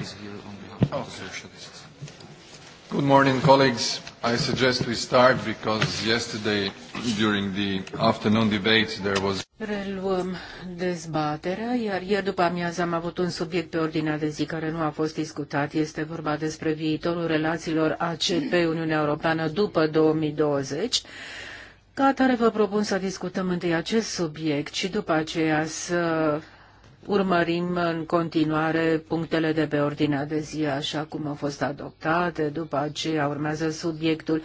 is here on behalf of the socialists. Good morning, colleagues. I suggest we start because yesterday during the afternoon debate there was Reluăm dezbaterea, iar ieri după amiază am avut un subiect pe ordinea de zi care nu a fost discutat. Este vorba despre viitorul relațiilor ACP-Uniunea Europeană după 2020. Ca atare vă propun să discutăm întâi acest subiect și după aceea să urmărim în continuare punctele de pe ordinea de zi așa cum au fost adoptate. După aceea urmează subiectul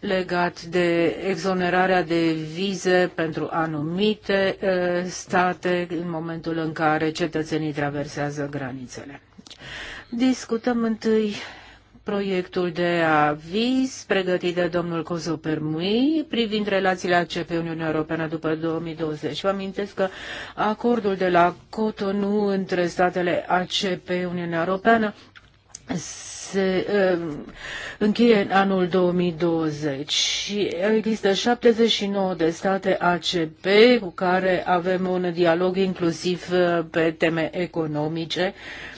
legat de exonerarea de vize pentru anumite eh, state în momentul în care cetățenii traversează granițele. Discutăm întâi proiectul de aviz pregătit de domnul Cozu Permui privind relațiile ACP Uniunea Europeană după 2020. Vă amintesc că acordul de la Cotonou între statele ACP Uniunea Europeană se uh, încheie în anul 2020 și există 79 de state ACP cu care avem un dialog inclusiv uh, pe teme economice. Uh,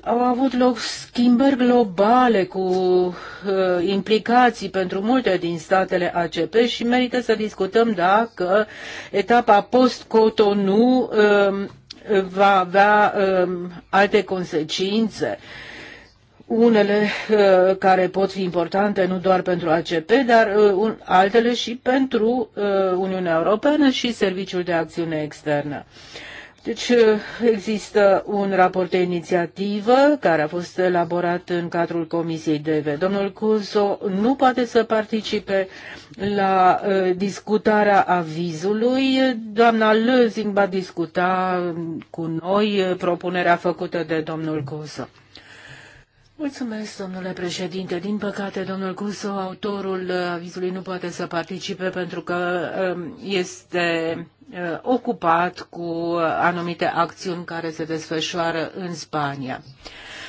au avut loc schimbări globale cu uh, implicații pentru multe din statele ACP și merită să discutăm dacă etapa post-Cotonou um, va avea um, alte consecințe unele uh, care pot fi importante nu doar pentru ACP, dar uh, un, altele și pentru uh, Uniunea Europeană și Serviciul de Acțiune Externă. Uh, deci există un raport de inițiativă care a fost elaborat în cadrul Comisiei DV. Domnul Cuso nu poate să participe la uh, discutarea avizului. Doamna Lăzing va discuta cu noi uh, propunerea făcută de domnul Cuso. Mulțumesc, domnule președinte. Din păcate, domnul Cuso, autorul uh, avizului, nu poate să participe pentru că um, este uh, ocupat cu uh, anumite acțiuni care se desfășoară în Spania.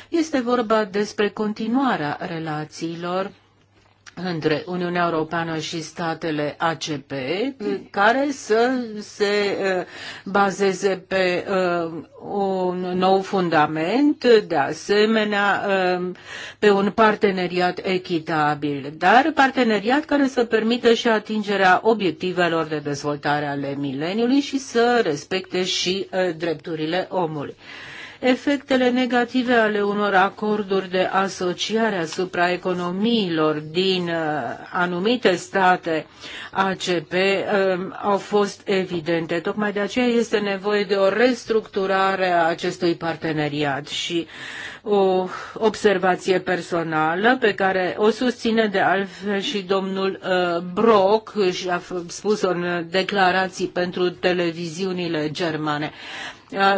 Este vorba despre continuarea relațiilor între Uniunea Europeană și statele ACP, care să se uh, bazeze pe uh, un nou fundament, de asemenea uh, pe un parteneriat echitabil, dar parteneriat care să permită și atingerea obiectivelor de dezvoltare ale mileniului și să respecte și drepturile omului efectele negative ale unor acorduri de asociare asupra economiilor din uh, anumite state ACP um, au fost evidente. Tocmai de aceea este nevoie de o restructurare a acestui parteneriat și o observație personală pe care o susține de altfel și domnul uh, Brock și a spus-o în declarații pentru televiziunile germane.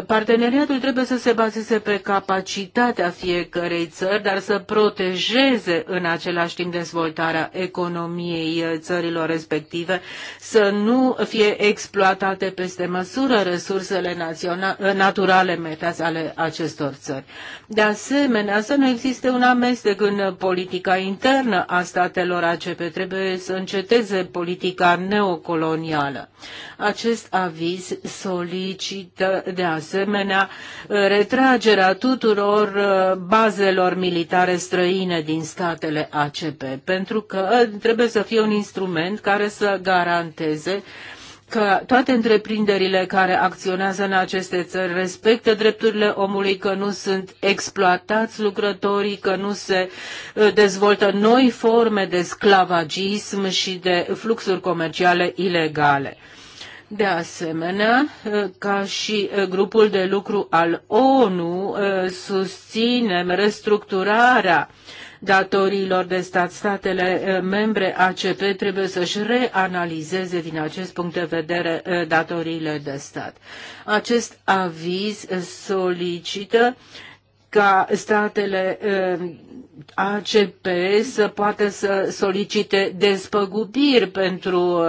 Parteneriatul trebuie să se bazeze pe capacitatea fiecărei țări, dar să protejeze în același timp dezvoltarea economiei țărilor respective, să nu fie exploatate peste măsură resursele naturale metați ale acestor țări. De asemenea, să nu existe un amestec în politica internă a statelor ACP. Trebuie să înceteze politica neocolonială. Acest aviz solicită de de asemenea uh, retragerea tuturor uh, bazelor militare străine din statele ACP, pentru că uh, trebuie să fie un instrument care să garanteze că toate întreprinderile care acționează în aceste țări respectă drepturile omului, că nu sunt exploatați lucrătorii, că nu se dezvoltă noi forme de sclavagism și de fluxuri comerciale ilegale. De asemenea, ca și grupul de lucru al ONU, susținem restructurarea datoriilor de stat. Statele membre ACP trebuie să-și reanalizeze din acest punct de vedere datoriile de stat. Acest aviz solicită ca statele ACP să poată să solicite despăgubiri pentru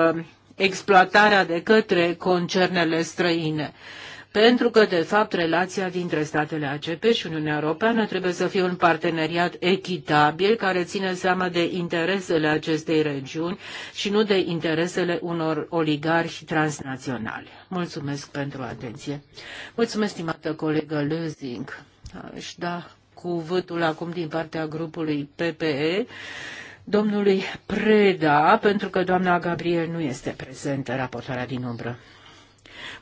exploatarea de către concernele străine. Pentru că, de fapt, relația dintre statele ACP și Uniunea Europeană trebuie să fie un parteneriat echitabil care ține seama de interesele acestei regiuni și nu de interesele unor oligarhi transnaționale. Mulțumesc pentru atenție. Mulțumesc, stimată colegă Lözing. Aș da cuvântul acum din partea grupului PPE domnului Preda, pentru că doamna Gabriel nu este prezentă, raportarea din umbră.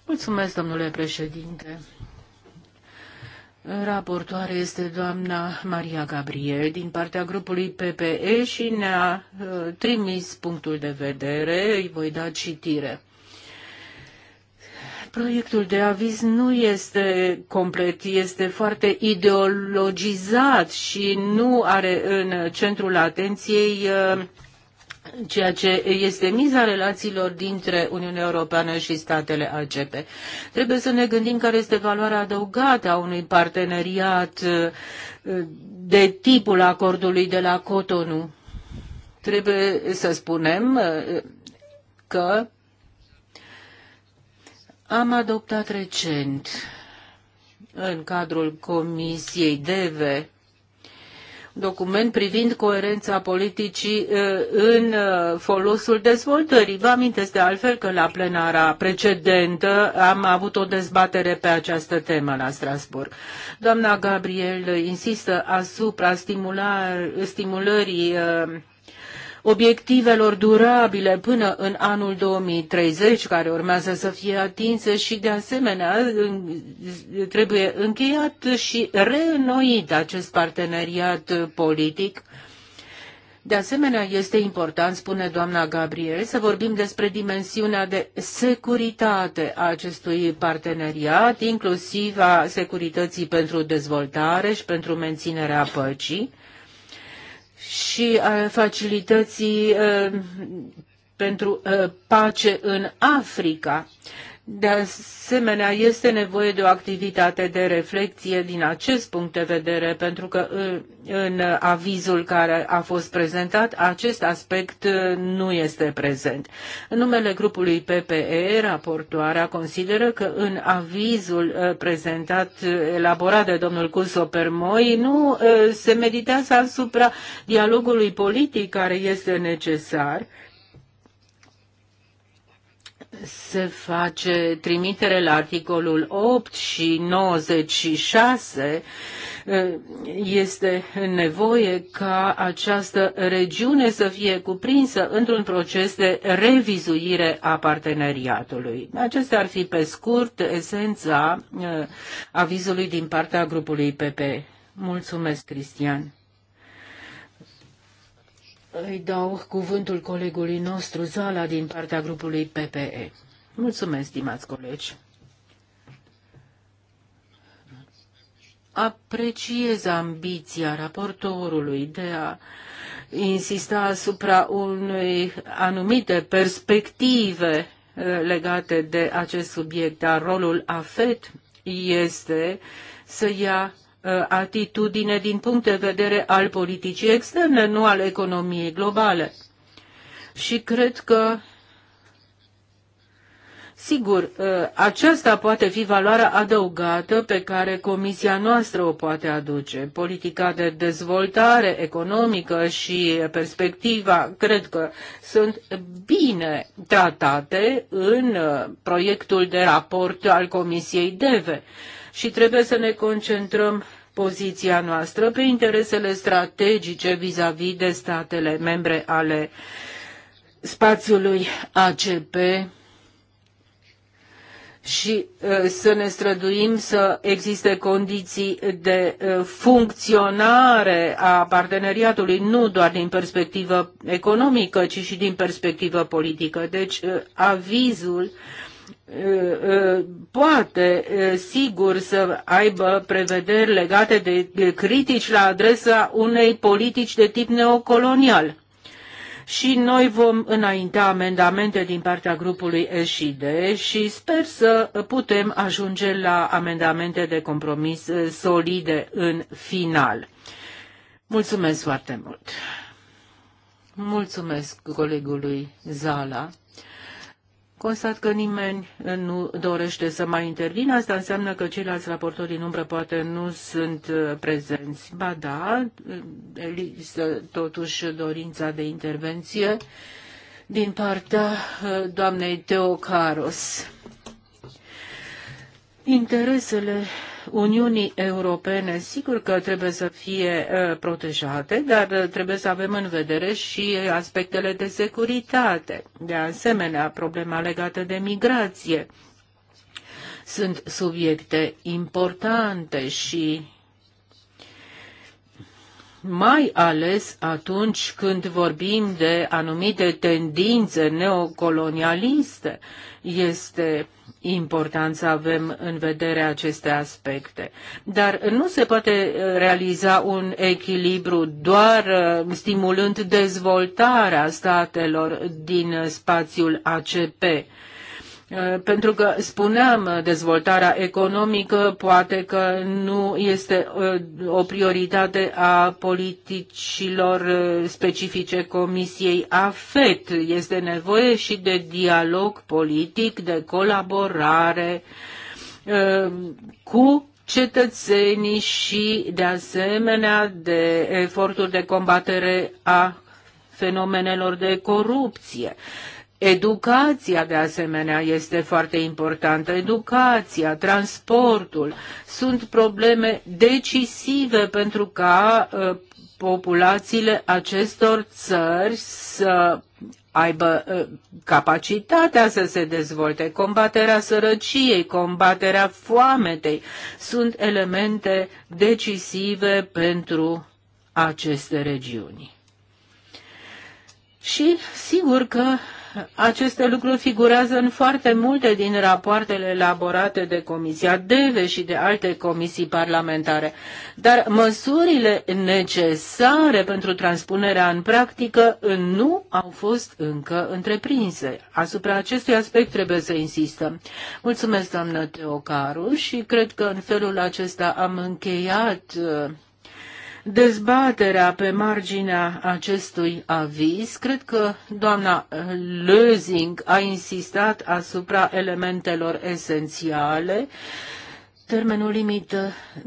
Mulțumesc, domnule președinte. Raportoare este doamna Maria Gabriel din partea grupului PPE și ne-a uh, trimis punctul de vedere. Îi voi da citire. Proiectul de aviz nu este complet, este foarte ideologizat și nu are în centrul atenției uh, ceea ce este miza relațiilor dintre Uniunea Europeană și statele ACP. Trebuie să ne gândim care este valoarea adăugată a unui parteneriat uh, de tipul acordului de la Cotonou. Trebuie să spunem uh, că am adoptat recent în cadrul Comisiei DEVE document privind coerența politicii uh, în uh, folosul dezvoltării. Vă amintesc de altfel că la plenara precedentă am avut o dezbatere pe această temă la Strasburg. Doamna Gabriel insistă asupra stimulării uh, obiectivelor durabile până în anul 2030, care urmează să fie atinse și, de asemenea, trebuie încheiat și reînnoit acest parteneriat politic. De asemenea, este important, spune doamna Gabriel, să vorbim despre dimensiunea de securitate a acestui parteneriat, inclusiv a securității pentru dezvoltare și pentru menținerea păcii și a facilității uh, pentru uh, pace în Africa. De asemenea, este nevoie de o activitate de reflexie din acest punct de vedere, pentru că în avizul care a fost prezentat, acest aspect uh, nu este prezent. În numele grupului PPE, raportoarea consideră că în avizul uh, prezentat, uh, elaborat de domnul Cuso Permoi, nu se meditează asupra dialogului politic care este necesar se face trimitere la articolul 8 și 96, eh, este nevoie ca această regiune să fie cuprinsă într-un proces de revizuire a parteneriatului. Acesta ar fi pe scurt esența eh, avizului din partea grupului PP. Mulțumesc, Cristian. Îi dau cuvântul colegului nostru, Zala, din partea grupului PPE. Mulțumesc, stimați colegi. Apreciez ambiția raportorului de a insista asupra unei anumite perspective eh, legate de acest subiect, dar rolul AFET este să ia Uh, atitudine din punct de vedere al politicii externe, nu al economiei globale. Și cred că Sigur, uh, aceasta poate fi valoarea adăugată pe care comisia noastră o poate aduce. Politica de dezvoltare economică și perspectiva, cred că, sunt bine tratate în uh, proiectul de raport al comisiei DEVE și trebuie să ne concentrăm poziția noastră pe interesele strategice vis-a-vis de statele membre ale spațiului ACP și uh, să ne străduim să existe condiții de uh, funcționare a parteneriatului, nu doar din perspectivă economică, ci și din perspectivă politică. Deci uh, avizul Uh, uh, poate, uh, sigur, să aibă prevederi legate de critici la adresa unei politici de tip neocolonial. Și noi vom înainta amendamente din partea grupului ESHID și sper să putem ajunge la amendamente de compromis solide în final. Mulțumesc foarte mult! Mulțumesc colegului Zala Constat că nimeni nu dorește să mai intervină. Asta înseamnă că ceilalți raportori din umbră poate nu sunt uh, prezenți. Ba da, există totuși dorința de intervenție din partea uh, doamnei Teocaros. Interesele Uniunii Europene, sigur că trebuie să fie protejate, dar trebuie să avem în vedere și aspectele de securitate, de asemenea problema legată de migrație. Sunt subiecte importante și mai ales atunci când vorbim de anumite tendințe neocolonialiste, este important să avem în vedere aceste aspecte. Dar nu se poate uh, realiza un echilibru doar uh, stimulând dezvoltarea statelor din uh, spațiul ACP. Eh, pentru că spuneam, eh, dezvoltarea economică poate că nu este eh, o prioritate a politicilor specifice Comisiei AFET. Este nevoie și de dialog politic, de colaborare cu cetățenii și, de asemenea, de eforturi de combatere a fenomenelor de corupție. Educația, de asemenea, este foarte importantă. Educația, transportul sunt probleme decisive pentru ca uh, populațiile acestor țări să aibă uh, capacitatea să se dezvolte. Combaterea sărăciei, combaterea foametei sunt elemente decisive pentru aceste regiuni. Și sigur că aceste lucruri figurează în foarte multe din rapoartele elaborate de Comisia DEVE și de alte comisii parlamentare, dar măsurile necesare pentru transpunerea în practică nu au fost încă întreprinse. Asupra acestui aspect trebuie să insistăm. Mulțumesc, doamnă Teocaru, și cred că în felul acesta am încheiat uh, dezbaterea pe marginea acestui aviz. Cred că doamna Lözing a insistat asupra elementelor esențiale Termenul limit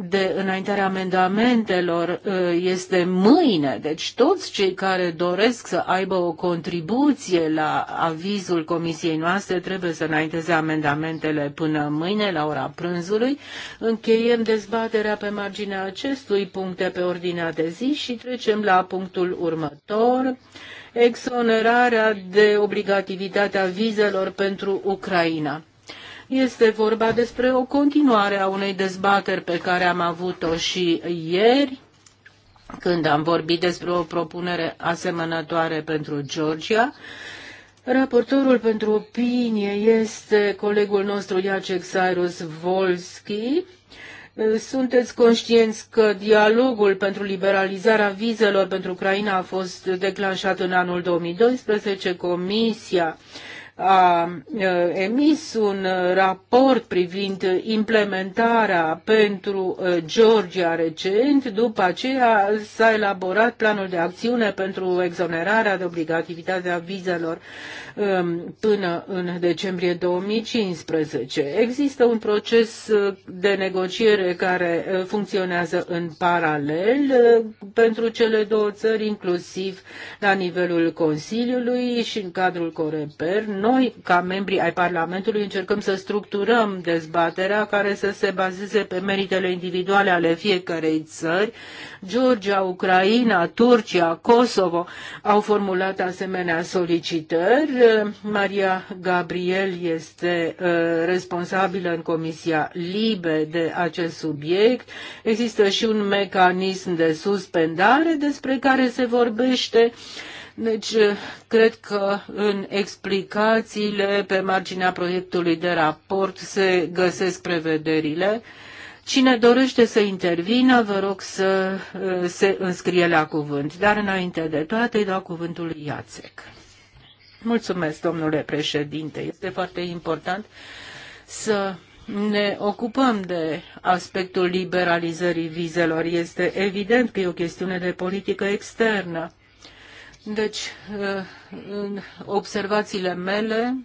de înaintare a amendamentelor uh, este mâine, deci toți cei care doresc să aibă o contribuție la avizul comisiei noastre trebuie să înainteze amendamentele până mâine la ora prânzului. Încheiem dezbaterea pe marginea acestui punct pe ordinea de zi și trecem la punctul următor exonerarea de obligativitatea vizelor pentru Ucraina. Este vorba despre o continuare a unei dezbateri pe care am avut-o și ieri, când am vorbit despre o propunere asemănătoare pentru Georgia. Raportorul pentru opinie este colegul nostru Iacek Cyrus Volski. Sunteți conștienți că dialogul pentru liberalizarea vizelor pentru Ucraina a fost declanșat în anul 2012. Comisia a emis un raport privind implementarea pentru Georgia recent, după aceea s-a elaborat planul de acțiune pentru exonerarea de obligativitatea vizelor până în decembrie 2015. Există un proces de negociere care funcționează în paralel pentru cele două țări, inclusiv la nivelul Consiliului și în cadrul Coreper noi, ca membri ai Parlamentului, încercăm să structurăm dezbaterea care să se bazeze pe meritele individuale ale fiecarei țări. Georgia, Ucraina, Turcia, Kosovo au formulat asemenea solicitări. Maria Gabriel este uh, responsabilă în Comisia Libe de acest subiect. Există și un mecanism de suspendare despre care se vorbește. Deci, cred că în explicațiile pe marginea proiectului de raport se găsesc prevederile. Cine dorește să intervină, vă rog să uh, se înscrie la cuvânt. Dar înainte de toate îi dau cuvântul Iațec. Mulțumesc, domnule președinte. Este foarte important să ne ocupăm de aspectul liberalizării vizelor. Este evident că e o chestiune de politică externă. Deci, uh, în observațiile mele,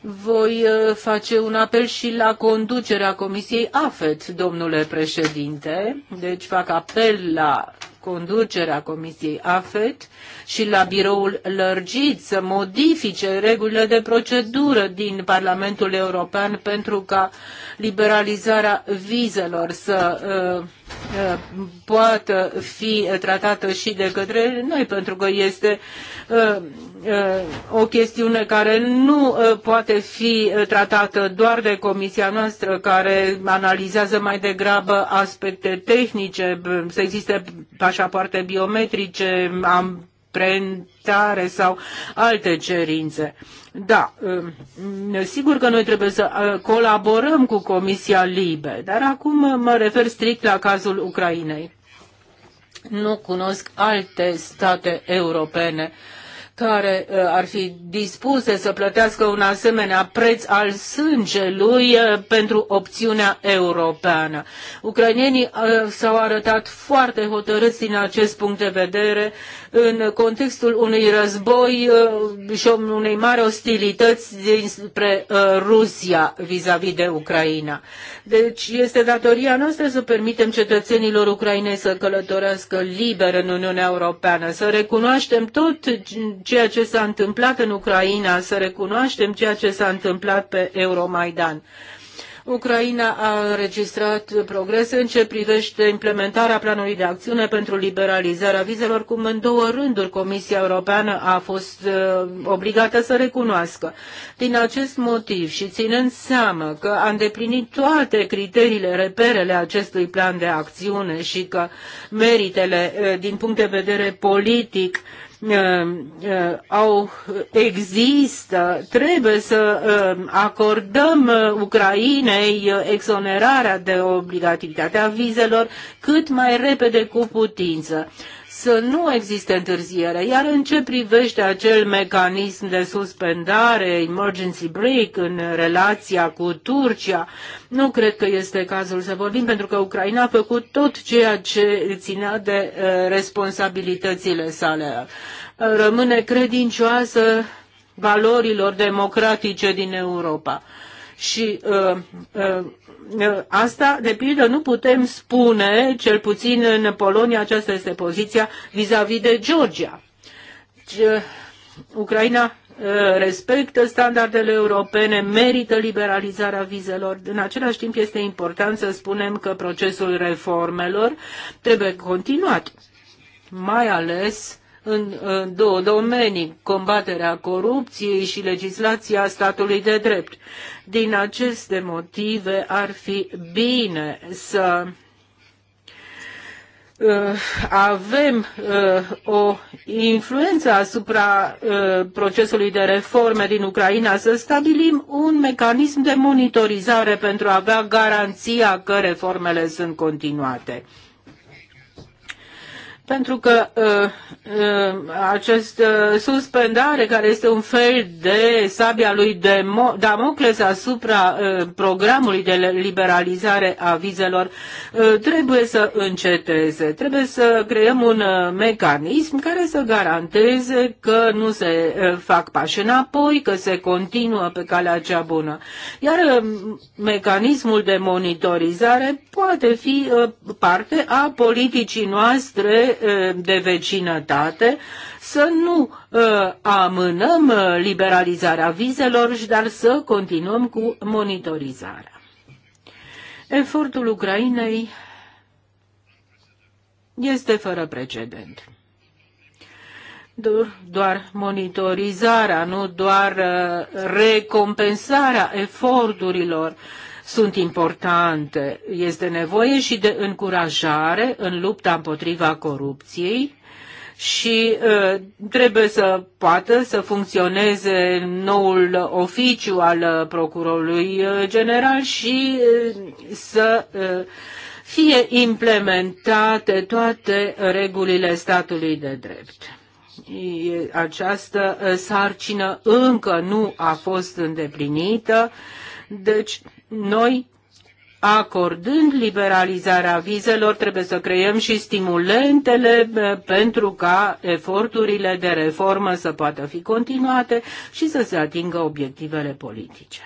voi uh, face un apel și la conducerea Comisiei AFET, domnule președinte. Deci fac apel la conducerea Comisiei AFET și la biroul lărgit să modifice regulile de procedură din Parlamentul European pentru ca liberalizarea vizelor să uh, poată fi tratată și de către noi, pentru că este uh, uh, o chestiune care nu uh, poate fi tratată doar de comisia noastră, care analizează mai degrabă aspecte tehnice, să existe pașapoarte biometrice, amprentare sau alte cerințe. Da, um, sigur că noi trebuie să uh, colaborăm cu Comisia Libe, dar acum mă refer strict la cazul Ucrainei. Nu cunosc alte state europene care uh, ar fi dispuse să plătească un asemenea preț al sângelui uh, pentru opțiunea europeană. Ucrainienii s-au arătat foarte hotărâți din acest punct de vedere în contextul unui război uh, și unei mari ostilități dinspre uh, Rusia vis-a-vis -vis de Ucraina. Deci este datoria noastră să permitem cetățenilor ucrainei să călătorească liber în Uniunea Europeană, să recunoaștem tot ceea ce s-a întâmplat în Ucraina, să recunoaștem ceea ce s-a întâmplat pe Euromaidan. Ucraina a înregistrat progrese în ce privește implementarea planului de acțiune pentru liberalizarea vizelor, cum în două rânduri Comisia Europeană a fost uh, obligată să recunoască. Din acest motiv și ținând seama că a îndeplinit toate criteriile, reperele acestui plan de acțiune și că meritele uh, din punct de vedere politic uh, Uh, uh, au, există, trebuie să uh, acordăm Ucrainei exonerarea de obligativitatea vizelor cât mai repede cu putință să nu existe întârziere. Iar în ce privește acel mecanism de suspendare, emergency break, în relația cu Turcia, nu cred că este cazul să vorbim, pentru că Ucraina a făcut tot ceea ce ținea de uh, responsabilitățile sale. Uh, rămâne credincioasă valorilor democratice din Europa. Și uh, uh, asta, de pildă, nu putem spune, cel puțin în Polonia aceasta este poziția vis-a-vis -vis de Georgia. Ucraina uh, respectă standardele europene, merită liberalizarea vizelor. În același timp este important să spunem că procesul reformelor trebuie continuat, mai ales în, două domenii, combaterea corupției și legislația statului de drept. Din aceste motive ar fi bine să uh, avem uh, o influență asupra uh, procesului de reforme din Ucraina, să stabilim un mecanism de monitorizare pentru a avea garanția că reformele sunt continuate pentru că uh, uh, această uh, suspendare, care este un fel de sabia lui Demo Damocles asupra uh, programului de liberalizare a vizelor, uh, trebuie să înceteze. Trebuie să creăm un uh, mecanism care să garanteze că nu se uh, fac pași înapoi, că se continuă pe calea cea bună. Iar uh, mecanismul de monitorizare poate fi uh, parte a politicii noastre Eh, de vecinătate, să nu eh, amânăm eh, liberalizarea vizelor, dar să continuăm cu monitorizarea. Efortul Ucrainei este fără precedent doar monitorizarea, nu doar recompensarea eforturilor sunt importante. Este nevoie și de încurajare în lupta împotriva corupției și uh, trebuie să poată să funcționeze noul oficiu al uh, procurorului uh, general și uh, să uh, fie implementate toate regulile statului de drept această uh, sarcină încă nu a fost îndeplinită, deci noi acordând liberalizarea vizelor, trebuie să creăm și stimulentele pentru ca eforturile de reformă să poată fi continuate și să se atingă obiectivele politice.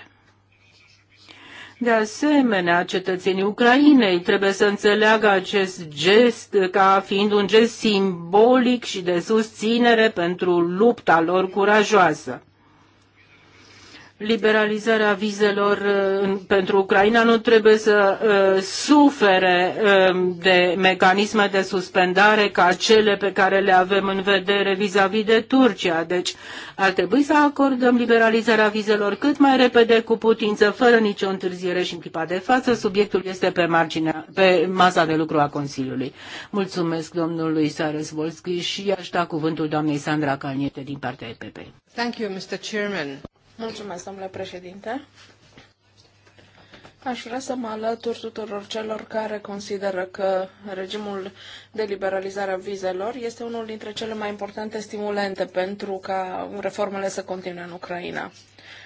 De asemenea, cetățenii Ucrainei trebuie să înțeleagă acest gest ca fiind un gest simbolic și de susținere pentru lupta lor curajoasă liberalizarea vizelor uh, pentru Ucraina nu trebuie să uh, sufere um, de mecanisme de suspendare ca cele pe care le avem în vedere vis-a-vis -vis de Turcia. Deci ar trebui să acordăm liberalizarea vizelor cât mai repede cu putință, fără nicio întârziere și în clipa de față. Subiectul este pe, marginea, pe masa de lucru a Consiliului. Mulțumesc domnului Sares Volski și aș da cuvântul doamnei Sandra Calniete din partea EPP. Thank you, Mr. Chairman. Mulțumesc, domnule președinte. Aș vrea să mă alătur tuturor celor care consideră că regimul de liberalizare a vizelor este unul dintre cele mai importante stimulente pentru ca reformele să continue în Ucraina.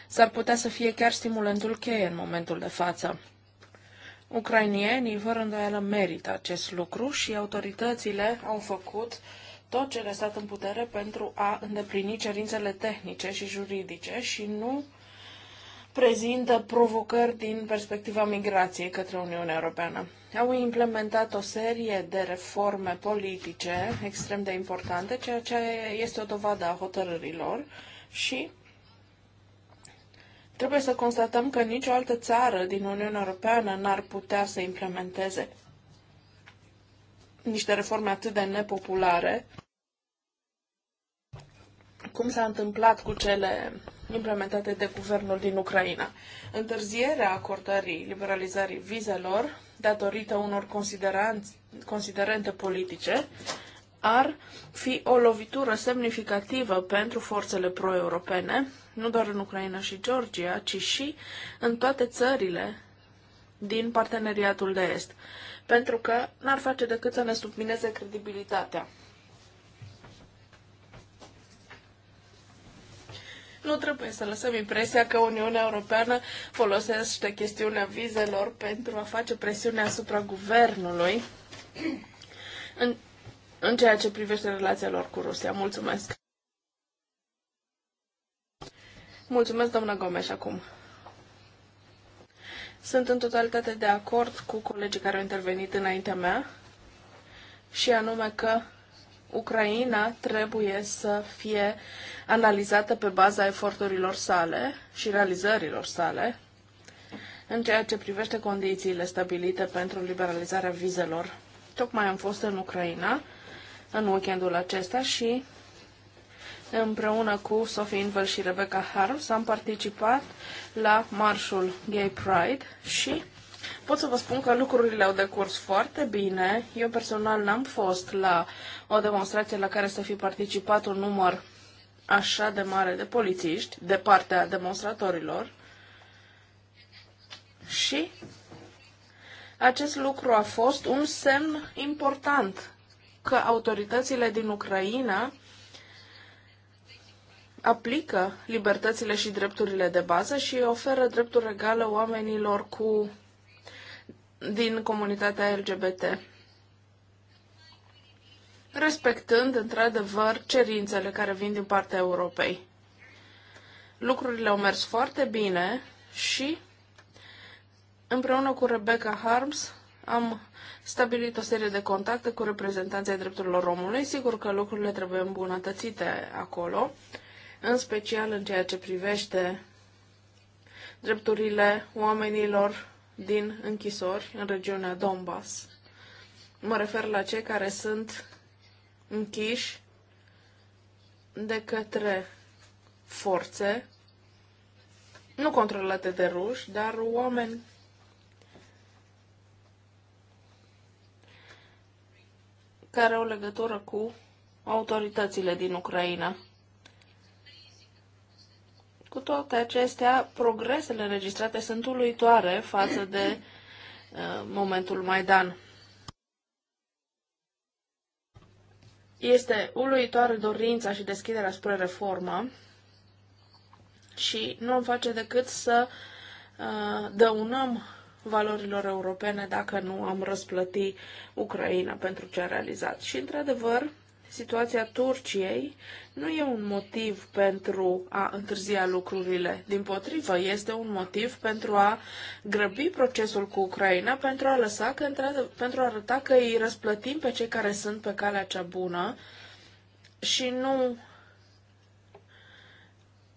S-ar putea să fie chiar stimulentul cheie în momentul de față. Ucrainienii, fără îndoială, merită acest lucru și autoritățile au făcut uh, tot ce le stat în putere pentru a îndeplini cerințele tehnice și juridice și nu prezintă provocări din perspectiva migrației către Uniunea Europeană. Au implementat o serie de reforme politice extrem de importante, ceea ce este o dovadă a hotărârilor și trebuie să constatăm că nicio altă țară din Uniunea Europeană n-ar putea să implementeze niște reforme atât de nepopulare, cum s-a întâmplat cu cele implementate de guvernul din Ucraina. Întârzierea acordării liberalizării vizelor, datorită unor considerente politice, ar fi o lovitură semnificativă pentru forțele pro-europene, nu doar în Ucraina și Georgia, ci și în toate țările din parteneriatul de est pentru că n-ar face decât să ne submineze credibilitatea. Nu trebuie să lăsăm impresia că Uniunea Europeană folosește chestiunea vizelor pentru a face presiune asupra guvernului în, în ceea ce privește relația lor cu Rusia. Mulțumesc! Mulțumesc, doamna Gomes, acum. Sunt în totalitate de acord cu colegii care au intervenit înaintea mea și anume că Ucraina trebuie să fie analizată pe baza eforturilor sale și realizărilor sale în ceea ce privește condițiile stabilite pentru liberalizarea vizelor. Tocmai am fost în Ucraina în weekendul acesta și Împreună cu Sophie Inver și Rebecca Harms am participat la marșul Gay Pride și pot să vă spun că lucrurile au decurs foarte bine. Eu personal n-am fost la o demonstrație la care să fi participat un număr așa de mare de polițiști de partea demonstratorilor. Și acest lucru a fost un semn important că autoritățile din Ucraina aplică libertățile și drepturile de bază și oferă drepturi egale oamenilor cu din comunitatea LGBT respectând într-adevăr cerințele care vin din partea Europei. Lucrurile au mers foarte bine și împreună cu Rebecca Harms am stabilit o serie de contacte cu reprezentanții drepturilor omului. Sigur că lucrurile trebuie îmbunătățite acolo în special în ceea ce privește drepturile oamenilor din închisori în regiunea Donbass. Mă refer la cei care sunt închiși de către forțe nu controlate de ruși, dar oameni care au legătură cu autoritățile din Ucraina. Cu toate acestea, progresele înregistrate sunt uluitoare față de uh, momentul Maidan. Este uluitoare dorința și deschiderea spre reformă și nu am face decât să uh, dăunăm valorilor europene dacă nu am răsplăti Ucraina pentru ce a realizat. Și, într-adevăr, situația Turciei nu e un motiv pentru a întârzia lucrurile. Din potrivă, este un motiv pentru a grăbi procesul cu Ucraina, pentru a, lăsa că, pentru a arăta că îi răsplătim pe cei care sunt pe calea cea bună și nu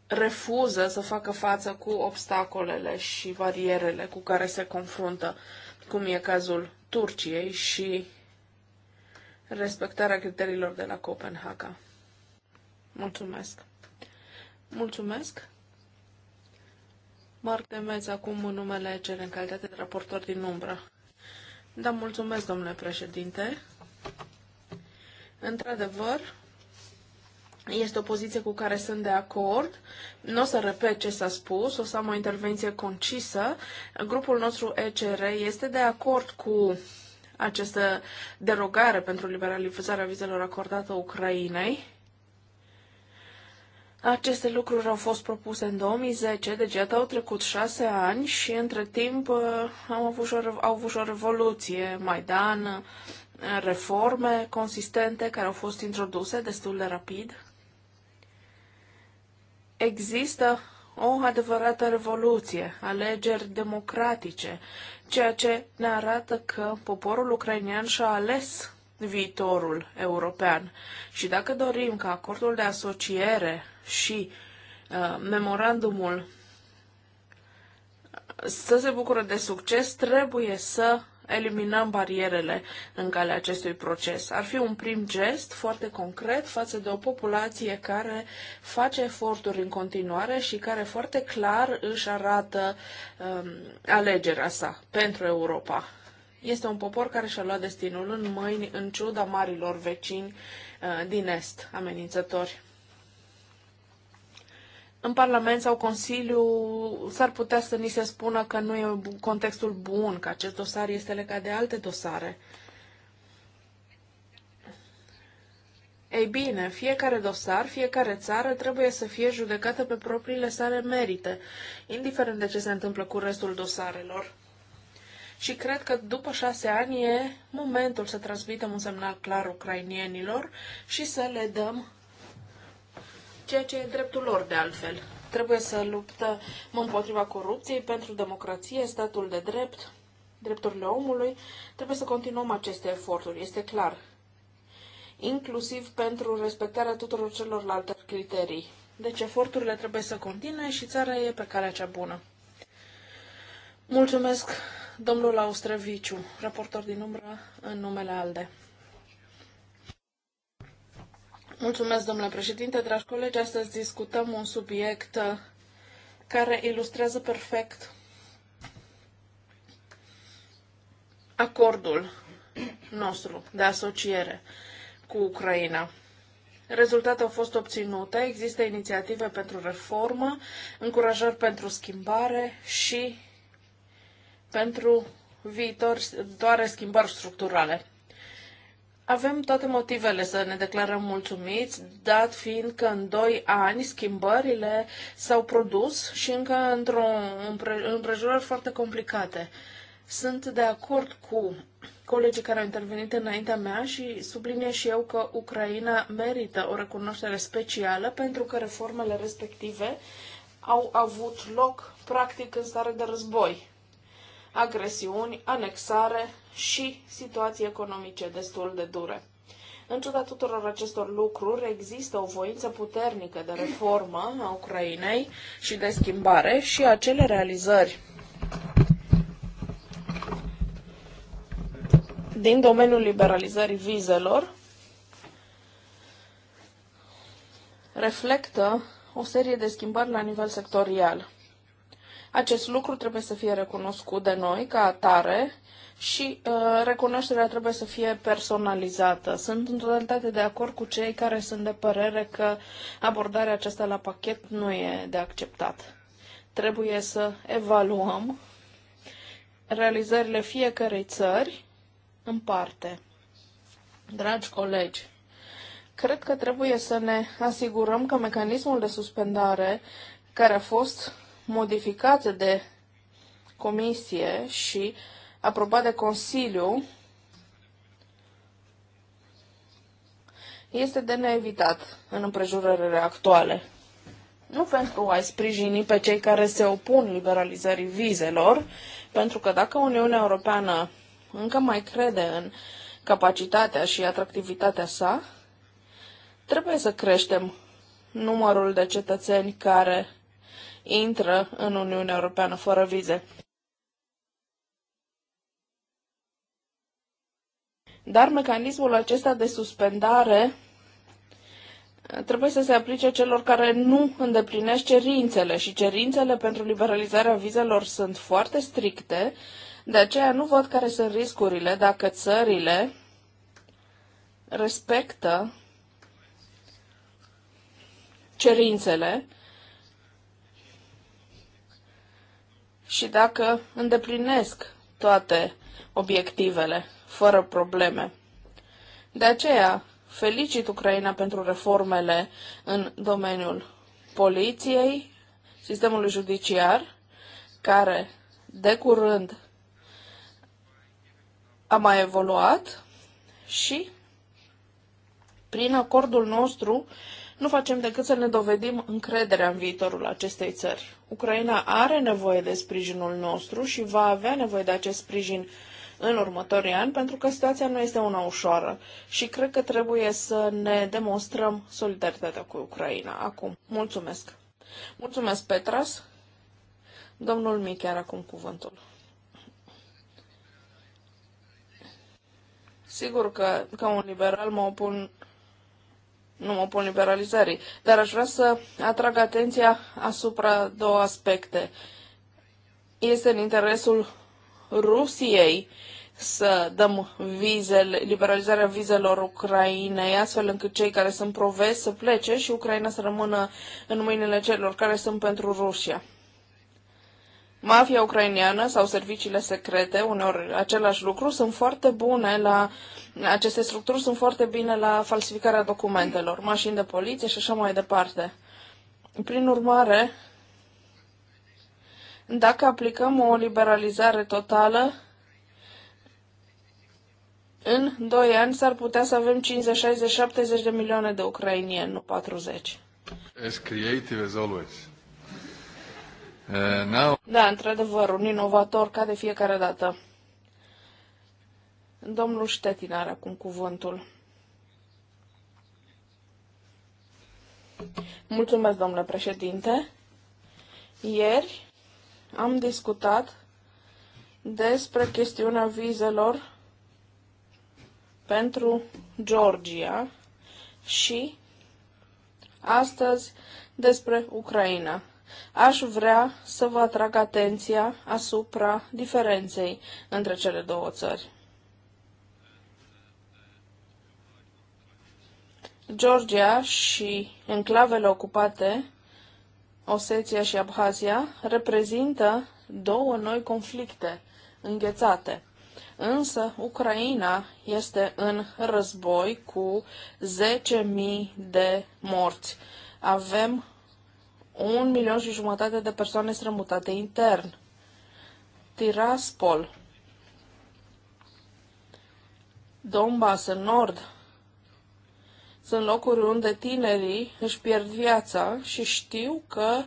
refuză să facă față cu obstacolele și barierele cu care se confruntă, cum e cazul Turciei și respectarea criteriilor de la Copenhaga. Mulțumesc! Mulțumesc! Mă Demez, acum în numele CER, în calitate de raportor din umbră. Da, mulțumesc, domnule președinte. Într-adevăr, este o poziție cu care sunt de acord. Nu o să repet ce s-a spus, o să am o intervenție concisă. Grupul nostru ECR este de acord cu această derogare pentru liberalizarea vizelor acordată Ucrainei. Aceste lucruri au fost propuse în 2010, deci iată au trecut șase ani și între timp am avut o, au avut o revoluție, Maidan, uh, reforme consistente care au fost introduse destul de rapid. Există o adevărată revoluție, alegeri democratice ceea ce ne arată că poporul ucrainian și-a ales viitorul european. Și dacă dorim ca acordul de asociere și uh, memorandumul să se bucure de succes, trebuie să eliminăm barierele în calea acestui proces. Ar fi un prim gest foarte concret față de o populație care face eforturi în continuare și care foarte clar își arată um, alegerea sa pentru Europa. Este un popor care și-a luat destinul în mâini în ciuda marilor vecini uh, din Est amenințători în Parlament sau Consiliu s-ar putea să ni se spună că nu e contextul bun, că acest dosar este legat de alte dosare. Ei bine, fiecare dosar, fiecare țară trebuie să fie judecată pe propriile sale merite, indiferent de ce se întâmplă cu restul dosarelor. Și cred că după șase ani e momentul să transmitem un semnal clar ucrainienilor și să le dăm ceea ce e dreptul lor de altfel. Trebuie să luptăm împotriva corupției, pentru democrație, statul de drept, drepturile omului. Trebuie să continuăm aceste eforturi, este clar. Inclusiv pentru respectarea tuturor celorlalte criterii. Deci eforturile trebuie să continue și țara e pe calea cea bună. Mulțumesc, domnul Austreviciu, raportor din umbră în numele ALDE. Mulțumesc, domnule președinte, dragi colegi. Astăzi discutăm un subiect uh, care ilustrează perfect acordul nostru de asociere cu Ucraina. Rezultate au fost obținute, există inițiative pentru reformă, încurajări pentru schimbare și pentru viitoare schimbări structurale. Avem toate motivele să ne declarăm mulțumiți, dat fiind că în doi ani schimbările s-au produs și încă într-o împrejurări foarte complicate. Sunt de acord cu colegii care au intervenit înaintea mea și sublinie și eu că Ucraina merită o recunoaștere specială pentru că reformele respective au avut loc practic în stare de război. Agresiuni, anexare, și situații economice destul de dure. În ciuda tuturor acestor lucruri, există o voință puternică de reformă a Ucrainei și de schimbare și acele realizări din domeniul liberalizării vizelor reflectă o serie de schimbări la nivel sectorial. Acest lucru trebuie să fie recunoscut de noi ca atare și uh, recunoașterea trebuie să fie personalizată. Sunt în totalitate de acord cu cei care sunt de părere că abordarea aceasta la pachet nu e de acceptat. Trebuie să evaluăm realizările fiecărei țări în parte. Dragi colegi, cred că trebuie să ne asigurăm că mecanismul de suspendare care a fost modificat de comisie și uh, aprobat de Consiliu este de neevitat în împrejurările actuale. Nu pentru a-i sprijini pe cei care se opun liberalizării vizelor, pentru că dacă Uniunea Europeană încă mai crede în capacitatea și atractivitatea sa, trebuie să creștem numărul de cetățeni care intră în Uniunea Europeană fără vize. Dar mecanismul acesta de suspendare eh, trebuie să se aplice celor care nu îndeplinesc cerințele și cerințele pentru liberalizarea vizelor sunt foarte stricte, de aceea nu văd care sunt riscurile dacă țările respectă cerințele și dacă îndeplinesc toate obiectivele fără probleme. De aceea, felicit Ucraina pentru reformele în domeniul poliției, sistemului judiciar, care de curând a mai evoluat și prin acordul nostru nu facem decât să ne dovedim încrederea în viitorul acestei țări. Ucraina are nevoie de sprijinul nostru și va avea nevoie de acest sprijin în următorii ani, pentru că situația nu este una ușoară și cred că trebuie să ne demonstrăm solidaritatea cu Ucraina acum. Mulțumesc! Mulțumesc, Petras! Domnul Mi chiar acum cuvântul. Sigur că, ca un liberal, mă opun nu mă opun liberalizării, dar aș vrea să atrag atenția asupra două aspecte. Este în interesul Rusiei să dăm vizele, liberalizarea vizelor Ucrainei, astfel încât cei care sunt provezi să plece și Ucraina să rămână în mâinile celor care sunt pentru Rusia. Mafia ucraineană sau serviciile secrete, uneori același lucru, sunt foarte bune la aceste structuri, sunt foarte bine la falsificarea documentelor, mașini de poliție și așa mai departe. Prin urmare, dacă aplicăm o liberalizare totală, în 2 ani s-ar putea să avem 50, 60, 70 de milioane de ucrainieni, nu 40. As creative as always. Uh, now... Da, într-adevăr, un inovator ca de fiecare dată. Domnul Ștetin are acum cuvântul. Mulțumesc, domnule președinte. Ieri am discutat despre chestiunea vizelor pentru Georgia și astăzi despre Ucraina. Aș vrea să vă atrag atenția asupra diferenței între cele două țări. Georgia și enclavele ocupate Osetia și Abhazia reprezintă două noi conflicte înghețate. Însă Ucraina este în război cu 10.000 de morți. Avem un milion și jumătate de persoane strămutate intern. Tiraspol, Donbass în nord, sunt locuri unde tinerii își pierd viața și știu că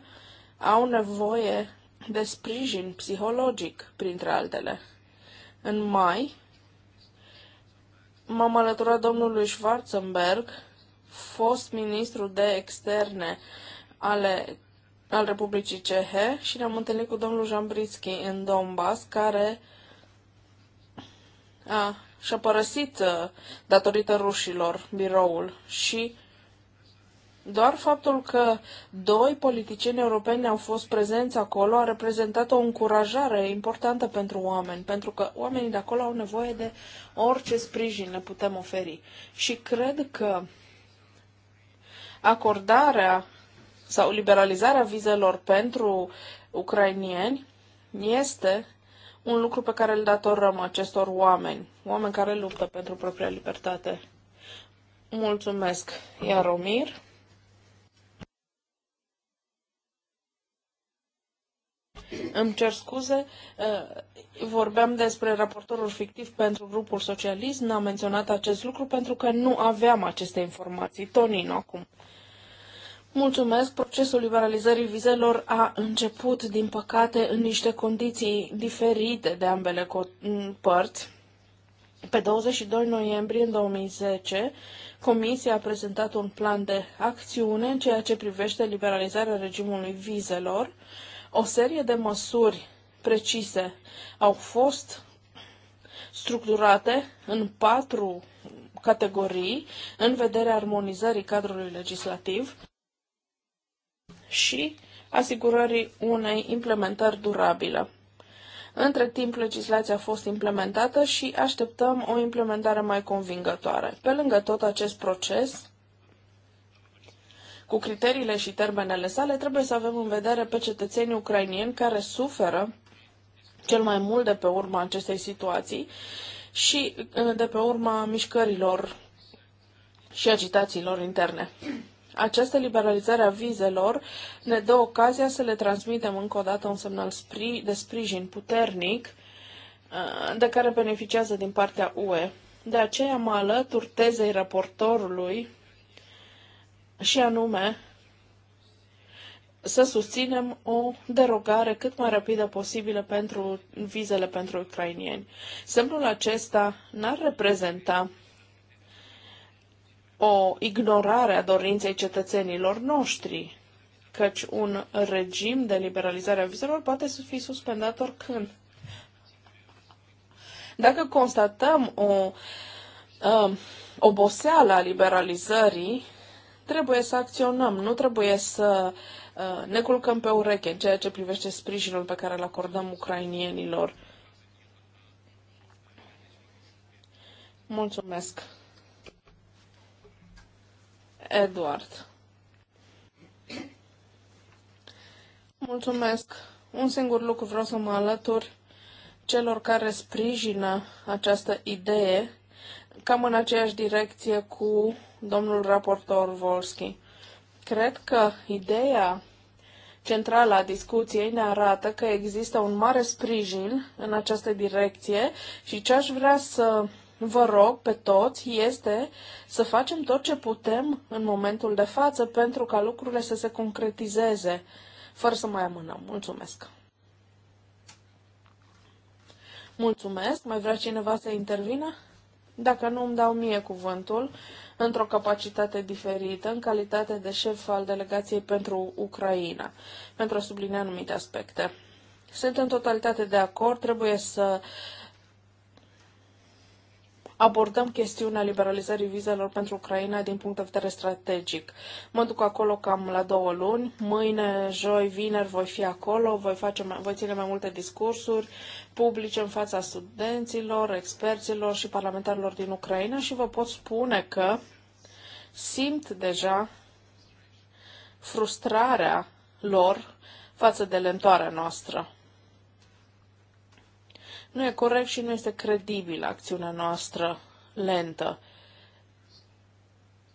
au nevoie de sprijin psihologic, printre altele. În mai, m-am alăturat domnului Schwarzenberg, fost ministru de externe ale, al Republicii Cehe și ne-am întâlnit cu domnul Jambritski în Donbass, care a și-a părăsit uh, datorită rușilor biroul și doar faptul că doi politicieni europeni au fost prezenți acolo a reprezentat o încurajare importantă pentru oameni, pentru că oamenii de acolo au nevoie de orice sprijin le putem oferi. Și cred că acordarea sau liberalizarea vizelor pentru ucrainieni este un lucru pe care îl datorăm acestor oameni, oameni care luptă pentru propria libertate. Mulțumesc, Iaromir. Îmi cer scuze, eh, vorbeam despre raportorul fictiv pentru grupul socialist, n-am menționat acest lucru pentru că nu aveam aceste informații. Tonino, acum. Mulțumesc. Procesul liberalizării vizelor a început, din păcate, în niște condiții diferite de ambele părți. Pe 22 noiembrie 2010, Comisia a prezentat un plan de acțiune în ceea ce privește liberalizarea regimului vizelor. O serie de măsuri precise au fost structurate în patru categorii în vederea armonizării cadrului legislativ și asigurării unei implementări durabile. Între timp, legislația a fost implementată și așteptăm o implementare mai convingătoare. Pe lângă tot acest proces, cu criteriile și termenele sale, trebuie să avem în vedere pe cetățenii ucrainieni care suferă cel mai mult de pe urma acestei situații și de pe urma mișcărilor și agitațiilor interne. Această liberalizare a vizelor ne dă ocazia să le transmitem încă o dată un semnal de sprijin puternic uh, de care beneficiază din partea UE. De aceea mă alătur tezei raportorului și anume să susținem o derogare cât mai rapidă posibilă pentru vizele pentru ucrainieni. Semnul acesta n-ar reprezenta o ignorare a dorinței cetățenilor noștri, căci un regim de liberalizare a vizelor poate să fie suspendat oricând. Dacă constatăm o um, oboseală a liberalizării, trebuie să acționăm, nu trebuie să uh, ne culcăm pe ureche în ceea ce privește sprijinul pe care îl acordăm ucrainienilor. Mulțumesc! Edward. Mulțumesc. Un singur lucru vreau să mă alătur celor care sprijină această idee, cam în aceeași direcție cu domnul raportor Volski. Cred că ideea centrală a discuției ne arată că există un mare sprijin în această direcție și ce aș vrea să vă rog pe toți, este să facem tot ce putem în momentul de față pentru ca lucrurile să se concretizeze, fără să mai amânăm. Mulțumesc! Mulțumesc! Mai vrea cineva să intervină? Dacă nu îmi dau mie cuvântul, într-o capacitate diferită, în calitate de șef al delegației pentru Ucraina, pentru a sublinia anumite aspecte. Sunt în totalitate de acord, trebuie să abordăm chestiunea liberalizării vizelor pentru Ucraina din punct de vedere strategic. Mă duc acolo cam la două luni. Mâine, joi, vineri voi fi acolo, voi, face, voi ține mai multe discursuri publice în fața studenților, experților și parlamentarilor din Ucraina și vă pot spune că simt deja frustrarea lor față de lentoarea noastră. Nu e corect și nu este credibil acțiunea noastră lentă.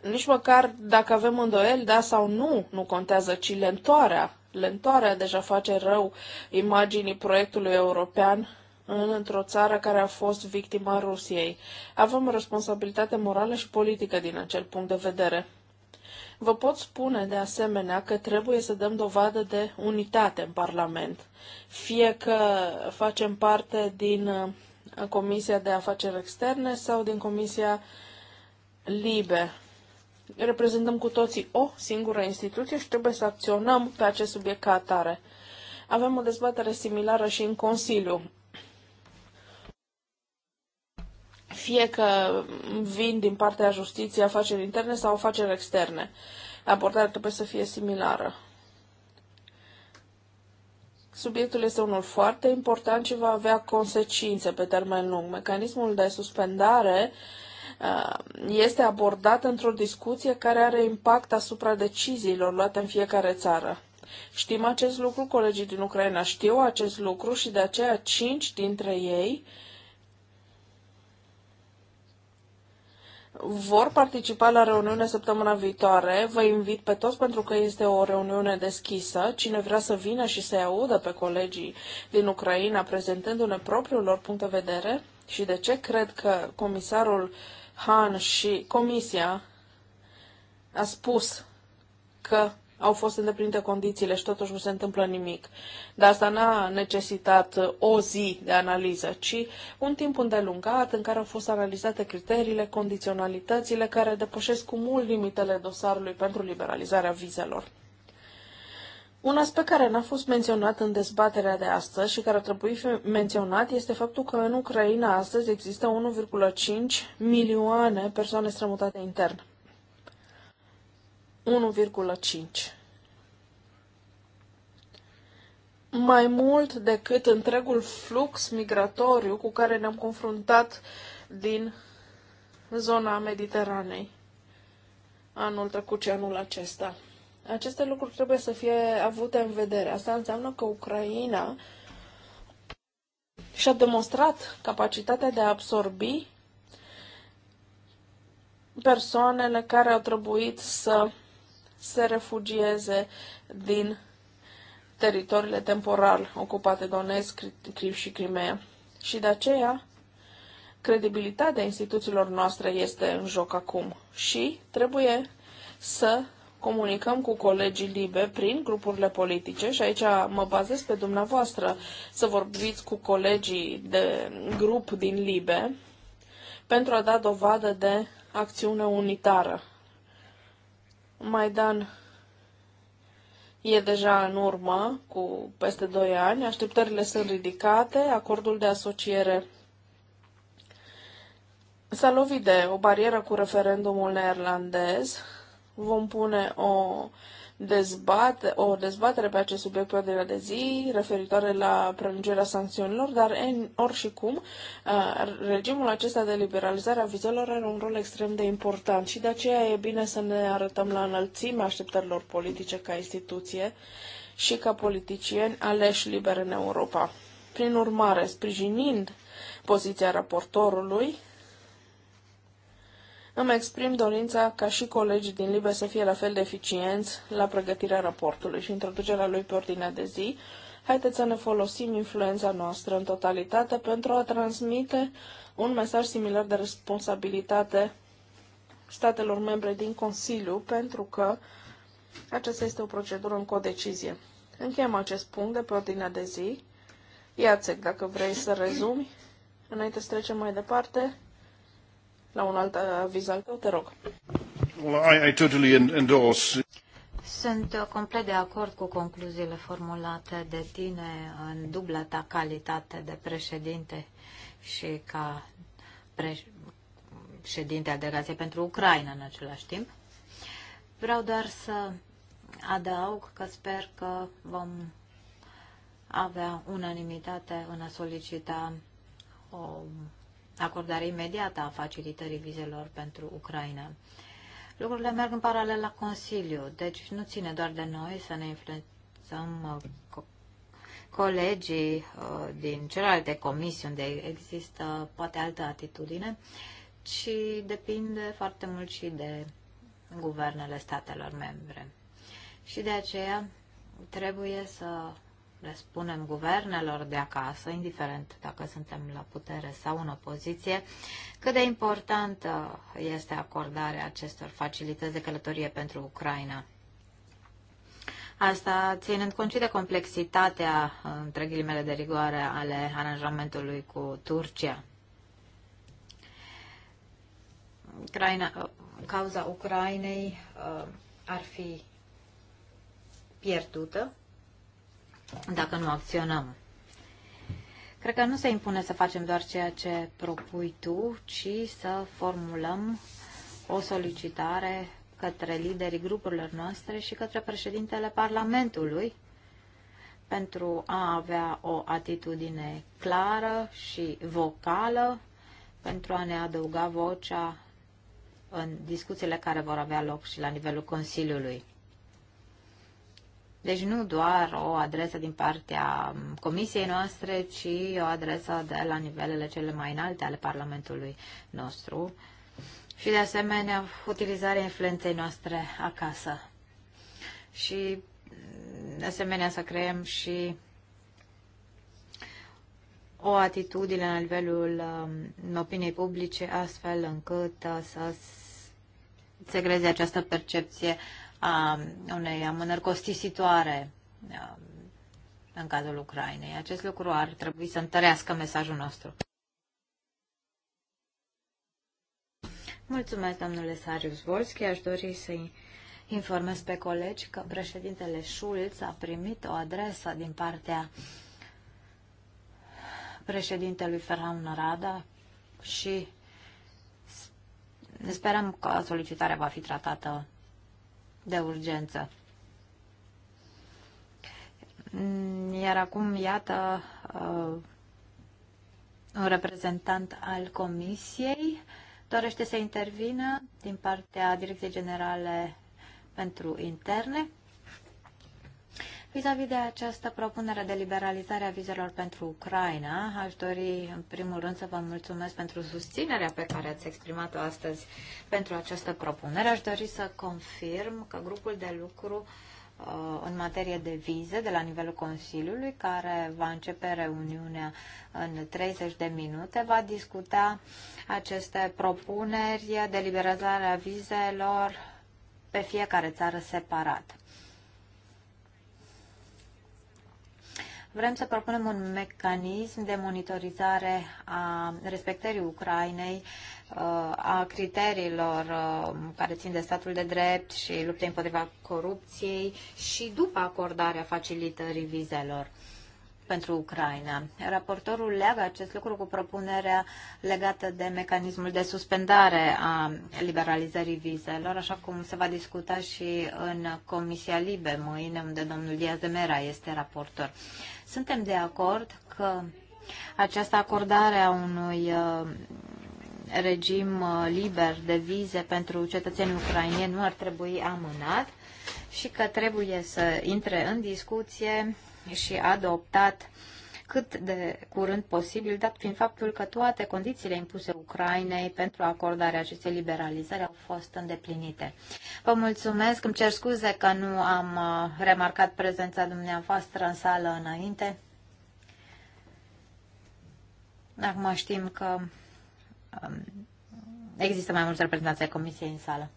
Nici măcar dacă avem îndoieli, da sau nu, nu contează, ci lentoarea. Lentoarea deja face rău imaginii proiectului european într-o țară care a fost victima Rusiei. Avem o responsabilitate morală și politică din acel punct de vedere. Vă pot spune de asemenea că trebuie să dăm dovadă de unitate în Parlament. Fie că facem parte din uh, Comisia de Afaceri Externe sau din Comisia Libe. Reprezentăm cu toții o singură instituție și trebuie să acționăm pe acest subiect ca atare. Avem o dezbatere similară și în Consiliu. fie că vin din partea justiției afaceri interne sau afaceri externe. Abordarea trebuie să fie similară. Subiectul este unul foarte important și va avea consecințe pe termen lung. Mecanismul de suspendare uh, este abordat într-o discuție care are impact asupra deciziilor luate în fiecare țară. Știm acest lucru, colegii din Ucraina știu acest lucru și de aceea cinci dintre ei uh, vor participa la reuniune săptămâna viitoare. Vă invit pe toți pentru că este o reuniune deschisă. Cine vrea să vină și să-i audă pe colegii din Ucraina prezentându-ne propriul lor punct de vedere și de ce cred că comisarul Han și comisia a spus că au fost îndeplinite condițiile și totuși nu se întâmplă nimic. Dar asta n-a necesitat uh, o zi de analiză, ci un timp îndelungat în care au fost analizate criteriile, condiționalitățile care depășesc cu mult limitele dosarului pentru liberalizarea vizelor. Un aspect care n-a fost menționat în dezbaterea de astăzi și care ar trebui menționat este faptul că în Ucraina astăzi există 1,5 milioane persoane strămutate intern. 1,5. Mai mult decât întregul flux migratoriu cu care ne-am confruntat din zona Mediteranei anul trecut și anul acesta. Aceste lucruri trebuie să fie avute în vedere. Asta înseamnă că Ucraina și-a demonstrat capacitatea de a absorbi persoanele care au trebuit să se refugieze din teritoriile temporal ocupate Donetsk, Criv și Crimea. Și de aceea, credibilitatea instituțiilor noastre este în joc acum și trebuie să comunicăm cu colegii libe prin grupurile politice și aici mă bazez pe dumneavoastră să vorbiți cu colegii de grup din libe pentru a da dovadă de acțiune unitară Maidan e deja în urmă, cu peste 2 ani, așteptările sunt ridicate, acordul de asociere s-a lovit de o barieră cu referendumul neerlandez, vom pune o dezbate, o dezbatere pe acest subiect pe ordinea de zi, referitoare la prelungirea sancțiunilor, dar în oricum, regimul acesta de liberalizare a vizelor are un rol extrem de important și de aceea e bine să ne arătăm la înălțimea așteptărilor politice ca instituție și ca politicieni aleși liberi în Europa. Prin urmare, sprijinind poziția raportorului, îmi exprim dorința ca și colegii din Libe să fie la fel de eficienți la pregătirea raportului și introducerea lui pe ordinea de zi. Haideți să ne folosim influența noastră în totalitate pentru a transmite un mesaj similar de responsabilitate statelor membre din Consiliu, pentru că aceasta este o procedură în codecizie. Încheiem acest punct de pe ordinea de zi. Iațec, dacă vrei să rezumi, înainte să trecem mai departe la un alt uh, aviz al tău, te rog. Well, I, I totally endorse. Sunt uh, complet de acord cu concluziile formulate de tine în dubla ta calitate de președinte și ca președinte al delegației pentru Ucraina în același timp. Vreau doar să adaug că sper că vom avea unanimitate în a solicita o acordarea imediată a facilitării vizelor pentru Ucraina. Lucrurile merg în paralel la Consiliu, deci nu ține doar de noi să ne influențăm uh, co colegii uh, din celelalte comisii unde există poate altă atitudine, ci depinde foarte mult și de guvernele statelor membre. Și de aceea trebuie să le spunem guvernelor de acasă, indiferent dacă suntem la putere sau în opoziție, cât de importantă este acordarea acestor facilități de călătorie pentru Ucraina. Asta ținând cont și de complexitatea, între ghilimele de rigoare, ale aranjamentului cu Turcia. Ucraina, cauza Ucrainei uh, ar fi pierdută dacă nu acționăm. Cred că nu se impune să facem doar ceea ce propui tu, ci să formulăm o solicitare către liderii grupurilor noastre și către președintele Parlamentului pentru a avea o atitudine clară și vocală, pentru a ne adăuga vocea în discuțiile care vor avea loc și la nivelul Consiliului. Deci nu doar o adresă din partea comisiei noastre, ci o adresă de la nivelele cele mai înalte ale Parlamentului nostru și de asemenea utilizarea influenței noastre acasă. Și de asemenea să creăm și o atitudine la nivelul um, opiniei publice, astfel încât uh, să se creeze această percepție a unei amânări costisitoare în cazul Ucrainei. Acest lucru ar trebui să întărească mesajul nostru. Mulțumesc, domnule Sarius Volski. Aș dori să-i informez pe colegi că președintele Schulz a primit o adresă din partea președintelui Ferhan Rada și sperăm că solicitarea va fi tratată de urgență. Iar acum, iată, uh, un reprezentant al Comisiei dorește să intervină din partea Direcției Generale pentru Interne. Vis-a-vis de această propunere de liberalizare a vizelor pentru Ucraina, aș dori în primul rând să vă mulțumesc pentru susținerea pe care ați exprimat-o astăzi pentru această propunere. Aș dori să confirm că grupul de lucru uh, în materie de vize de la nivelul Consiliului, care va începe reuniunea în 30 de minute, va discuta aceste propuneri de liberalizare a vizelor pe fiecare țară separat. Vrem să propunem un mecanism de monitorizare a respectării Ucrainei uh, a criteriilor uh, care țin de statul de drept și lupte împotriva corupției și după acordarea facilitării vizelor pentru Ucraina. Raportorul leagă acest lucru cu propunerea legată de mecanismul de suspendare a liberalizării vizelor, așa cum se va discuta și în Comisia Libe mâine, unde domnul Diaz de Mera este raportor. Suntem de acord că această acordare a unui uh, regim uh, liber de vize pentru cetățenii ucrainieni nu ar trebui amânat și că trebuie să intre în discuție și adoptat cât de curând posibil, dat fiind faptul că toate condițiile impuse Ucrainei pentru acordarea acestei liberalizări au fost îndeplinite. Vă mulțumesc, îmi cer scuze că nu am uh, remarcat prezența dumneavoastră în sală înainte. Acum știm că um, există mai mulți reprezentanți ai Comisiei în sală.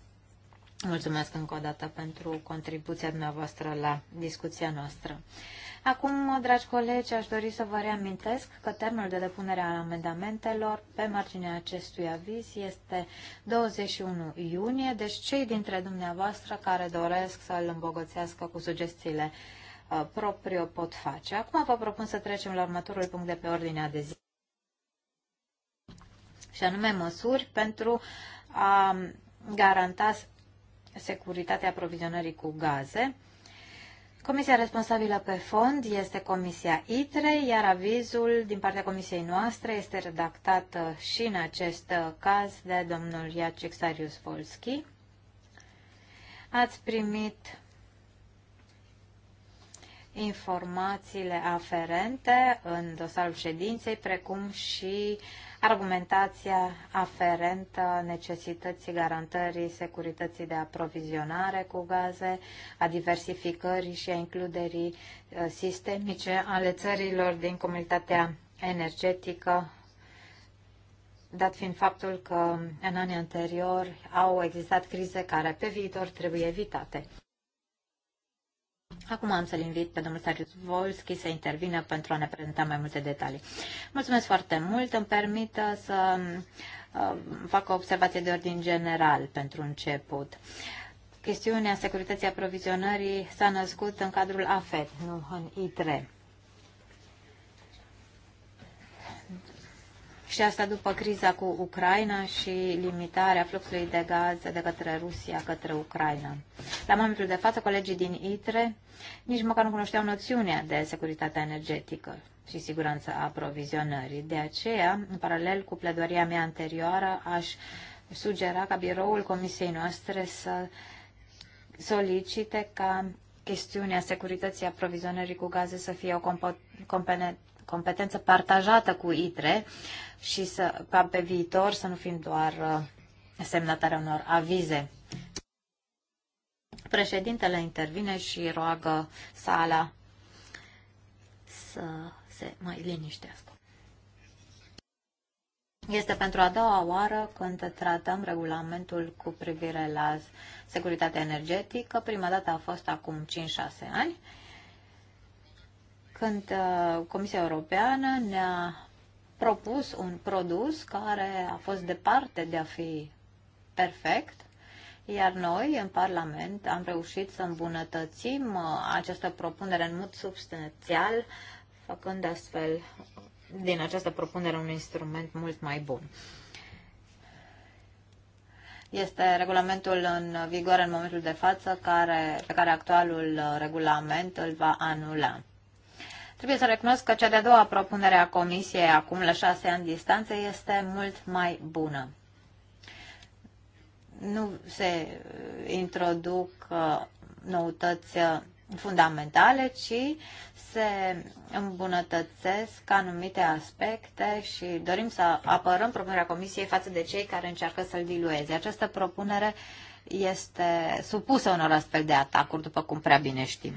Mulțumesc încă o dată pentru contribuția dumneavoastră la discuția noastră. Acum, dragi colegi, aș dori să vă reamintesc că termenul de depunere al amendamentelor pe marginea acestui aviz este 21 iunie, deci cei dintre dumneavoastră care doresc să îl îmbogățească cu sugestiile uh, proprii o pot face. Acum vă propun să trecem la următorul punct de pe ordinea de zi, și anume măsuri pentru a garanta securitatea aprovizionării cu gaze. Comisia responsabilă pe fond este Comisia ITRE, iar avizul din partea Comisiei noastre este redactat uh, și în acest uh, caz de domnul Iacek Sarius Volski. Ați primit informațiile aferente în dosarul ședinței, precum și argumentația aferentă necesității garantării securității de aprovizionare cu gaze, a diversificării și a includerii uh, sistemice ale țărilor din comunitatea energetică, dat fiind faptul că în anii anteriori au existat crize care pe viitor trebuie evitate. Acum am să-l invit pe domnul Sergiu Volski să intervină pentru a ne prezenta mai multe detalii. Mulțumesc foarte mult. Îmi permit uh, să uh, fac o observație de ordin general pentru început. Chestiunea securității aprovizionării s-a născut în cadrul AFET, nu în ITRE. și asta după criza cu Ucraina și limitarea fluxului de gaze de către Rusia către Ucraina. La momentul de față, colegii din ITRE nici măcar nu cunoșteau noțiunea de securitate energetică și siguranța aprovizionării. De aceea, în paralel cu pledoaria mea anterioară, aș sugera ca biroul comisiei noastre să solicite ca chestiunea securității aprovizionării cu gaze să fie o componentă competență partajată cu ITRE și să, ca pe viitor să nu fim doar uh, semnatarea unor avize. Președintele intervine și roagă sala să se mai liniștească. Este pentru a doua oară când tratăm regulamentul cu privire la securitatea energetică. Prima dată a fost acum 5-6 ani când uh, Comisia Europeană ne-a propus un produs care a fost departe de a fi perfect, iar noi, în Parlament, am reușit să îmbunătățim uh, această propunere în mod substanțial, făcând astfel din această propunere un instrument mult mai bun. Este regulamentul în vigoare în momentul de față care, pe care actualul uh, regulament îl va anula. Trebuie să recunosc că cea de-a doua propunere a Comisiei acum la șase ani distanță este mult mai bună. Nu se uh, introduc uh, noutăți uh, fundamentale, ci se îmbunătățesc anumite aspecte și dorim să apărăm propunerea Comisiei față de cei care încearcă să-l dilueze. Această propunere este supusă unor astfel de atacuri, după cum prea bine știm.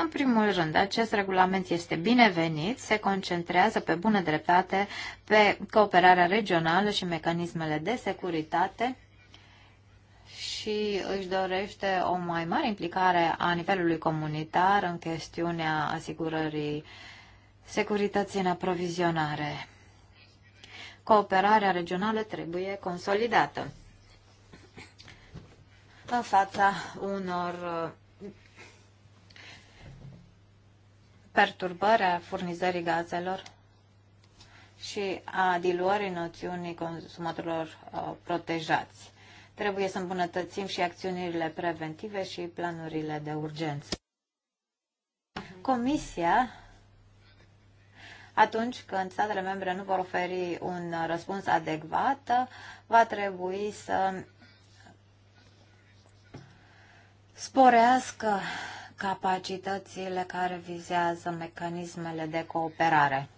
În primul rând, acest regulament este binevenit, se concentrează pe bună dreptate pe cooperarea regională și mecanismele de securitate și își dorește o mai mare implicare a nivelului comunitar în chestiunea asigurării securității în aprovizionare. Cooperarea regională trebuie consolidată în fața unor perturbări a furnizării gazelor și a diluării noțiunii consumatorilor uh, protejați. Trebuie să îmbunătățim și acțiunile preventive și planurile de urgență. Comisia, atunci când statele membre nu vor oferi un răspuns adecvat, va trebui să sporească capacitățile care vizează mecanismele de cooperare.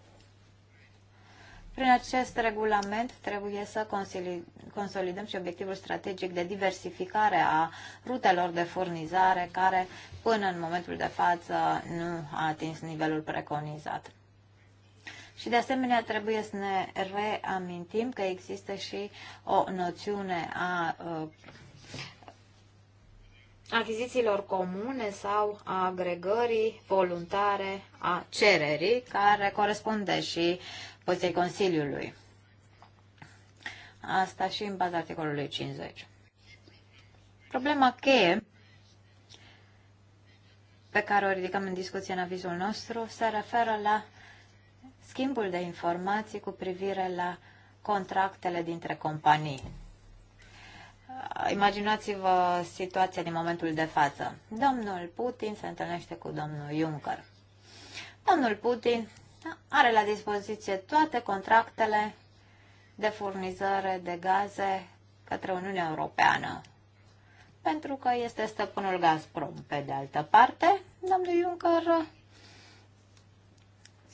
Prin acest regulament trebuie să consolidăm și obiectivul strategic de diversificare a rutelor de furnizare, care până în momentul de față nu a atins nivelul preconizat. Și de asemenea trebuie să ne reamintim că există și o noțiune a uh, achizițiilor comune sau a agregării voluntare a cererii, care corespunde și poziției Consiliului. Asta și în baza articolului 50. Problema cheie pe care o ridicăm în discuție în avizul nostru se referă la schimbul de informații cu privire la contractele dintre companii. Imaginați-vă situația din momentul de față. Domnul Putin se întâlnește cu domnul Juncker. Domnul Putin are la dispoziție toate contractele de furnizare de gaze către Uniunea Europeană, pentru că este stăpânul Gazprom. Pe de altă parte, domnul Juncker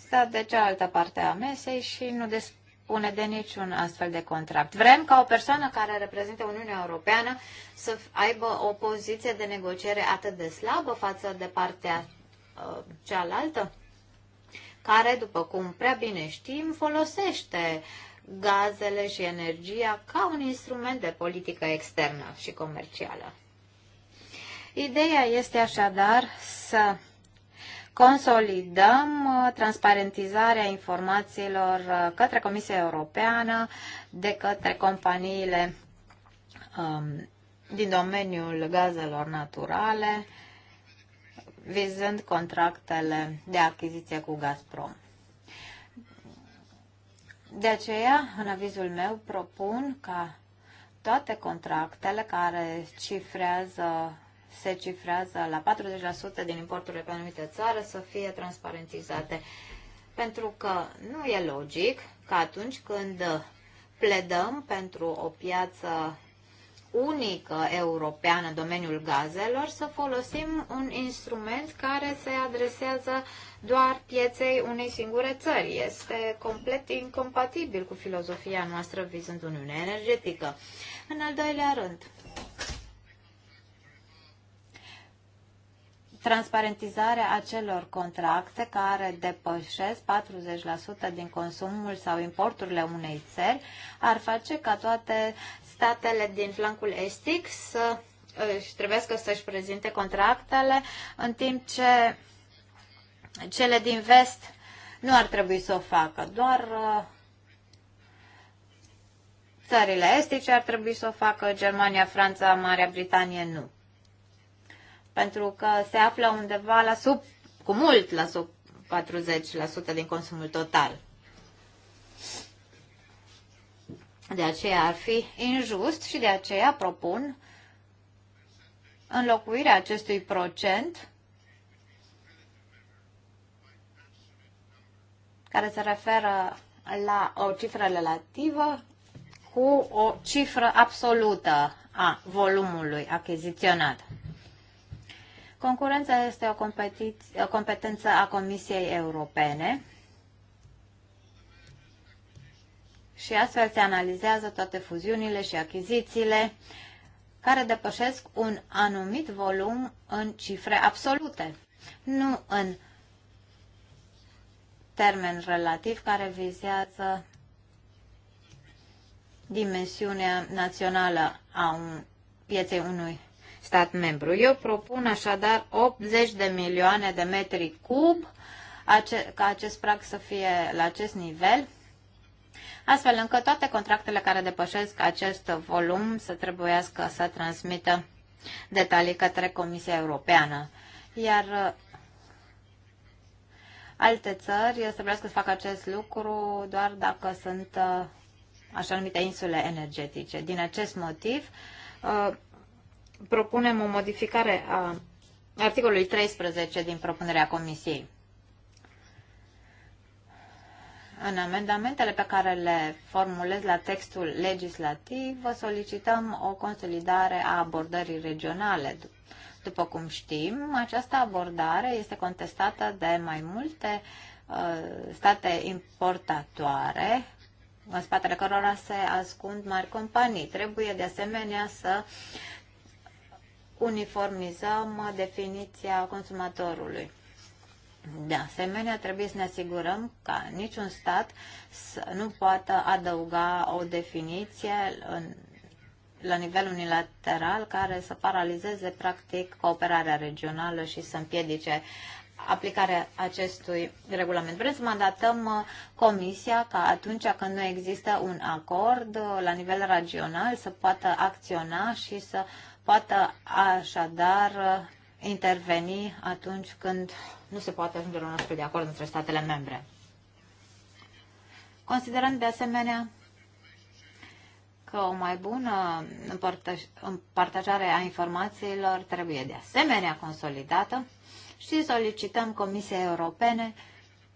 stă de cealaltă parte a mesei și nu des- dispune de niciun astfel de contract. Vrem ca o persoană care reprezintă Uniunea Europeană să aibă o poziție de negociere atât de slabă față de partea uh, cealaltă, care, după cum prea bine știm, folosește gazele și energia ca un instrument de politică externă și comercială. Ideea este așadar să consolidăm uh, transparentizarea informațiilor uh, către Comisia Europeană de către companiile um, din domeniul gazelor naturale, vizând contractele de achiziție cu Gazprom. De aceea, în avizul meu, propun ca toate contractele care cifrează se cifrează la 40% din importurile pe anumite țară să fie transparentizate. Pentru că nu e logic că atunci când pledăm pentru o piață unică europeană în domeniul gazelor, să folosim un instrument care se adresează doar pieței unei singure țări. Este complet incompatibil cu filozofia noastră vizând Uniunea Energetică. În al doilea rând, transparentizarea acelor contracte care depășesc 40% din consumul sau importurile unei țări ar face ca toate statele din flancul estic să își trebuiască să-și prezinte contractele, în timp ce cele din vest nu ar trebui să o facă. Doar uh, țările estice ar trebui să o facă, Germania, Franța, Marea Britanie nu pentru că se află undeva la sub, cu mult la sub 40% din consumul total. De aceea ar fi injust și de aceea propun înlocuirea acestui procent care se referă la o cifră relativă cu o cifră absolută a volumului achiziționat. Concurența este o, o competență a Comisiei Europene și astfel se analizează toate fuziunile și achizițiile care depășesc un anumit volum în cifre absolute, nu în termen relativ care vizează dimensiunea națională a un, pieței unui stat membru. Eu propun așadar 80 de milioane de metri cub ace- ca acest prag să fie la acest nivel, astfel încât toate contractele care depășesc acest volum să trebuiască să transmită detalii către Comisia Europeană. Iar uh, alte țări să trebuiască să facă acest lucru doar dacă sunt uh, așa numite insule energetice. Din acest motiv, uh, propunem o modificare a articolului 13 din propunerea Comisiei. În amendamentele pe care le formulez la textul legislativ, vă solicităm o consolidare a abordării regionale. După cum știm, această abordare este contestată de mai multe uh, state importatoare, în spatele cărora se ascund mari companii. Trebuie de asemenea să uh, uniformizăm definiția consumatorului. De asemenea, trebuie să ne asigurăm că niciun stat nu poată adăuga o definiție în, la nivel unilateral care să paralizeze practic cooperarea regională și să împiedice aplicarea acestui regulament. Vrem să mandatăm uh, Comisia ca atunci când nu există un acord uh, la nivel regional să poată acționa și să poată așadar uh, interveni atunci când nu se poate ajunge la un astfel de acord între statele membre. considerând de asemenea că o mai bună împartajare a informațiilor trebuie de asemenea consolidată și solicităm Comisiei Europene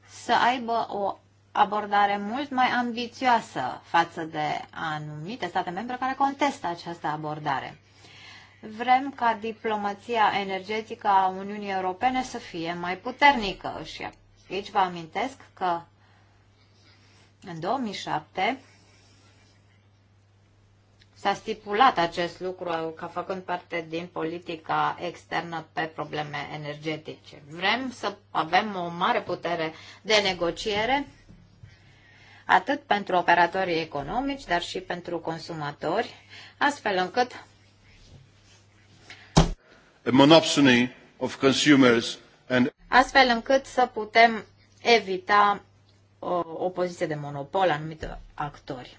să aibă o abordare mult mai ambițioasă față de anumite state membre care contestă această abordare. Vrem ca diplomația energetică a Uniunii Europene să fie mai puternică. Și aici vă amintesc că în 2007 s-a stipulat acest lucru ca făcând parte din politica externă pe probleme energetice. Vrem să avem o mare putere de negociere, atât pentru operatorii economici, dar și pentru consumatori, astfel încât a monopsony of consumers and astfel încât să putem evita o, o poziție de monopol anumită actori.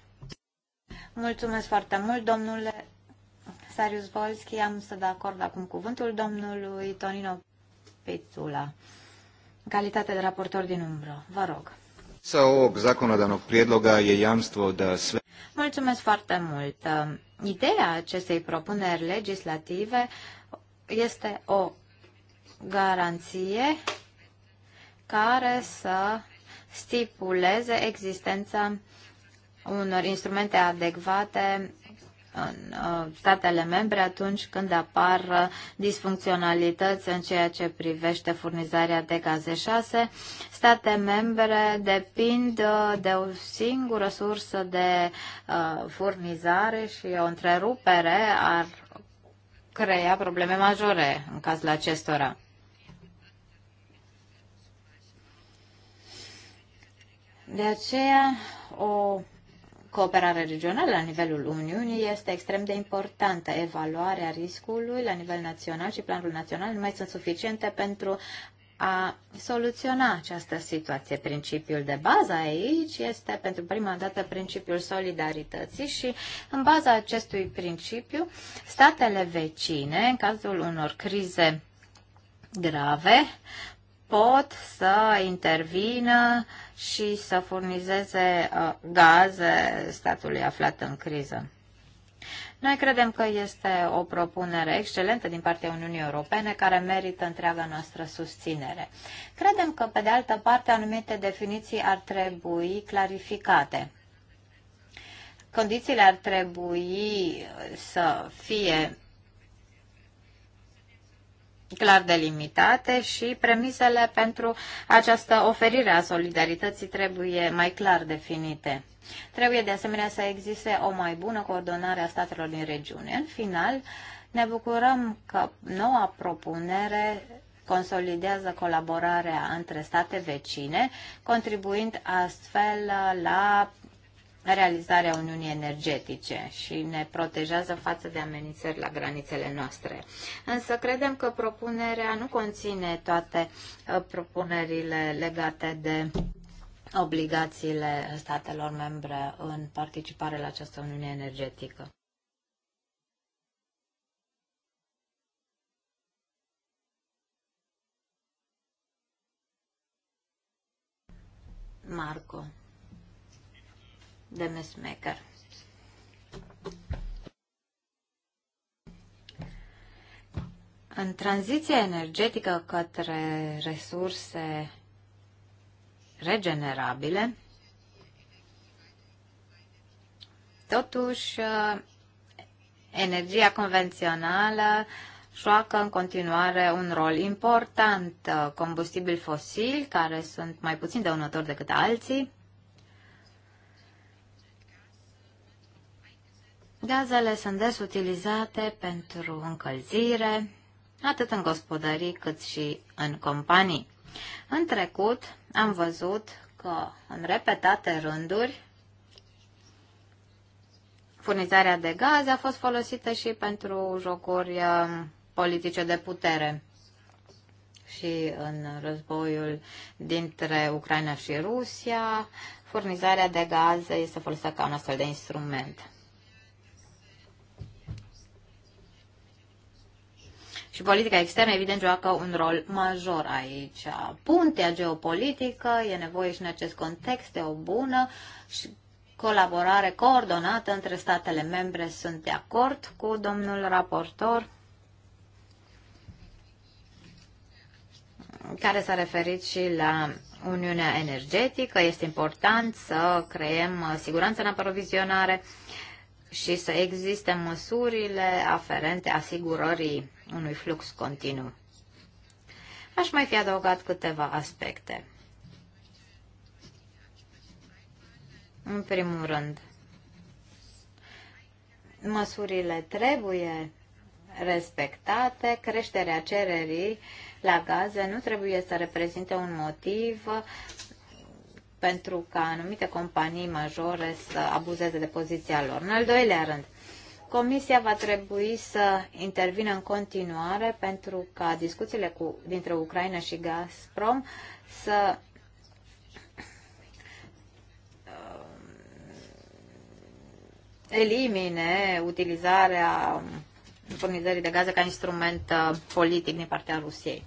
Mulțumesc foarte mult, domnule Sarius Volski. Am să de acord acum cuvântul domnului Tonino Pețula, în calitate de raportor din umbră. Vă rog. Să ovog zakonodavnog prijedloga je jamstvo da sve... Mulțumesc foarte mult. Ideea acestei propuneri legislative este o garanție care să stipuleze existența unor instrumente adecvate în uh, statele membre atunci când apar uh, disfuncționalități în ceea ce privește furnizarea de gaze 6. State membre depind uh, de o singură sursă de furnizare și o întrerupere ar crea probleme majore în cazul acestora. De aceea, o cooperare regională la nivelul Uniunii este extrem de importantă. Evaluarea riscului la nivel național și planul național nu mai sunt suficiente pentru a soluționa această situație. Principiul de bază aici este pentru prima dată principiul solidarității și în baza acestui principiu statele vecine, în cazul unor crize grave, pot să intervină și să furnizeze uh, gaze statului aflat în criză. Noi credem că este o propunere excelentă din partea Uniunii Europene care merită întreaga noastră susținere. Credem că, pe de altă parte, anumite definiții ar trebui clarificate. Condițiile ar trebui să fie clar delimitate și premisele pentru această oferire a solidarității trebuie mai clar definite. Trebuie de asemenea să existe o mai bună coordonare a statelor din regiune. În final, ne bucurăm că noua propunere consolidează colaborarea între state vecine, contribuind astfel la realizarea Uniunii Energetice și ne protejează față de amenințări la granițele noastre. Însă credem că propunerea nu conține toate uh, propunerile legate de obligațiile statelor membre în participare la această Uniune Energetică. Marco de Messmaker. În tranziția energetică către resurse regenerabile, totuși energia convențională joacă în continuare un rol important. Combustibili fosili, care sunt mai puțin dăunători decât alții, Gazele sunt des utilizate pentru încălzire, atât în gospodării cât și în companii. În trecut am văzut că în repetate rânduri furnizarea de gaze a fost folosită și pentru jocuri um, politice de putere și în războiul dintre Ucraina și Rusia, furnizarea de gaze este folosită ca un astfel de instrument. Și politica externă, evident, joacă un rol major aici. Puntea geopolitică e nevoie și în acest context de o bună și colaborare coordonată între statele membre. Sunt de acord cu domnul raportor care s-a referit și la Uniunea Energetică. Este important să creăm siguranță în aprovizionare și să existe măsurile aferente asigurării unui flux continuu. Aș mai fi adăugat câteva aspecte. În primul rând, măsurile trebuie respectate, creșterea cererii la gaze nu trebuie să reprezinte un motiv pentru ca anumite companii majore să abuzeze de poziția lor. În al doilea rând, Comisia va trebui să intervină în continuare pentru ca discuțiile cu, dintre Ucraina și Gazprom să uh, elimine utilizarea furnizării de gaze ca instrument uh, politic din partea Rusiei.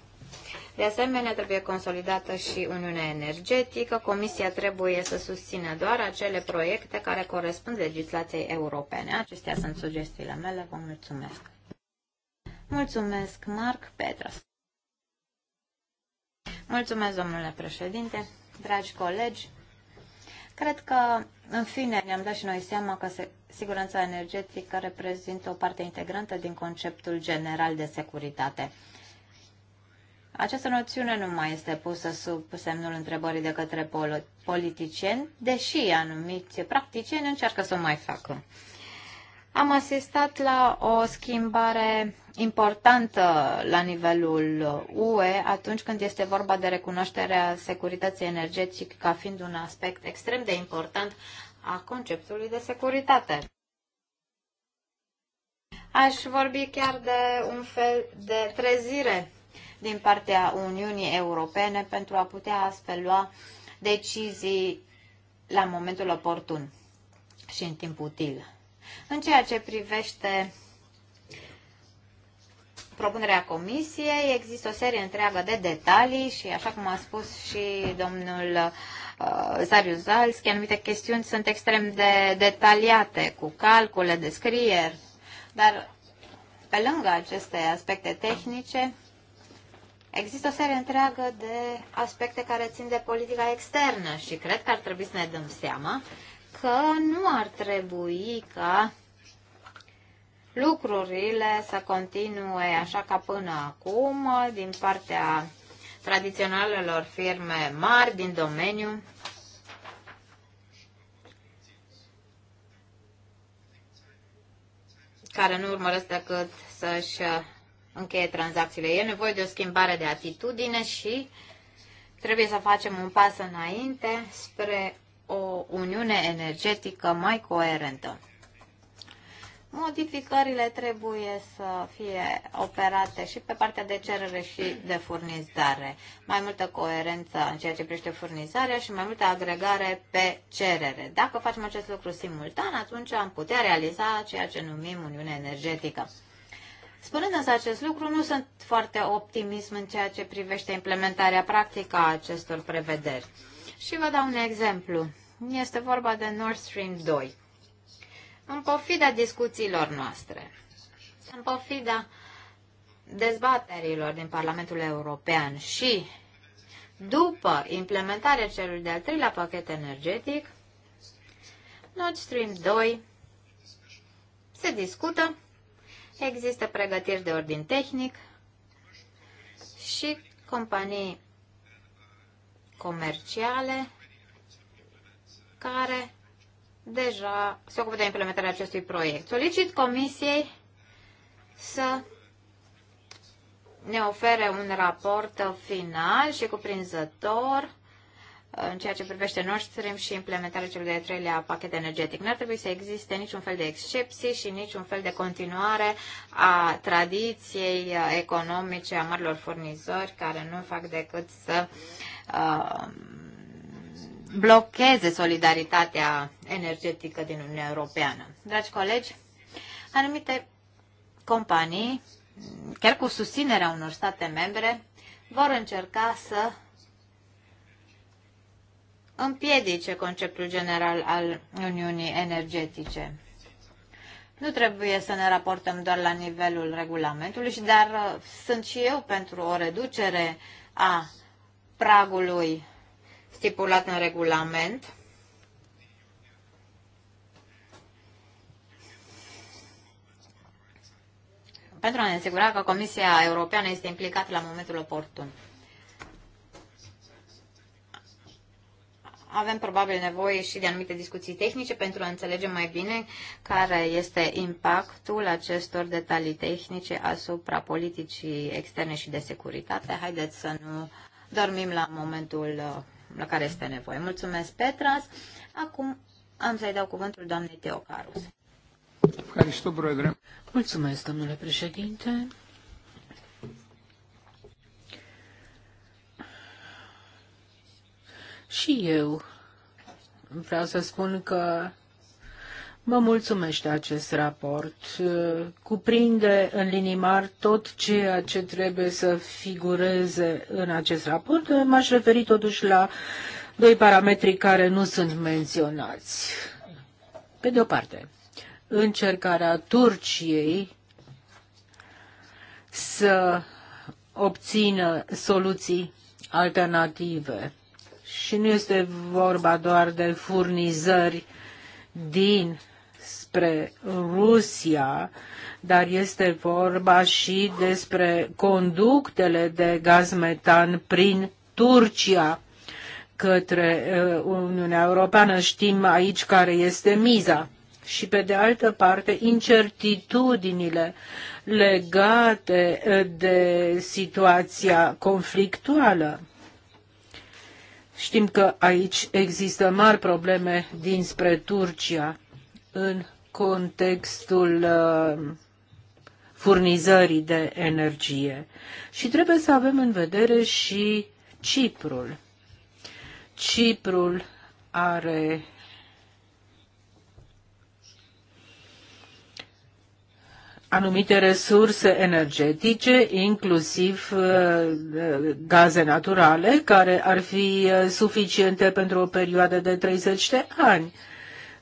De asemenea, trebuie consolidată și Uniunea Energetică. Comisia trebuie să susțină doar acele proiecte care corespund legislației europene. Acestea sunt sugestiile mele. Vă mulțumesc. Mulțumesc, Marc Petras. Mulțumesc, domnule președinte, dragi colegi. Cred că, în fine, ne-am dat și noi seama că se, siguranța energetică reprezintă o parte integrantă din conceptul general de securitate. Această noțiune nu mai este pusă sub semnul întrebării de către politicieni, deși anumiți practicieni încearcă să o mai facă. Am asistat la o schimbare importantă la nivelul UE atunci când este vorba de recunoașterea securității energetice ca fiind un aspect extrem de important a conceptului de securitate. Aș vorbi chiar de un fel de trezire din partea Uniunii Europene pentru a putea astfel lua decizii la momentul oportun și în timp util. În ceea ce privește propunerea comisiei, există o serie întreagă de detalii și, așa cum a spus și domnul uh, Zariu Zalski, anumite chestiuni sunt extrem de detaliate, cu calcule, descrieri, dar pe lângă aceste aspecte tehnice, Există o serie întreagă de aspecte care țin de politica externă și cred că ar trebui să ne dăm seama că nu ar trebui ca lucrurile să continue așa ca până acum din partea tradiționalelor firme mari din domeniu. care nu urmăresc decât să-și încheie tranzacțiile. E nevoie de o schimbare de atitudine și trebuie să facem un pas înainte spre o uniune energetică mai coerentă. Modificările trebuie să fie operate și pe partea de cerere și de furnizare. Mai multă coerență în ceea ce privește furnizarea și mai multă agregare pe cerere. Dacă facem acest lucru simultan, atunci am putea realiza ceea ce numim Uniune Energetică. Spunând însă acest lucru, nu sunt foarte optimism în ceea ce privește implementarea practică a acestor prevederi. Și vă dau un exemplu. Este vorba de Nord Stream 2. În pofida discuțiilor noastre, în pofida dezbaterilor din Parlamentul European și după implementarea celui de-al treilea pachet energetic, Nord Stream 2 se discută Există pregătiri de ordin tehnic și companii comerciale care deja se ocupă de implementarea acestui proiect. Solicit Comisiei să ne ofere un raport final și cuprinzător în ceea ce privește Nord Stream și implementarea celui de-al treilea pachet energetic. Nu ar trebui să existe niciun fel de excepții și niciun fel de continuare a tradiției economice a marilor furnizori care nu fac decât să uh, blocheze solidaritatea energetică din Uniunea Europeană. Dragi colegi, anumite companii, chiar cu susținerea unor state membre, vor încerca să împiedice conceptul general al Uniunii Energetice. Nu trebuie să ne raportăm doar la nivelul regulamentului, dar uh, sunt și eu pentru o reducere a pragului stipulat în regulament. pentru a ne asigura că Comisia Europeană este implicată la momentul oportun. avem probabil nevoie și de anumite discuții tehnice pentru a înțelege mai bine care este impactul acestor detalii tehnice asupra politicii externe și de securitate. Haideți să nu dormim la momentul uh, la care este nevoie. Mulțumesc, Petras. Acum am să-i dau cuvântul doamnei Teocarus. Mulțumesc, domnule președinte. Și eu vreau să spun că mă mulțumește acest raport. Cuprinde în linii mari tot ceea ce trebuie să figureze în acest raport. M-aș referi totuși la doi parametri care nu sunt menționați. Pe de o parte, încercarea Turciei să obțină soluții alternative și nu este vorba doar de furnizări din spre Rusia, dar este vorba și despre conductele de gaz metan prin Turcia către uh, Uniunea Europeană. Știm aici care este miza. Și pe de altă parte, incertitudinile legate uh, de situația conflictuală Știm că aici există mari probleme dinspre Turcia în contextul uh, furnizării de energie. Și trebuie să avem în vedere și Ciprul. Ciprul are anumite resurse energetice, inclusiv uh, gaze naturale, care ar fi uh, suficiente pentru o perioadă de 30 de ani.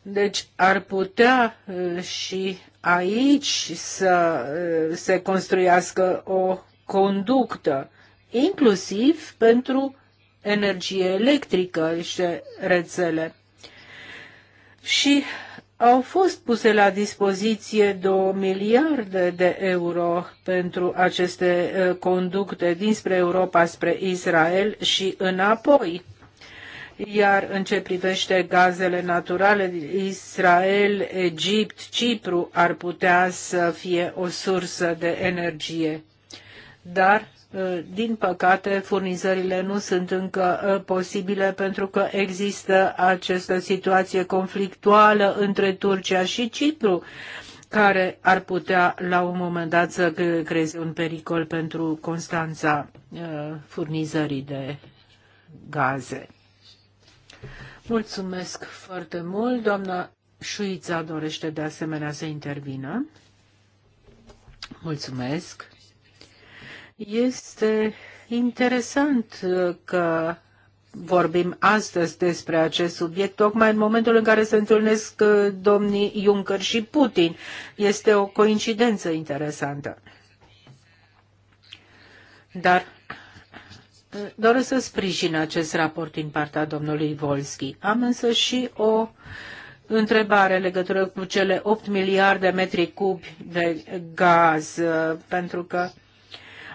Deci ar putea uh, și aici să se construiască o conductă, inclusiv pentru energie electrică și rețele. Și au fost puse la dispoziție 2 miliarde de euro pentru aceste uh, conducte dinspre Europa spre Israel și înapoi. Iar în ce privește gazele naturale, Israel, Egipt, Cipru ar putea să fie o sursă de energie. Dar din păcate, furnizările nu sunt încă uh, posibile pentru că există această situație conflictuală între Turcia și Cipru, care ar putea la un moment dat să creeze un pericol pentru Constanța uh, furnizării de gaze. Mulțumesc foarte mult. Doamna Șuița dorește de asemenea să intervină. Mulțumesc. Este interesant uh, că vorbim astăzi despre acest subiect, tocmai în momentul în care se întâlnesc uh, domnii Juncker și Putin. Este o coincidență interesantă. Dar uh, doresc să sprijin acest raport din partea domnului Volski. Am însă și o întrebare în legătură cu cele 8 miliarde metri cubi de gaz, pentru că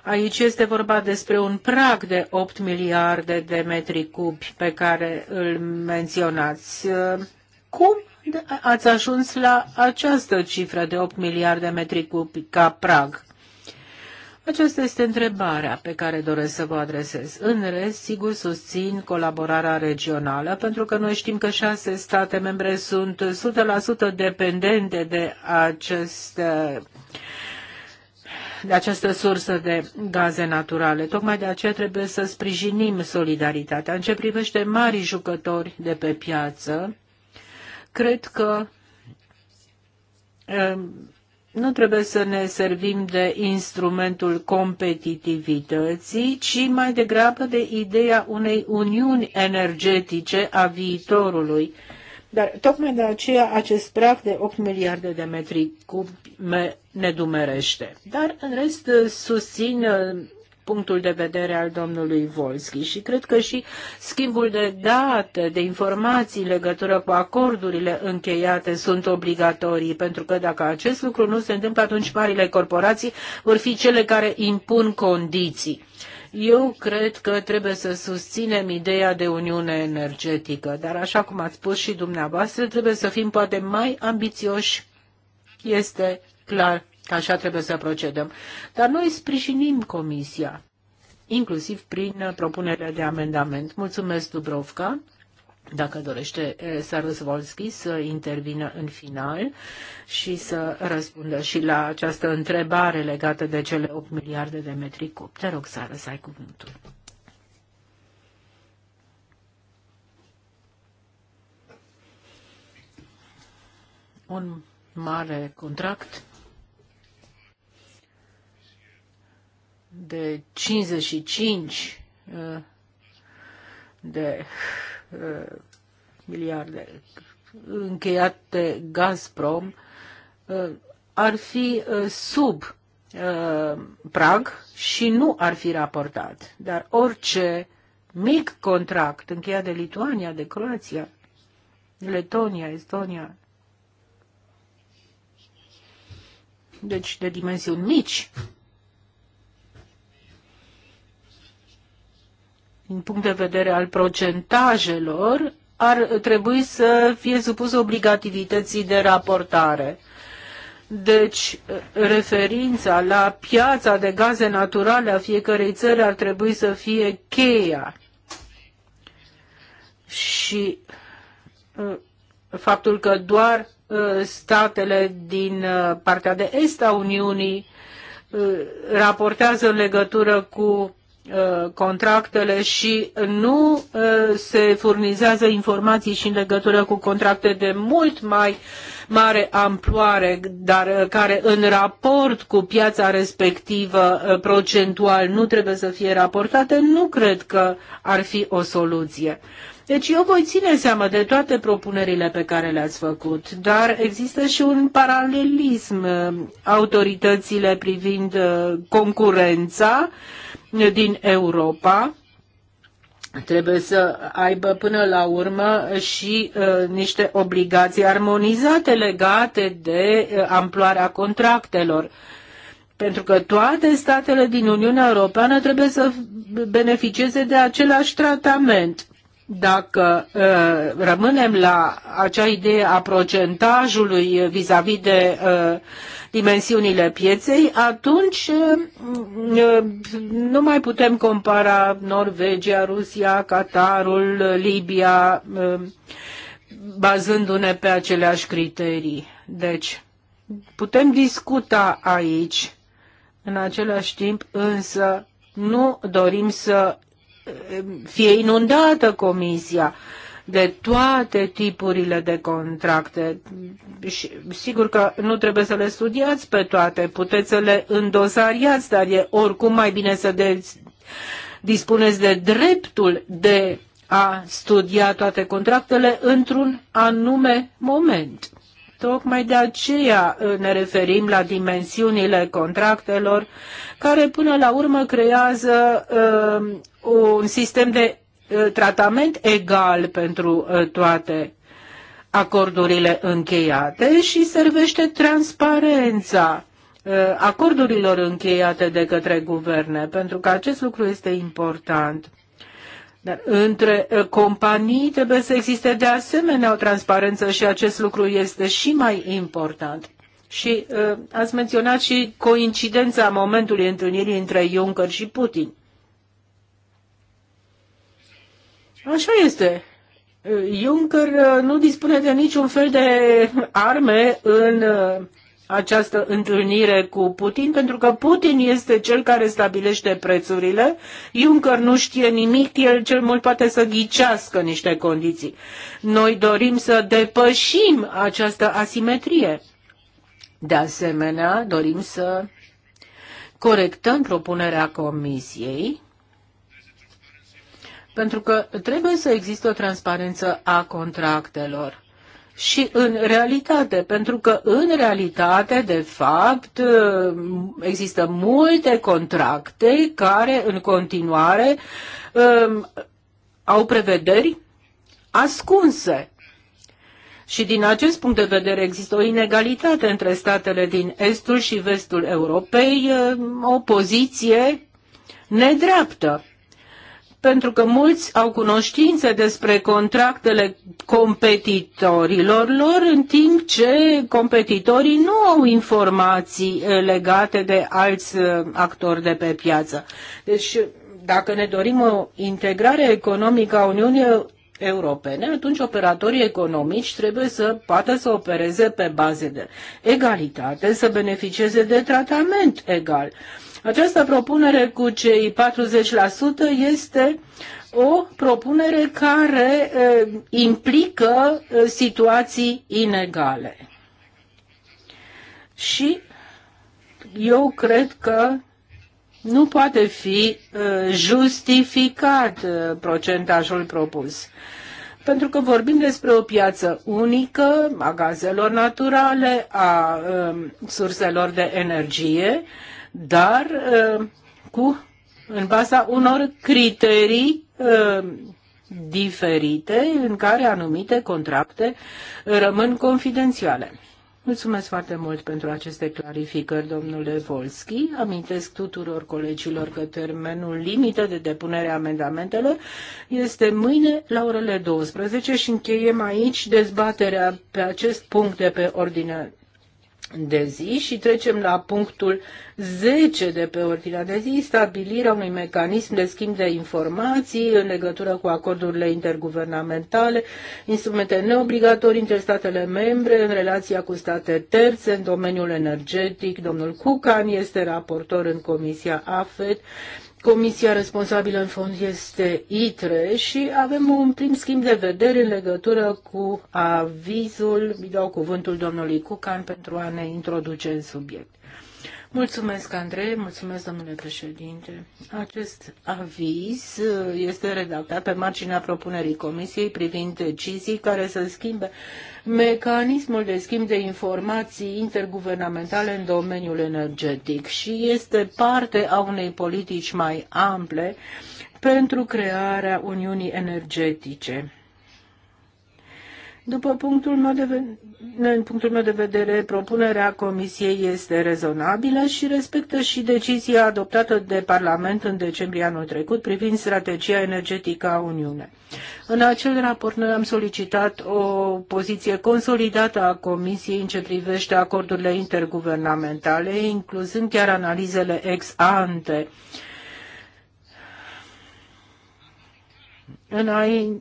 Aici este vorba despre un prag de 8 miliarde de metri cubi pe care îl menționați. Cum ați ajuns la această cifră de 8 miliarde de metri cubi ca prag? Aceasta este întrebarea pe care doresc să vă adresez. În rest, sigur, susțin colaborarea regională, pentru că noi știm că șase state membre sunt 100% dependente de aceste de această sursă de gaze naturale. Tocmai de aceea trebuie să sprijinim solidaritatea. În ce privește mari jucători de pe piață, cred că um, nu trebuie să ne servim de instrumentul competitivității, ci mai degrabă de ideea unei uniuni energetice a viitorului. Dar tocmai de aceea acest prag de 8 miliarde de metri cubi nedumerește. Dar, în rest, susțin uh, punctul de vedere al domnului Volski și cred că și schimbul de date, de informații în legătură cu acordurile încheiate sunt obligatorii, pentru că dacă acest lucru nu se întâmplă, atunci marile corporații vor fi cele care impun condiții. Eu cred că trebuie să susținem ideea de uniune energetică, dar așa cum ați spus și dumneavoastră, trebuie să fim poate mai ambițioși. Este clar că așa trebuie să procedăm. Dar noi sprijinim Comisia, inclusiv prin propunerea de amendament. Mulțumesc, Dubrovka. Dacă dorește eh, Sarus Volski să intervină în final și să răspundă și la această întrebare legată de cele 8 miliarde de metri cub. Te rog, să ai cuvântul. Un mare contract de 55 uh, de uh, miliarde încheiate Gazprom uh, ar fi sub prag și nu ar fi raportat. Dar orice mic contract încheiat de Lituania, de Croația, Letonia, Estonia, deci de dimensiuni mici, din punct de vedere al procentajelor, ar trebui să fie supus obligativității de raportare. Deci, referința la piața de gaze naturale a fiecărei țări ar trebui să fie cheia. Și faptul că doar statele din partea de est a Uniunii raportează în legătură cu Uh, contractele și nu uh, se furnizează informații și în legătură cu contracte de mult mai mare amploare, dar uh, care în raport cu piața respectivă procentual nu trebuie să fie raportate, nu cred că ar fi o soluție. Deci eu voi ține seama de toate propunerile pe care le-ați făcut, dar există și un paralelism. Uh, autoritățile privind uh, concurența uh, din Europa trebuie să aibă până la urmă și uh, niște obligații armonizate legate de uh, amploarea contractelor. Pentru că toate statele din Uniunea Europeană trebuie să beneficieze de același tratament dacă uh, rămânem la acea idee a procentajului vis-a-vis -vis de uh, dimensiunile pieței, atunci uh, uh, nu mai putem compara Norvegia, Rusia, Qatarul, Libia, uh, bazându-ne pe aceleași criterii. Deci, putem discuta aici, în același timp, însă nu dorim să fie inundată comisia de toate tipurile de contracte. Și sigur că nu trebuie să le studiați pe toate, puteți să le îndosariați, dar e oricum mai bine să de, dispuneți de dreptul de a studia toate contractele într-un anume moment. Tocmai de aceea uh, ne referim la dimensiunile contractelor, care până la urmă creează uh, un sistem de uh, tratament egal pentru uh, toate acordurile încheiate și servește transparența uh, acordurilor încheiate de către guverne, pentru că acest lucru este important. Dar între uh, companii trebuie să existe de asemenea o transparență și acest lucru este și mai important. Și uh, ați menționat și coincidența momentului întâlnirii între Juncker și Putin. Așa este. Uh, Juncker uh, nu dispune de niciun fel de arme în uh, această întâlnire cu Putin, pentru că Putin este cel care stabilește prețurile, Juncker nu știe nimic, el cel mult poate să ghicească niște condiții. Noi dorim să depășim această asimetrie. De asemenea, dorim să corectăm propunerea Comisiei, pentru că trebuie să existe o transparență a contractelor și în realitate, pentru că în realitate, de fapt, există multe contracte care în continuare um, au prevederi ascunse. Și din acest punct de vedere există o inegalitate între statele din estul și vestul Europei, um, o poziție nedreaptă pentru că mulți au cunoștințe despre contractele competitorilor lor, în timp ce competitorii nu au informații eh, legate de alți eh, actori de pe piață. Deci, dacă ne dorim o integrare economică a Uniunii Europene, atunci operatorii economici trebuie să poată să opereze pe baze de egalitate, să beneficieze de tratament egal. Uh, această propunere cu cei 40% este o propunere care implică situații inegale. Și eu cred că nu poate fi justificat procentajul propus. Pentru că vorbim despre o piață unică a gazelor naturale, a surselor de energie dar uh, cu, în baza unor criterii uh, diferite în care anumite contracte rămân confidențiale. Mulțumesc foarte mult pentru aceste clarificări, domnule Volski. Amintesc tuturor colegilor că termenul limită de depunere a amendamentelor este mâine la orele 12 și încheiem aici dezbaterea pe acest punct de pe ordinea de zi și trecem la punctul 10 de pe ordinea de zi, stabilirea unui mecanism de schimb de informații în legătură cu acordurile interguvernamentale, instrumente neobligatorii între statele membre în relația cu state terțe în domeniul energetic. Domnul Cucan este raportor în Comisia AFET Comisia responsabilă în fond este ITRE și avem un prim schimb de vedere în legătură cu avizul. Îi dau cuvântul domnului Cucan pentru a ne introduce în subiect. Mulțumesc, Andrei, mulțumesc, domnule președinte. Acest aviz este redactat pe marginea propunerii Comisiei privind decizii care să schimbe mecanismul de schimb de informații interguvernamentale în domeniul energetic și este parte a unei politici mai ample pentru crearea Uniunii Energetice. După punctul meu de, în punctul meu de vedere, propunerea Comisiei este rezonabilă și respectă și decizia adoptată de Parlament în decembrie anul trecut privind strategia energetică a Uniunii. În acel raport noi am solicitat o poziție consolidată a Comisiei în ce privește acordurile interguvernamentale, incluzând chiar analizele ex ante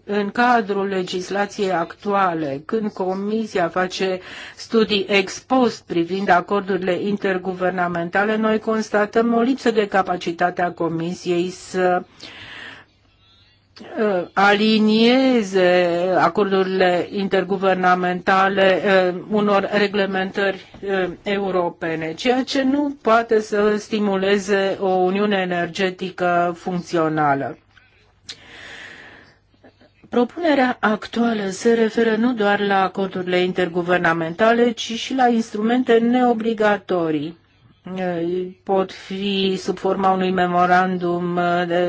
în, cadrul legislației actuale, când Comisia face studii ex post privind acordurile interguvernamentale, noi constatăm o lipsă de capacitate a Comisiei să uh, alinieze acordurile interguvernamentale uh, unor reglementări uh, europene, ceea ce nu poate să stimuleze o uniune energetică funcțională. Propunerea actuală se referă nu doar la acordurile interguvernamentale, ci și la instrumente neobligatorii. Pot fi sub forma unui memorandum de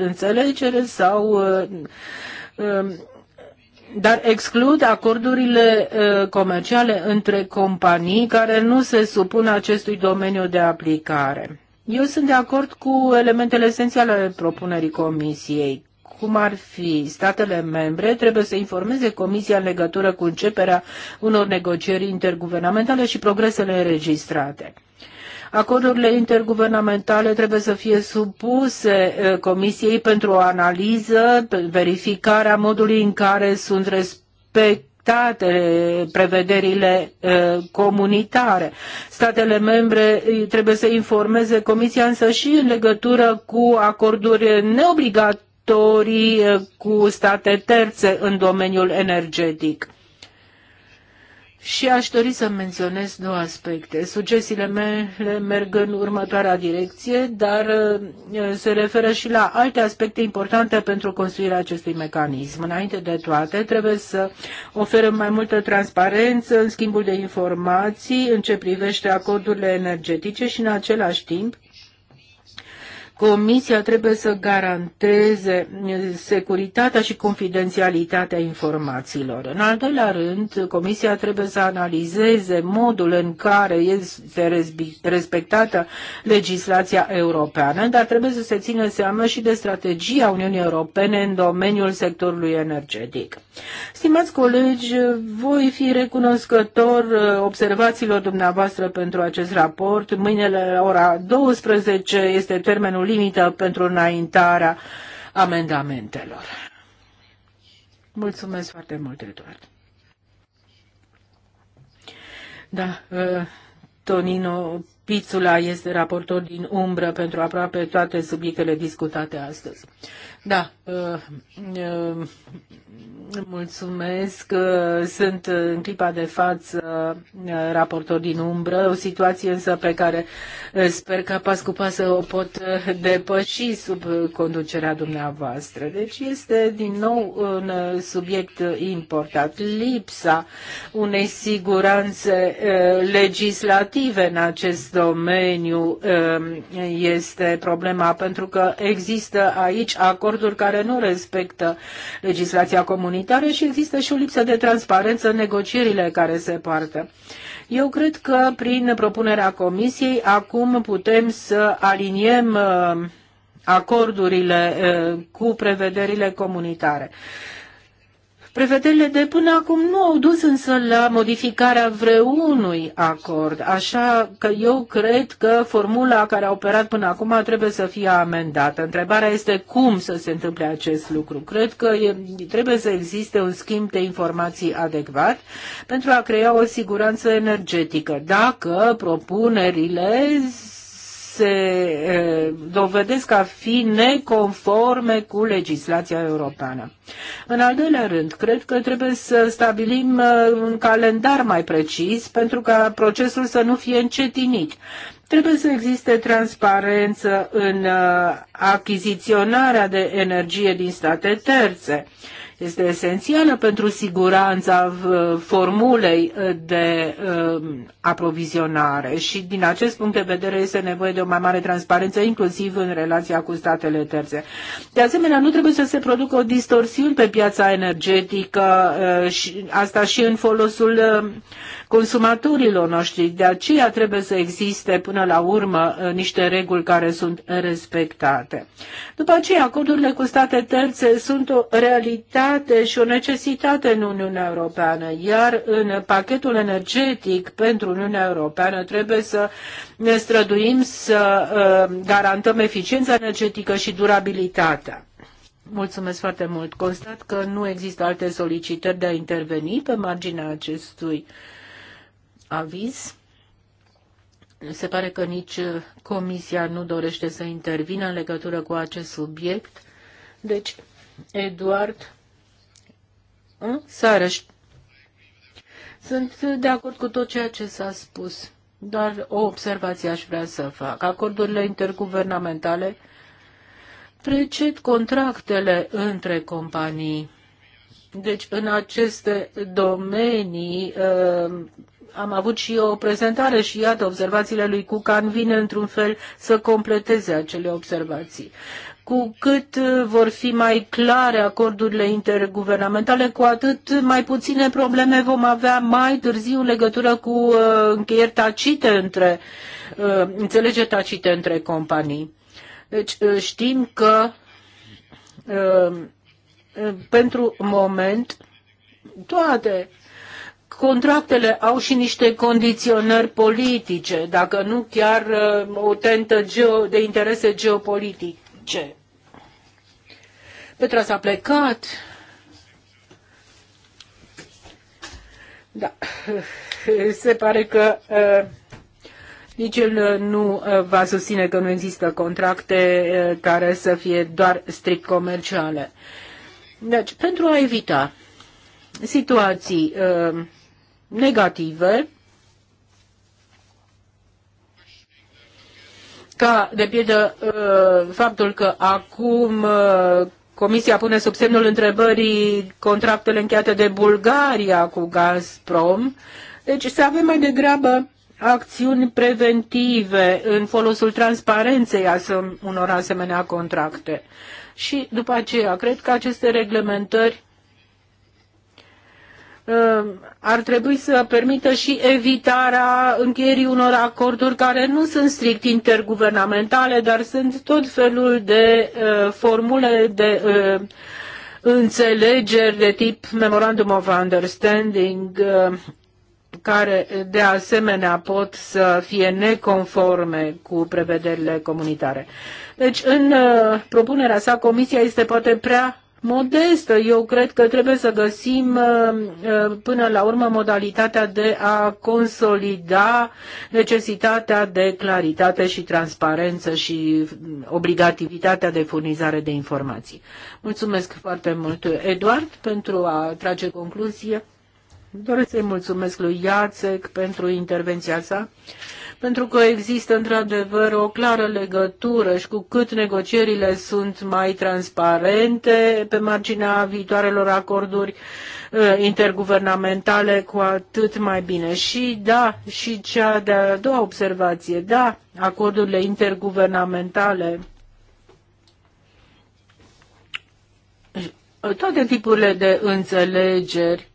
înțelegere sau uh, um, dar exclud acordurile uh, comerciale între companii care nu se supun acestui domeniu de aplicare. Eu sunt de acord cu elementele esențiale ale propunerii Comisiei cum ar fi statele membre trebuie să informeze Comisia în legătură cu începerea unor negocieri interguvernamentale și progresele înregistrate. Acordurile interguvernamentale trebuie să fie supuse Comisiei pentru o analiză, verificarea modului în care sunt respectate state prevederile comunitare. Statele membre trebuie să informeze Comisia însă și în legătură cu acorduri neobligate obligatorii eh, cu state terțe în domeniul energetic. Și aș dori să menționez două aspecte. Sugestiile mele merg în următoarea direcție, dar eh, se referă și la alte aspecte importante pentru construirea acestui mecanism. Înainte de toate, trebuie să oferăm mai multă transparență în schimbul de informații în ce privește acordurile energetice și, în același timp, Comisia trebuie să garanteze securitatea și confidențialitatea informațiilor. În al doilea rând, Comisia trebuie să analizeze modul în care este respectată legislația europeană, dar trebuie să se țină seama și de strategia Uniunii Europene în domeniul sectorului energetic. Stimați colegi, voi fi recunoscător uh, observațiilor dumneavoastră pentru acest raport. Mâine la ora 12 este termenul limită pentru înaintarea amendamentelor. Mulțumesc foarte mult, Eduard. Da, uh, Tonino Pițula este raportor din umbră pentru aproape toate subiectele discutate astăzi. Da, uh, uh, mulțumesc. Uh, sunt în clipa de față raportor din umbră, o situație însă pe care sper că pas cu pas o pot depăși sub conducerea dumneavoastră. Deci este din nou un subiect important. Lipsa unei siguranțe legislative în acest domeniu este problema, pentru că există aici acolo acorduri care nu respectă legislația comunitară și există și o lipsă de transparență în negocierile care se poartă. Eu cred că prin propunerea Comisiei acum putem să aliniem uh, acordurile uh, cu prevederile comunitare. Prevederile de până acum nu au dus însă la modificarea vreunui acord, așa că eu cred că formula care a operat până acum trebuie să fie amendată. Întrebarea este cum să se întâmple acest lucru. Cred că e, trebuie să existe un schimb de informații adecvat pentru a crea o siguranță energetică. Dacă propunerile se dovedesc a fi neconforme cu legislația europeană. În al doilea rând, cred că trebuie să stabilim un calendar mai precis pentru ca procesul să nu fie încetinit. Trebuie să existe transparență în achiziționarea de energie din state terțe este esențială pentru siguranța formulei uh, de um, aprovizionare și din acest punct de vedere este nevoie de o mai mare transparență, inclusiv în relația cu statele terțe. De asemenea, nu trebuie să se producă o distorsiune pe piața energetică uh, și asta și în folosul uh, consumatorilor noștri. De aceea trebuie să existe până la urmă uh, niște reguli care sunt respectate. După aceea, acordurile cu state terțe sunt o realitate și o necesitate în Uniunea Europeană, iar în pachetul energetic pentru Uniunea Europeană trebuie să ne străduim să uh, garantăm eficiența energetică și durabilitatea. Mulțumesc foarte mult. Constat că nu există alte solicitări de a interveni pe marginea acestui aviz. Se pare că nici Comisia nu dorește să intervină în legătură cu acest subiect. Deci, Eduard hm? Sărăș, sunt de acord cu tot ceea ce s-a spus, dar o observație aș vrea să fac. Acordurile interguvernamentale preced contractele între companii. Deci, în aceste domenii, ă, am avut și o prezentare și iată, observațiile lui Cucan vin într-un fel să completeze acele observații. Cu cât uh, vor fi mai clare acordurile interguvernamentale, cu atât mai puține probleme vom avea mai târziu în legătură cu uh, încheieri tacite între, uh, înțelege tacite între companii. Deci uh, știm că uh, uh pentru moment toate Contractele au și niște condiționări politice, dacă nu chiar uh, o tentă de interese geopolitice. Petra s-a plecat. Da, se pare că uh, nici el uh, nu va susține că nu există contracte care să fie doar strict comerciale. Deci, pentru a evita situații negative, ca, de pildă, uh, faptul că acum uh, Comisia pune sub semnul întrebării contractele încheiate de Bulgaria cu Gazprom. Deci să avem mai degrabă acțiuni preventive în folosul transparenței unor asemenea contracte. Și după aceea, cred că aceste reglementări Um, ar trebui să permită și evitarea încheierii unor acorduri care nu sunt strict interguvernamentale, dar sunt tot felul de uh, formule de uh, înțelegeri de tip Memorandum of Understanding, uh, care de asemenea pot să fie neconforme cu prevederile comunitare. Deci, în propunerea sa, Comisia este poate prea modestă. Eu cred că trebuie să găsim uh, uh, până la urmă modalitatea de a consolida necesitatea de claritate și transparență și mm, obligativitatea de furnizare de informații. Mulțumesc foarte mult, Eduard, pentru a trage concluzie. Doresc să-i mulțumesc lui Iacek pentru intervenția sa pentru că există într-adevăr o clară legătură și cu cât negocierile sunt mai transparente pe marginea viitoarelor acorduri uh, interguvernamentale, cu atât mai bine. Și da, și cea de-a doua observație, da, acordurile interguvernamentale toate tipurile de înțelegeri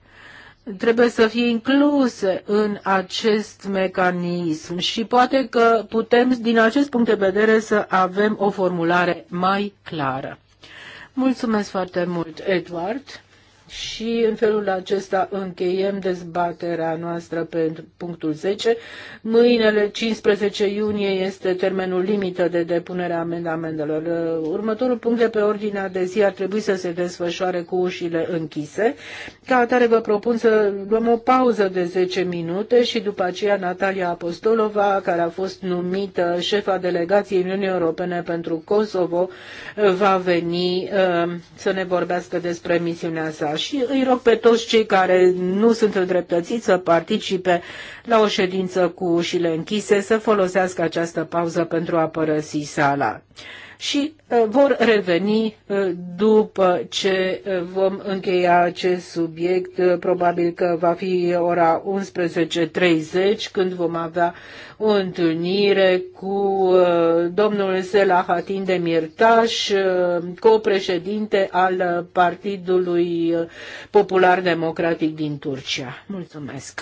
trebuie să fie incluse în acest mecanism și poate că putem, din acest punct de vedere, să avem o formulare mai clară. Mulțumesc foarte mult, Edward. Și în felul acesta încheiem dezbaterea noastră pe punctul 10. Mâinele 15 iunie este termenul limită de depunere a amendamentelor. Uh, următorul punct de pe ordinea de zi ar trebui să se desfășoare cu ușile închise. Ca atare vă propun să luăm o pauză de 10 minute și după aceea Natalia Apostolova, care a fost numită șefa delegației Uniunii Europene pentru Kosovo, va veni uh, să ne vorbească despre misiunea sa și îi rog pe toți cei care nu sunt îndreptățiți să participe la o ședință cu ușile închise să folosească această pauză pentru a părăsi sala și uh, vor reveni uh, după ce uh, vom încheia acest subiect. Probabil că va fi ora 11.30 când vom avea o întâlnire cu domnul Selahatin Mirtaș, copreședinte al Partidului Popular Democratic din Turcia. Mulțumesc!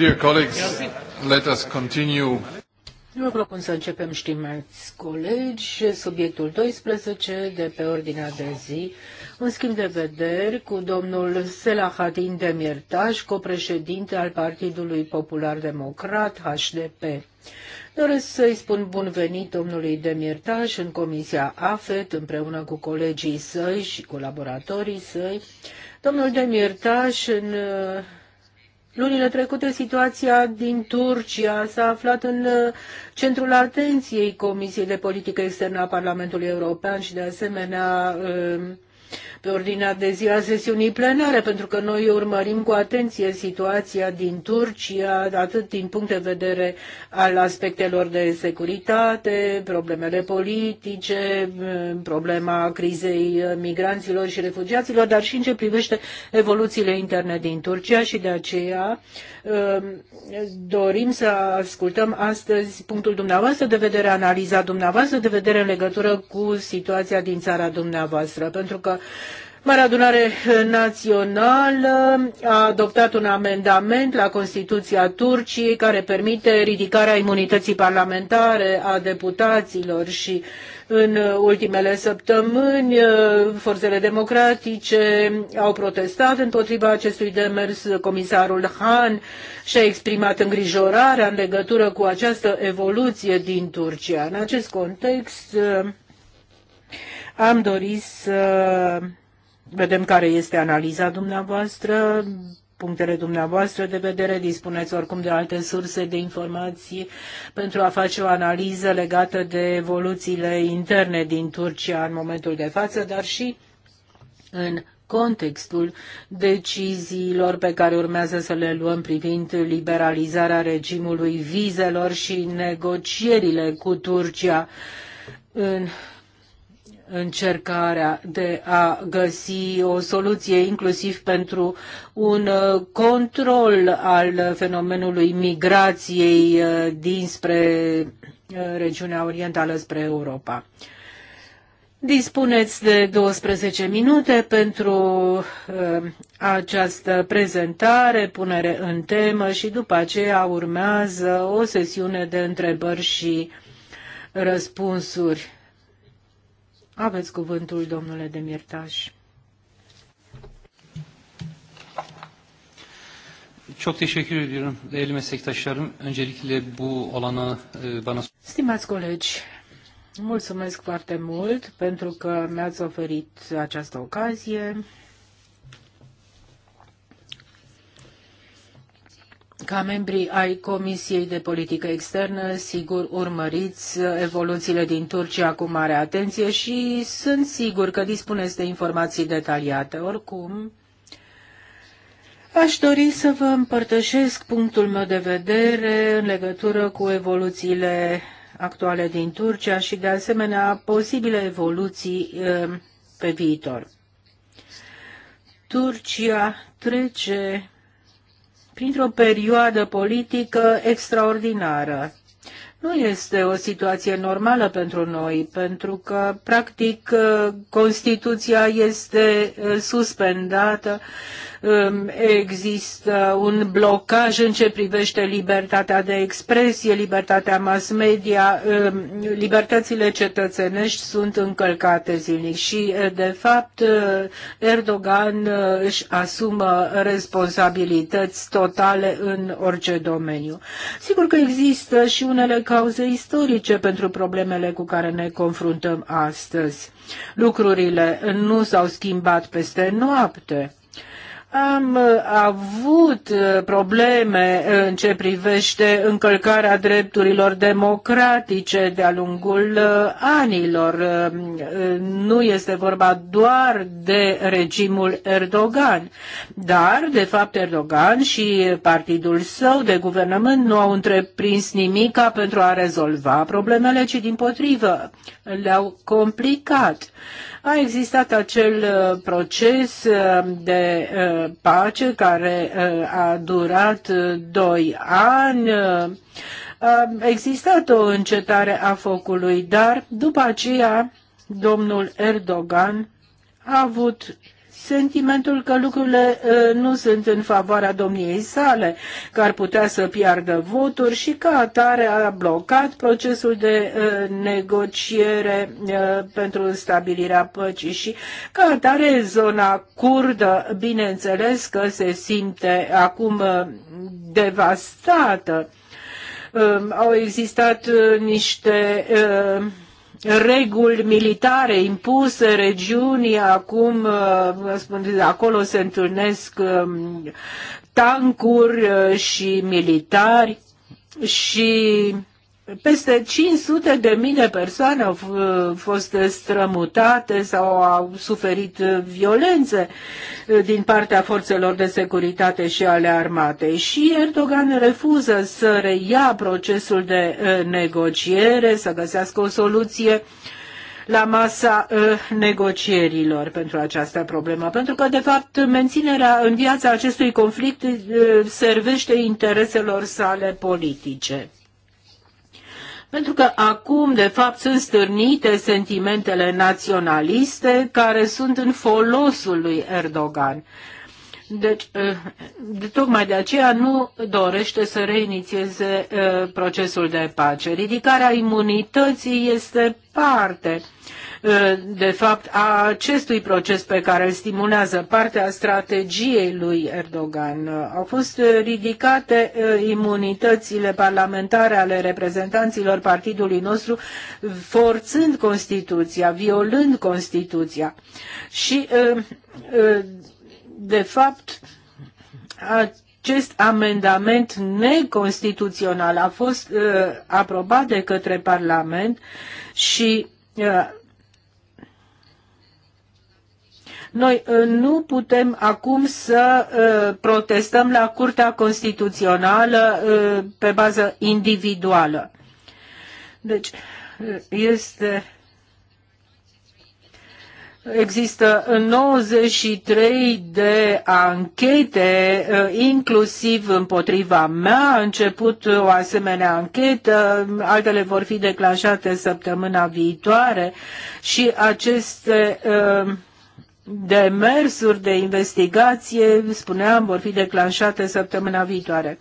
Dear colleagues, let us continue. Vă propun să începem, stimați colegi, subiectul 12 de pe ordinea de zi, în schimb de vederi cu domnul Selahatin Demirtaș, copreședinte al Partidului Popular Democrat, HDP. Doresc să-i spun bun venit domnului Demirtaș în Comisia AFET, împreună cu colegii săi și colaboratorii săi. Domnul Demirtaș, în Lunile trecute, situația din Turcia s-a aflat în uh, centrul atenției Comisiei de Politică Externă a Parlamentului European și, de asemenea, uh, pe ordinea de zi a sesiunii plenare, pentru că noi urmărim cu atenție situația din Turcia, atât din punct de vedere al aspectelor de securitate, problemele politice, problema crizei migranților și refugiaților, dar și în ce privește evoluțiile interne din Turcia și de aceea um, dorim să ascultăm astăzi punctul dumneavoastră de vedere, analiza dumneavoastră de vedere în legătură cu situația din țara dumneavoastră, pentru că Marea Adunare Națională a adoptat un amendament la Constituția Turciei care permite ridicarea imunității parlamentare a deputaților și în ultimele săptămâni uh, forțele democratice au protestat împotriva acestui demers. Comisarul Han și-a exprimat îngrijorarea în legătură cu această evoluție din Turcia. În acest context, uh, am dorit să vedem care este analiza dumneavoastră, punctele dumneavoastră de vedere, dispuneți oricum de alte surse de informații pentru a face o analiză legată de evoluțiile interne din Turcia în momentul de față, dar și în contextul deciziilor pe care urmează să le luăm privind liberalizarea regimului vizelor și negocierile cu Turcia în încercarea de a găsi o soluție inclusiv pentru un uh, control al fenomenului migrației uh, dinspre uh, regiunea orientală spre Europa. Dispuneți de 12 minute pentru uh, această prezentare, punere în temă și după aceea urmează o sesiune de întrebări și răspunsuri. Aveți cuvântul, domnule Demirtaș. Çok teşekkür ediyorum değerli meslektaşlarım. Öncelikle bu olana e, bana... Stimați colegi, mulțumesc foarte mult pentru că mi-ați oferit această ocazie ca membri ai Comisiei de Politică Externă, sigur, urmăriți evoluțiile din Turcia cu mare atenție și sunt sigur că dispuneți de informații detaliate. Oricum, aș dori să vă împărtășesc punctul meu de vedere în legătură cu evoluțiile actuale din Turcia și, de asemenea, posibile evoluții eh, pe viitor. Turcia trece printr-o perioadă politică extraordinară nu este o situație normală pentru noi, pentru că, practic, uh, Constituția este uh, suspendată, um, există un blocaj în ce privește libertatea de expresie, libertatea mass media, um, libertățile cetățenești sunt încălcate zilnic și, uh, de fapt, Erdogan își asumă responsabilități totale în orice domeniu. Sigur că există și unele cauze istorice pentru problemele cu care ne confruntăm astăzi. Lucrurile nu s-au schimbat peste noapte. Am uh, avut uh, probleme uh, în ce privește încălcarea drepturilor democratice de-a lungul anilor. Nu este vorba doar de regimul Erdogan, dar, de fapt, Erdogan și partidul său de guvernământ nu au întreprins nimica pentru a rezolva problemele, ci, din potrivă, le-au complicat. A existat acel uh, proces uh, de uh, pace care a durat doi ani. A existat o încetare a focului, dar după aceea domnul Erdogan a avut sentimentul că lucrurile uh, nu sunt în favoarea domniei sale, că ar putea să piardă voturi și ca atare a blocat procesul de uh, negociere uh, pentru stabilirea păcii și ca atare zona curdă, bineînțeles că se simte acum devastată. Au existat niște reguli militare impuse regiunii, acum uh, vă spun, acolo se întâlnesc um, tancuri uh, și militari și peste 500 de mii de persoane au fost strămutate sau au suferit violențe uh, din partea forțelor de securitate și ale armatei. Și Erdogan refuză să reia procesul de uh, negociere, să găsească o soluție la masa uh, negocierilor pentru această problemă, pentru că, de fapt, menținerea în viața acestui conflict servește intereselor sale politice. Pentru că acum, de fapt, sunt stârnite sentimentele naționaliste care sunt în folosul lui Erdogan. Deci, eh, de, tocmai de aceea nu dorește să reinițieze eh, procesul de pace. Ridicarea imunității este parte Uh, de fapt, a acestui proces pe care îl stimulează partea strategiei lui Erdogan. Uh, au fost ridicate uh, imunitățile parlamentare ale reprezentanților partidului nostru, forțând Constituția, violând Constituția. Și, de fapt, acest amendament neconstituțional a fost uh, aprobat de către Parlament și uh, Noi uh, nu putem acum să uh, protestăm la Curtea Constituțională uh, pe bază individuală. Deci este Există 93 de anchete, inclusiv împotriva mea. A început o asemenea anchetă, altele vor fi declanșate săptămâna viitoare și aceste uh, demersuri de investigație, spuneam, vor fi declanșate săptămâna viitoare.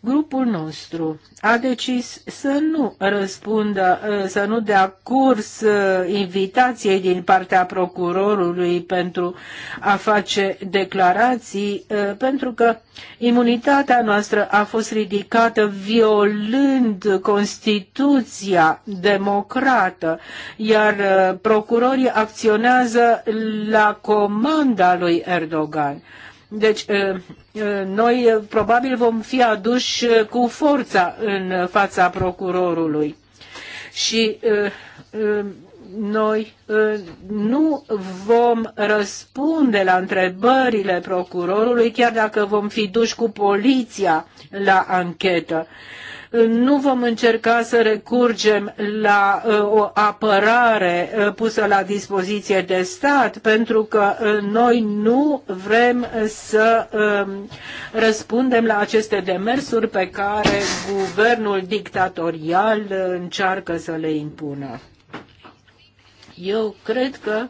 Grupul nostru a decis să nu răspundă, să nu dea curs uh, invitației din partea procurorului pentru a face declarații, uh, pentru că imunitatea noastră a fost ridicată violând Constituția democrată, iar uh, procurorii acționează la comanda lui Erdogan. Deci, uh, uh, noi uh, probabil vom fi aduși cu forța în fața procurorului. Și noi nu vom răspunde la întrebările procurorului, chiar dacă vom fi duși cu poliția la anchetă nu vom încerca să recurgem la uh, o apărare uh, pusă la dispoziție de stat, pentru că uh, noi nu vrem să um, răspundem la aceste demersuri pe care guvernul dictatorial încearcă să le impună. Eu cred că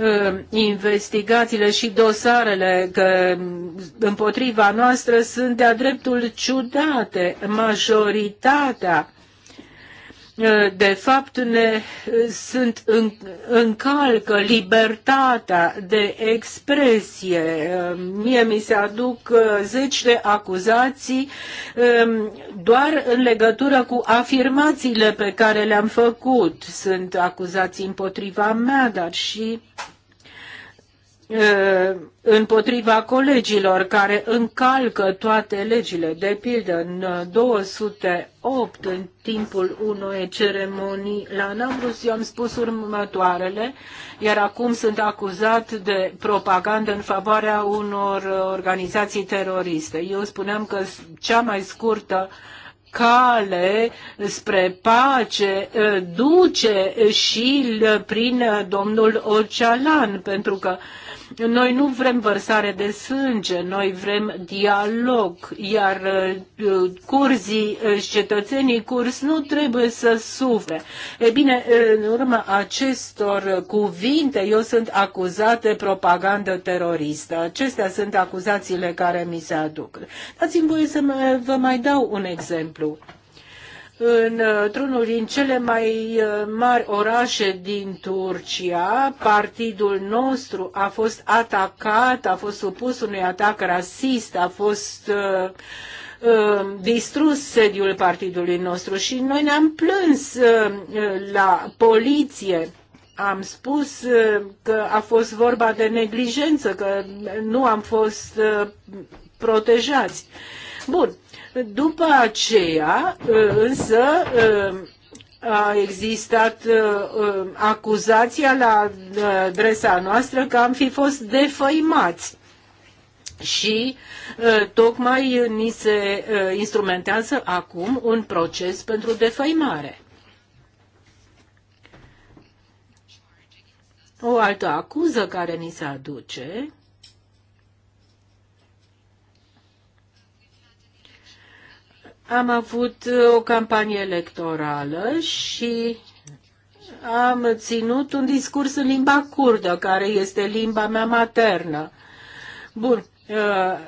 Uh, investigațiile și dosarele că um, împotriva noastră sunt de-a dreptul ciudate. Majoritatea Eh, de fapt ne eh, sunt în, încalcă libertatea de expresie. Eh, mie mi se aduc zeci de acuzații doar în legătură cu afirmațiile pe care le-am făcut. Sunt acuzații împotriva mea, dar și împotriva colegilor care încalcă toate legile. De pildă, în 208, în timpul unei ceremonii la Navrus, eu am spus următoarele, iar acum sunt acuzat de propagandă în favoarea unor organizații teroriste. Eu spuneam că cea mai scurtă cale spre pace duce și prin domnul Ocalan, pentru că uh, noi nu vrem vărsare de sânge, noi vrem dialog, iar uh, uh, curzii, uh, cetățenii curs nu trebuie să sufere. E bine, în urma acestor cuvinte, eu sunt acuzat de propagandă teroristă. Acestea sunt acuzațiile care mi se aduc. Dați-mi voie să vă mai dau un exemplu într-unul din cele mai uh, mari orașe din Turcia. Partidul nostru a fost atacat, a fost supus unui atac rasist, a fost uh, uh, distrus sediul partidului nostru și noi ne-am plâns la poliție. Am spus că a fost vorba de neglijență, că nu am fost protejați. Bun, după aceea, ă, însă, ă, a existat ă, acuzația la adresa noastră că am fi fost defăimați și tocmai ni se instrumentează acum un proces pentru defăimare. O altă acuză care ni se aduce am avut uh, o campanie electorală și am ținut un discurs în limba curdă, care este limba mea maternă. Bun, uh,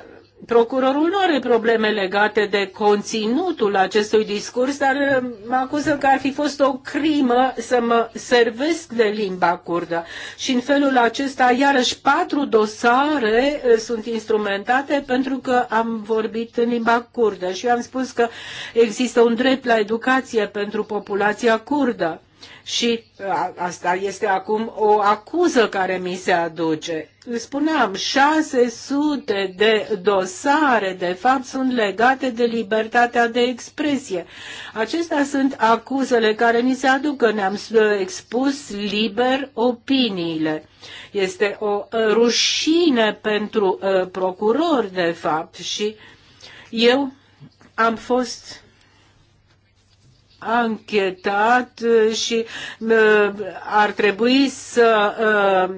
Procurorul nu are probleme legate de conținutul acestui discurs, dar uh, mă acuză că ar fi fost o crimă să mă servesc de limba curdă. Și în felul acesta, iarăși, patru dosare uh, sunt instrumentate pentru că am vorbit în limba curdă și eu am spus că există un drept la educație pentru populația curdă. Și asta este acum o acuză care mi se aduce. Spuneam, 600 de dosare, de fapt, sunt legate de libertatea de expresie. Acestea sunt acuzele care ni se aduc că Ne-am expus liber opiniile. Este o rușine pentru uh, procurori, de fapt, și eu am fost anchetat uh, și uh, ar trebui să uh,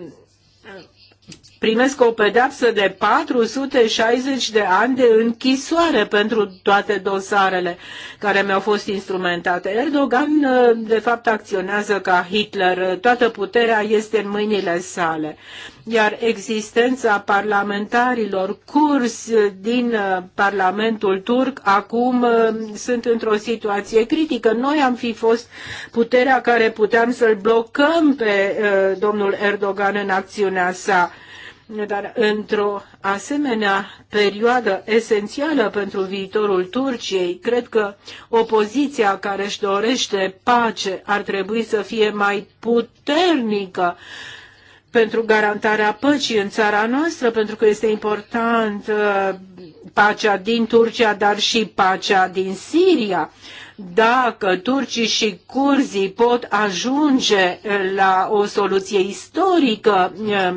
primesc o pedeapsă de 460 de ani de închisoare pentru toate dosarele care mi-au fost instrumentate. Erdogan, uh, de fapt, acționează ca Hitler. Toată puterea este în mâinile sale. Iar existența parlamentarilor curs din uh, Parlamentul turc acum uh, sunt într-o situație critică. Noi am fi fost puterea care puteam să-l blocăm pe domnul Erdogan în acțiunea sa dar într-o asemenea perioadă esențială pentru viitorul Turciei, cred că opoziția care își dorește pace ar trebui să fie mai puternică pentru garantarea păcii în țara noastră, pentru că este important uh, pacea din Turcia, dar și pacea din Siria. Dacă turcii și curzii pot ajunge la o soluție istorică, uh,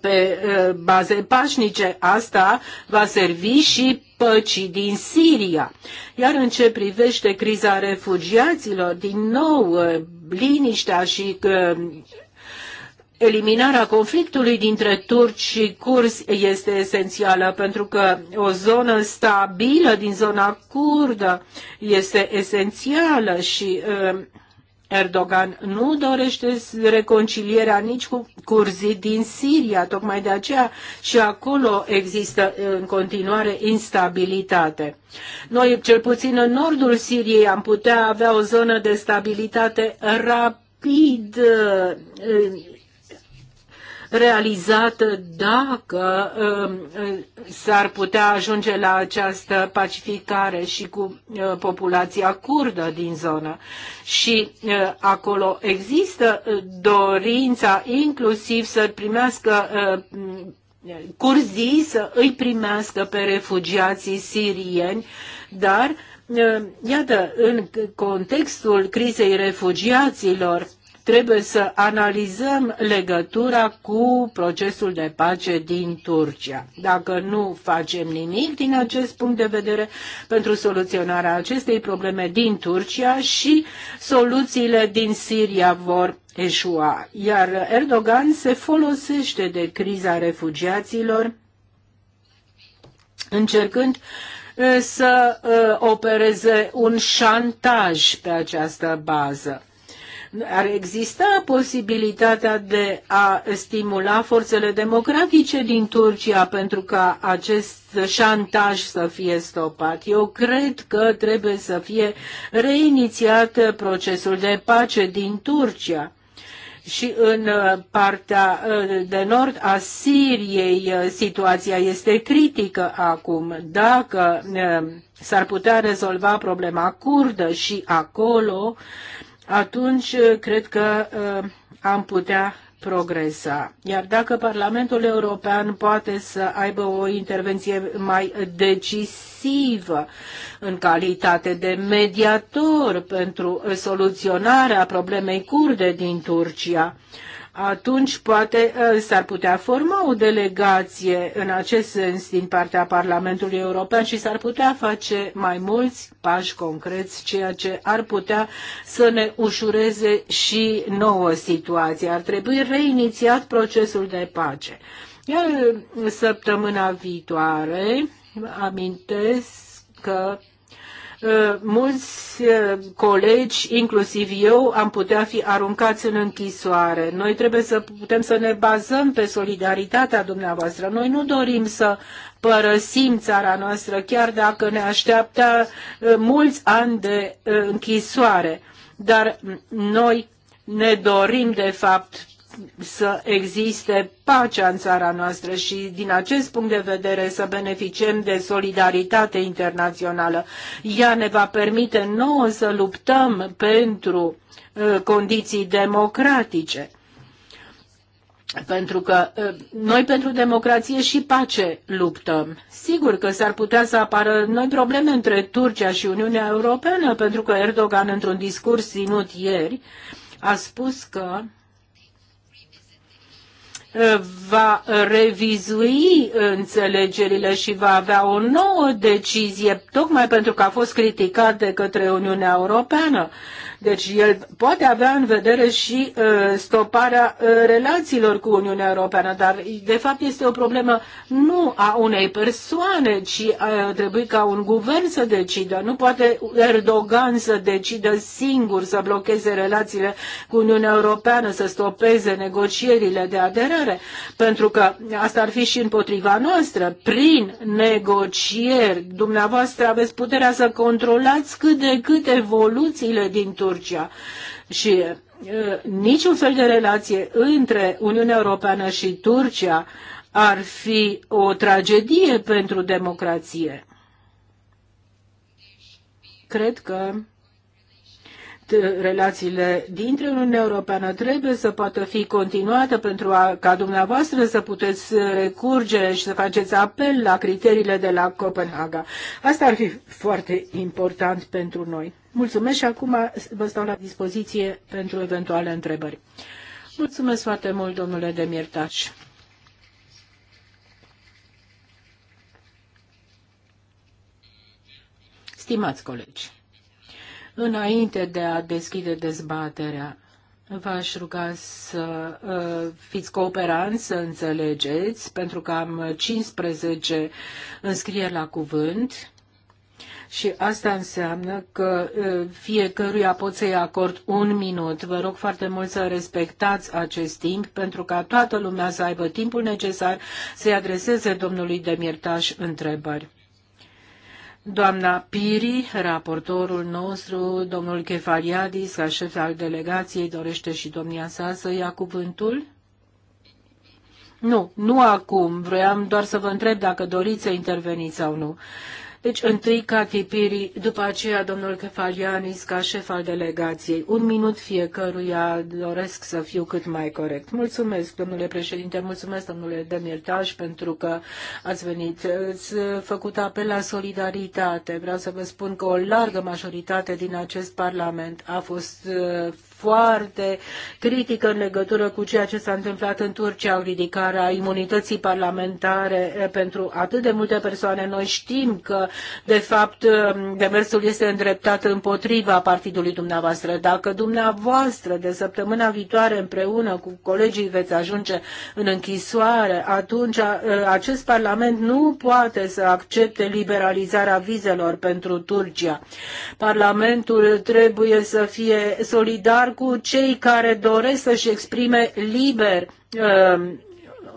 pe baze pașnice. Asta va servi și păcii din Siria. Iar în ce privește criza refugiaților, din nou liniștea și eliminarea conflictului dintre turci și curzi este esențială, pentru că o zonă stabilă din zona curdă este esențială și uh, Erdogan nu dorește reconcilierea nici cu curzii din Siria, tocmai de aceea și acolo există în continuare instabilitate. Noi, cel puțin în nordul Siriei, am putea avea o zonă de stabilitate rapidă realizată dacă um, s-ar putea ajunge la această pacificare și cu uh, populația curdă din zonă. Și uh, acolo există uh, dorința inclusiv să primească curzii să îi primească pe refugiații sirieni, dar iată, în contextul crizei refugiaților, trebuie să analizăm legătura cu procesul de pace din Turcia. Dacă nu facem nimic din acest punct de vedere pentru soluționarea acestei probleme din Turcia și soluțiile din Siria vor eșua. Iar Erdogan se folosește de criza refugiaților încercând uh, să uh, opereze un șantaj pe această bază. Ar exista posibilitatea de a stimula forțele democratice din Turcia pentru ca acest șantaj să fie stopat. Eu cred că trebuie să fie reinițiat procesul de pace din Turcia și în uh, partea uh, de nord a Siriei uh, situația este critică acum. Dacă s-ar putea rezolva problema curdă și acolo, atunci eh, cred că eh, am putea progresa. Iar dacă Parlamentul European poate să aibă o intervenție mai decisivă în calitate de mediator pentru soluționarea problemei curde din Turcia, uh, atunci poate eh, s-ar putea forma o delegație în acest sens din partea Parlamentului European și s-ar putea face mai mulți pași concreți, ceea ce ar putea să ne ușureze și nouă situație. Ar trebui reinițiat procesul de pace. Iar eh, săptămâna viitoare amintesc că Uh, mulți uh, colegi, inclusiv eu, am putea fi aruncați în închisoare. Noi trebuie să putem să ne bazăm pe solidaritatea dumneavoastră. Noi nu dorim să părăsim țara noastră, chiar dacă ne așteaptă uh, mulți ani de închisoare. Dar mm, noi ne dorim, de fapt, să existe pacea în țara noastră și din acest punct de vedere să beneficiem de solidaritate internațională. Ea ne va permite nouă să luptăm pentru uh, condiții democratice. Pentru că uh, noi pentru democrație și pace luptăm. Sigur că s-ar putea să apară noi probleme între Turcia și Uniunea Europeană, pentru că Erdogan, într-un discurs ținut ieri, a spus că va revizui înțelegerile și va avea o nouă decizie, tocmai pentru că a fost criticat de către Uniunea Europeană. Deci el poate avea în vedere și uh, stoparea uh, relațiilor cu Uniunea Europeană, dar de fapt este o problemă nu a unei persoane, ci uh, trebuie ca un guvern să decidă. Nu poate Erdogan să decidă singur să blocheze relațiile cu Uniunea Europeană, să stopeze negocierile de aderare, pentru că asta ar fi și împotriva noastră. Prin negocieri, dumneavoastră aveți puterea să controlați cât de cât evoluțiile din Turcia Turcia și niciun fel de relație între Uniunea Europeană și Turcia ar fi o tragedie pentru democrație. Cred că relațiile dintre Uniunea Europeană trebuie să poată fi continuată pentru a, ca dumneavoastră să puteți recurge și să faceți apel la criteriile de la Copenhaga. Asta ar fi foarte important pentru noi. Mulțumesc și acum vă stau la dispoziție pentru eventuale întrebări. Mulțumesc foarte mult, domnule Demirtaș. Stimați colegi, înainte de a deschide dezbaterea, v-aș ruga să uh, fiți cooperanți, să înțelegeți, pentru că am 15 înscrieri la cuvânt și asta înseamnă că fiecăruia pot să-i acord un minut. Vă rog foarte mult să respectați acest timp pentru ca toată lumea să aibă timpul necesar să-i adreseze domnului Demirtaș întrebări. Doamna Piri, raportorul nostru, domnul Chefariadis, ca șef al delegației, dorește și domnia sa să ia cuvântul? Nu, nu acum. Vreau doar să vă întreb dacă doriți să interveniți sau nu. Deci întâi Catipiri, după aceea domnul Kefalianis ca șef al delegației. Un minut fiecăruia doresc să fiu cât mai corect. Mulțumesc, domnule președinte, mulțumesc, domnule Taș, pentru că ați venit. Ați făcut apel la solidaritate. Vreau să vă spun că o largă majoritate din acest parlament a fost uh, foarte critică în legătură cu ceea ce s-a întâmplat în Turcia, ridicarea imunității parlamentare eh, pentru atât de multe persoane. Noi știm că, de fapt, eh, demersul este îndreptat împotriva partidului dumneavoastră. Dacă dumneavoastră de săptămâna viitoare împreună cu colegii veți ajunge în închisoare, atunci eh, acest parlament nu poate să accepte liberalizarea vizelor pentru Turcia. Parlamentul trebuie să fie solidar cu cei care doresc să-și exprime liber uh,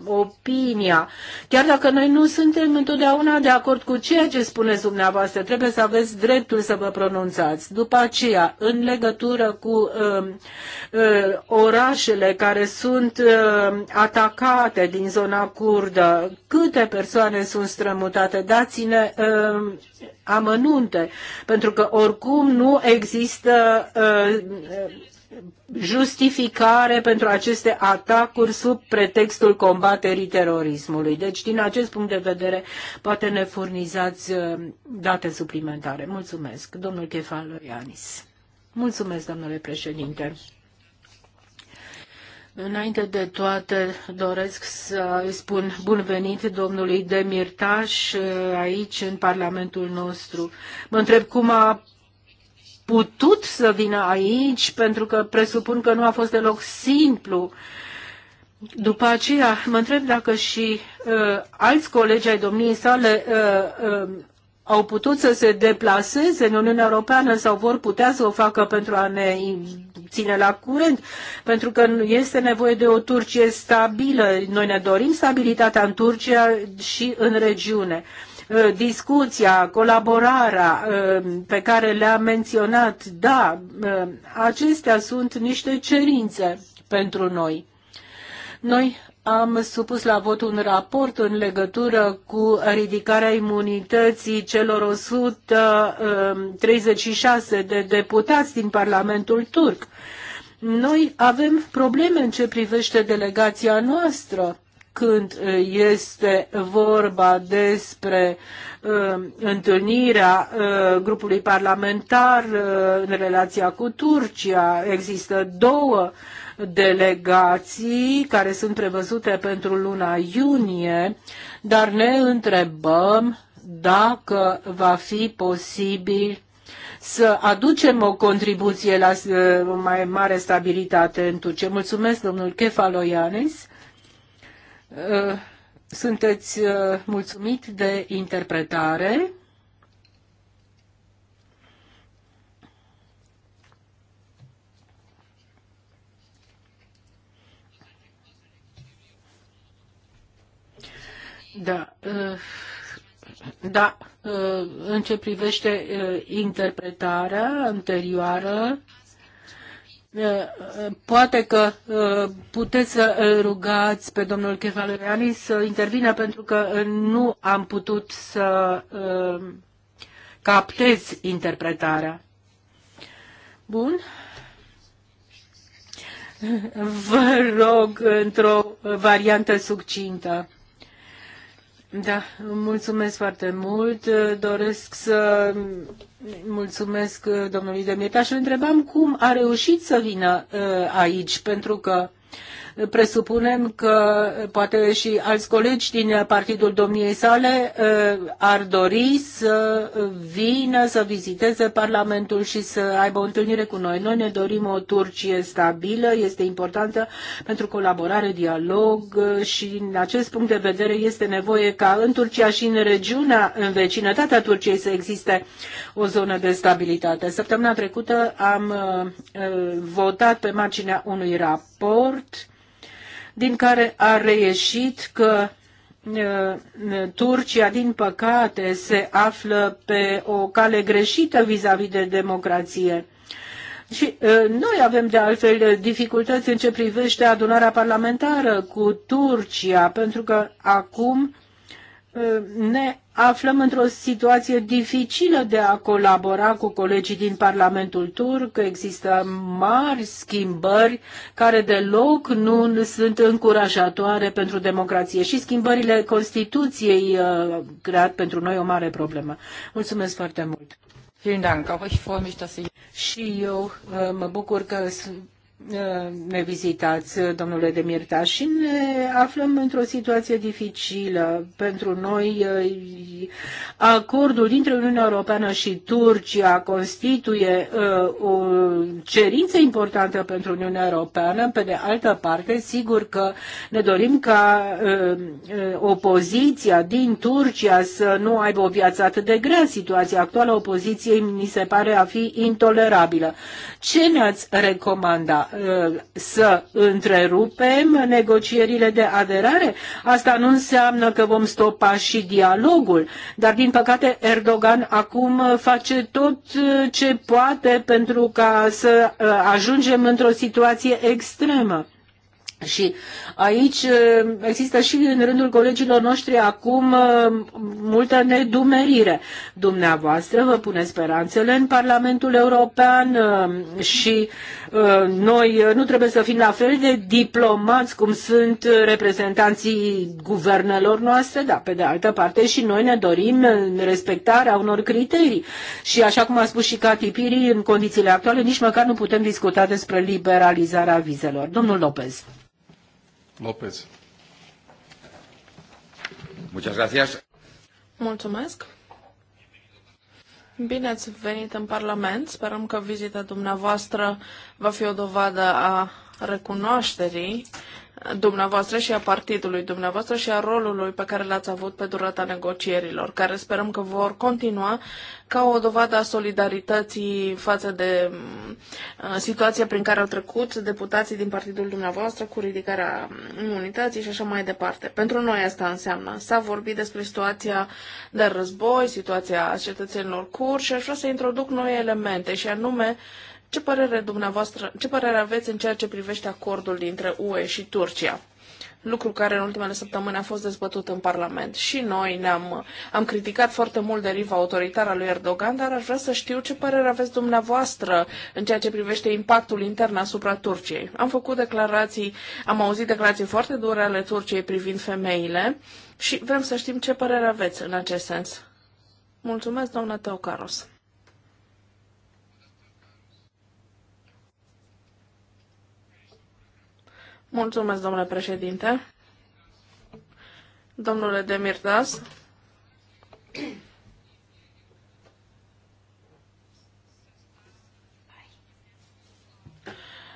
opinia. Chiar dacă noi nu suntem întotdeauna de acord cu ceea ce spuneți dumneavoastră, trebuie să aveți dreptul să vă pronunțați. După aceea, în legătură cu uh, uh, orașele care sunt uh, atacate din zona curdă, câte persoane sunt strămutate, dați-ne uh, amănunte, pentru că oricum nu există uh, justificare pentru aceste atacuri sub pretextul combaterii terorismului. Deci, din acest punct de vedere, poate ne furnizați uh, date suplimentare. Mulțumesc, domnul Kefaloianis. Mulțumesc, domnule președinte. Înainte de toate, doresc să îi spun bun venit domnului Demirtaș uh, aici, în Parlamentul nostru. Mă întreb cum a putut să vină aici, pentru că presupun că nu a fost deloc simplu. După aceea, mă întreb dacă și uh, alți colegi ai domniei sale uh, uh, au putut să se deplaseze în Uniunea Europeană sau vor putea să o facă pentru a ne ține la curent, pentru că este nevoie de o Turcie stabilă. Noi ne dorim stabilitatea în Turcia și în regiune. Uh, Uh, discuția, colaborarea uh, pe care le-a menționat, da, uh, acestea sunt niște cerințe pentru noi. Noi am supus la vot un raport în legătură cu ridicarea imunității celor 136 de deputați din Parlamentul turc. Noi avem probleme în ce privește delegația noastră când este vorba despre uh, întâlnirea uh, grupului parlamentar uh, în relația cu Turcia. Există două delegații care sunt prevăzute pentru luna iunie, dar ne întrebăm dacă va fi posibil să aducem o contribuție la mai mare stabilitate în Turcia. Mulțumesc, domnul Kefaloianis. Uh, sunteți uh, mulțumit de interpretare? Da. Uh, da, în ce privește interpretarea anterioară, Poate că uh, puteți să uh, rugați pe domnul Chefaleani să intervină pentru că uh, nu am putut să captez interpretarea. Bun. Vă rog într-o variantă succintă. Da, mulțumesc foarte mult. Doresc să mulțumesc domnului Demirta și întrebam cum a reușit să vină uh, aici, pentru că Presupunem că poate și alți colegi din partidul domniei sale uh, ar dori să vină să viziteze Parlamentul și să aibă o întâlnire cu noi. Noi ne dorim o Turcie stabilă, este importantă pentru colaborare, dialog uh, și din acest punct de vedere este nevoie ca în Turcia și în regiunea, în vecinătatea Turciei să existe o zonă de stabilitate. Săptămâna trecută am uh, votat pe marginea unui raport din care a reieșit că Turcia, din păcate, se află pe o cale greșită vis-a-vis -vis de democrație. Și noi avem de altfel dificultăți în ce privește adunarea parlamentară cu Turcia, pentru că acum ne aflăm într-o situație dificilă de a colabora cu colegii din Parlamentul turc. Există mari schimbări care deloc nu sunt încurajatoare pentru democrație și schimbările Constituției uh, creat pentru noi o mare problemă. Mulțumesc foarte mult! Și eu uh, mă bucur că ne vizitați, domnule Demirta, și ne aflăm într-o situație dificilă pentru noi. Acordul dintre Uniunea Europeană și Turcia constituie uh, o cerință importantă pentru Uniunea Europeană. Pe de altă parte, sigur că ne dorim ca uh, uh, opoziția din Turcia să nu aibă o viață atât de grea. Situația actuală opoziției mi se pare a fi intolerabilă. Ce ne-ați recomanda? Uh, să întrerupem negocierile de aderare. Asta nu înseamnă că vom stopa și dialogul, dar din păcate Erdogan acum face tot uh, ce poate pentru ca să uh, ajungem într-o situație extremă. Și aici uh, există și în rândul colegilor noștri acum uh, multă nedumerire. Dumneavoastră vă pune speranțele în Parlamentul European uh, și noi nu trebuie să fim la fel de diplomați cum sunt reprezentanții guvernelor noastre, dar pe de altă parte și noi ne dorim respectarea unor criterii. Și așa cum a spus și Cati Piri, în condițiile actuale nici măcar nu putem discuta despre liberalizarea vizelor. Domnul Lopez. López. Mulțumesc. Bine ați venit în Parlament. Sperăm că vizita dumneavoastră va fi o dovadă a recunoașterii dumneavoastră și a partidului dumneavoastră și a rolului pe care l-ați avut pe durata negocierilor, care sperăm că vor continua ca o dovadă a solidarității față de mm, uh, situația prin care au trecut deputații din partidul dumneavoastră cu ridicarea imunității și așa mai departe. Pentru noi asta înseamnă. S-a vorbit despre situația de război, situația cetățenilor curși și aș vrea să introduc noi elemente și anume ce părere, dumneavoastră, ce părere aveți în ceea ce privește acordul dintre UE și Turcia? lucru care în ultimele săptămâni a fost dezbătut în Parlament. Și noi ne-am am criticat foarte mult deriva autoritară a lui Erdogan, dar aș vrea să știu ce părere aveți dumneavoastră în ceea ce privește impactul intern asupra Turciei. Am făcut declarații, am auzit declarații foarte dure ale Turciei privind femeile și vrem să știm ce părere aveți în acest sens. Mulțumesc, doamna Teocaros. Mulțumesc, domnule președinte. Domnule Demirtas.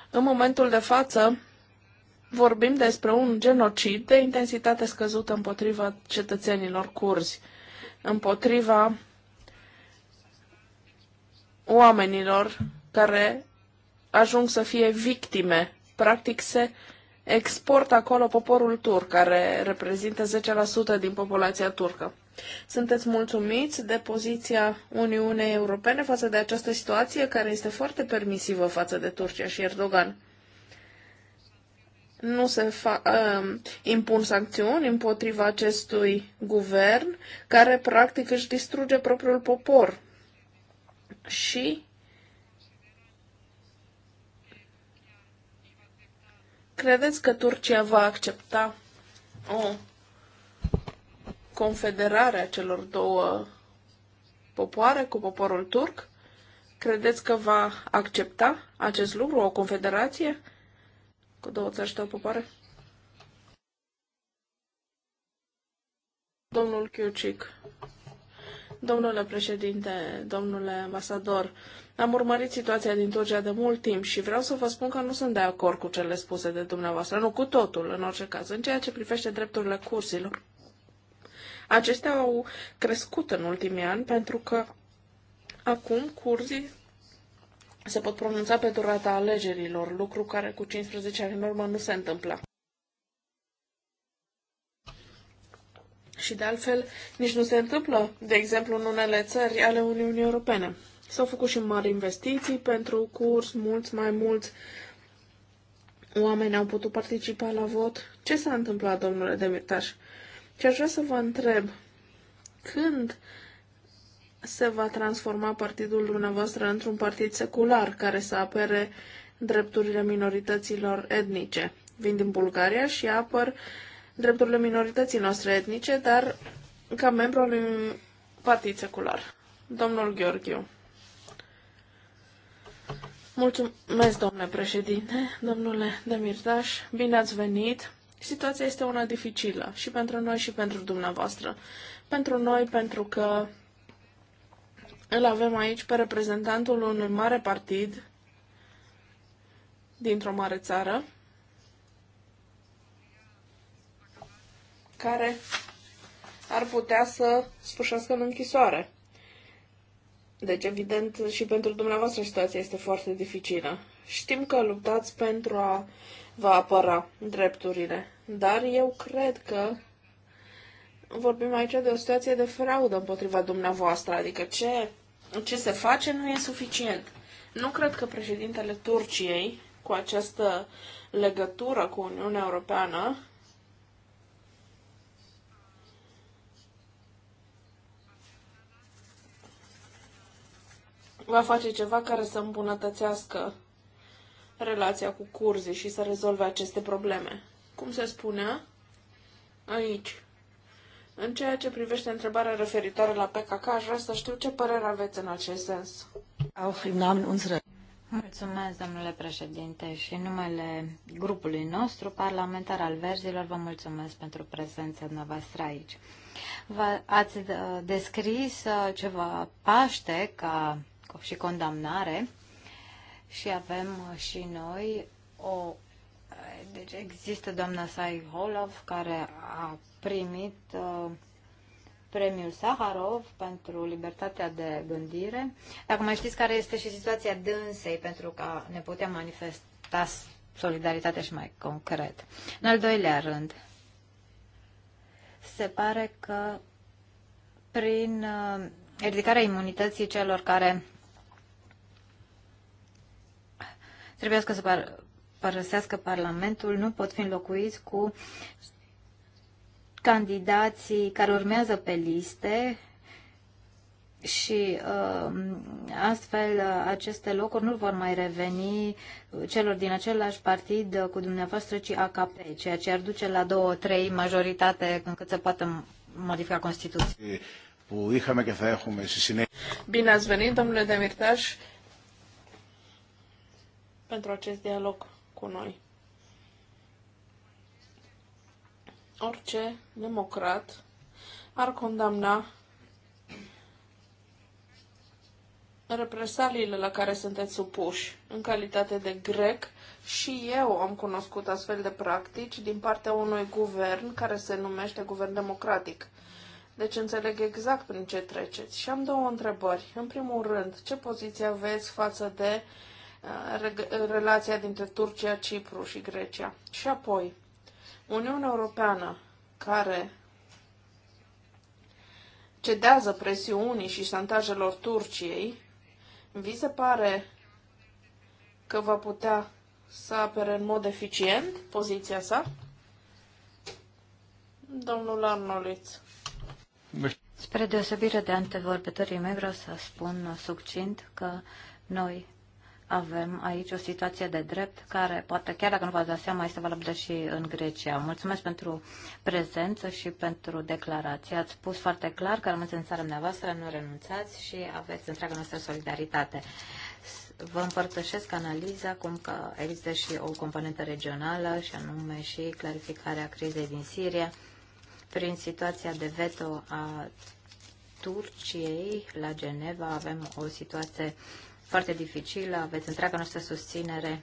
În momentul de față, vorbim despre un genocid de intensitate scăzută împotriva cetățenilor curzi, împotriva oamenilor care ajung să fie victime. Practic se export acolo poporul turc, care reprezintă 10% din populația turcă. Sunteți mulțumiți de poziția Uniunii Europene față de această situație care este foarte permisivă față de Turcia și Erdogan? Nu se fa- uh, impun sancțiuni împotriva acestui guvern care practic își distruge propriul popor și Credeți că Turcia va accepta o confederare a celor două popoare cu poporul turc? Credeți că va accepta acest lucru, o confederație cu două țări și două popoare? Domnul Chiucic, domnule președinte, domnule ambasador, am urmărit situația din Turcia de mult timp și vreau să vă spun că nu sunt de acord cu cele spuse de dumneavoastră, nu cu totul, în orice caz, în ceea ce privește drepturile cursilor. Acestea au crescut în ultimii ani pentru că acum curzii se pot pronunța pe durata alegerilor, lucru care cu 15 ani în urmă nu se întâmpla. Și de altfel, nici nu se întâmplă, de exemplu, în unele țări ale Uniunii Europene. S-au făcut și mari investiții pentru curs, mulți mai mulți oameni au putut participa la vot. Ce s-a întâmplat, domnule Demirtaș? Și aș vrea să vă întreb, când se va transforma partidul dumneavoastră într-un partid secular care să apere drepturile minorităților etnice? Vin din Bulgaria și apăr drepturile minorității noastre etnice, dar ca membru al unui partid secular. Domnul Gheorghiu. Mulțumesc, domnule președinte, domnule Demirtaș, bine ați venit. Situația este una dificilă și pentru noi și pentru dumneavoastră. Pentru noi, pentru că îl avem aici pe reprezentantul unui mare partid dintr-o mare țară, care ar putea să sfârșească în închisoare. Deci, evident, și pentru dumneavoastră situația este foarte dificilă. Știm că luptați pentru a vă apăra drepturile, dar eu cred că vorbim aici de o situație de fraudă împotriva dumneavoastră, adică ce, ce se face nu e suficient. Nu cred că președintele Turciei, cu această legătură cu Uniunea Europeană, va face ceva care să îmbunătățească relația cu curzii și să rezolve aceste probleme. Cum se spune aici, în ceea ce privește întrebarea referitoare la PKK, aș vrea să știu ce părere aveți în acest sens. Mulțumesc, domnule președinte, și în numele grupului nostru parlamentar al Verzilor vă mulțumesc pentru prezența noastră aici. V-ați uh, descris uh, ceva paște ca și condamnare și avem uh, și noi o uh, deci există doamna Sai Holov care a primit uh, premiul Saharov pentru libertatea de gândire. Dacă mai știți care este și situația dânsei pentru ca ne putem manifesta solidaritatea și mai concret. În al doilea rând, se pare că prin uh, ridicarea imunității celor care trebuie să par- părăsească Parlamentul nu pot fi înlocuiți cu candidații care urmează pe liste și um, astfel aceste locuri nu vor mai reveni celor din același partid cu dumneavoastră, ci AKP, ceea ce ar duce la două, trei majoritate încât se poată modifica Constituția. Bine ați venit, domnule Demirtaș pentru acest dialog cu noi. Orice democrat ar condamna represaliile la care sunteți supuși. În calitate de grec, și eu am cunoscut astfel de practici din partea unui guvern care se numește Guvern Democratic. Deci înțeleg exact prin ce treceți. Și am două întrebări. În primul rând, ce poziție aveți față de uh, relația dintre Turcia, Cipru și Grecia. Și apoi, Uniunea Europeană, care cedează presiunii și șantajelor Turciei, vi se pare că va putea să apere în mod eficient poziția sa? Domnul Arnoliț. Spre deosebire de antevorbitorii mei, vreau să spun succint că noi avem aici o situație de drept care poate, chiar dacă nu v-ați dat seama, este valabilă și în Grecia. Mulțumesc pentru prezență și pentru declarație. Ați spus foarte clar că rămâneți în țara dumneavoastră, nu renunțați și aveți întreaga noastră solidaritate. Vă împărtășesc analiza cum că există și o componentă regională și anume și clarificarea crizei din Siria prin situația de veto a Turciei la Geneva avem o situație foarte dificilă, aveți întreaga noastră susținere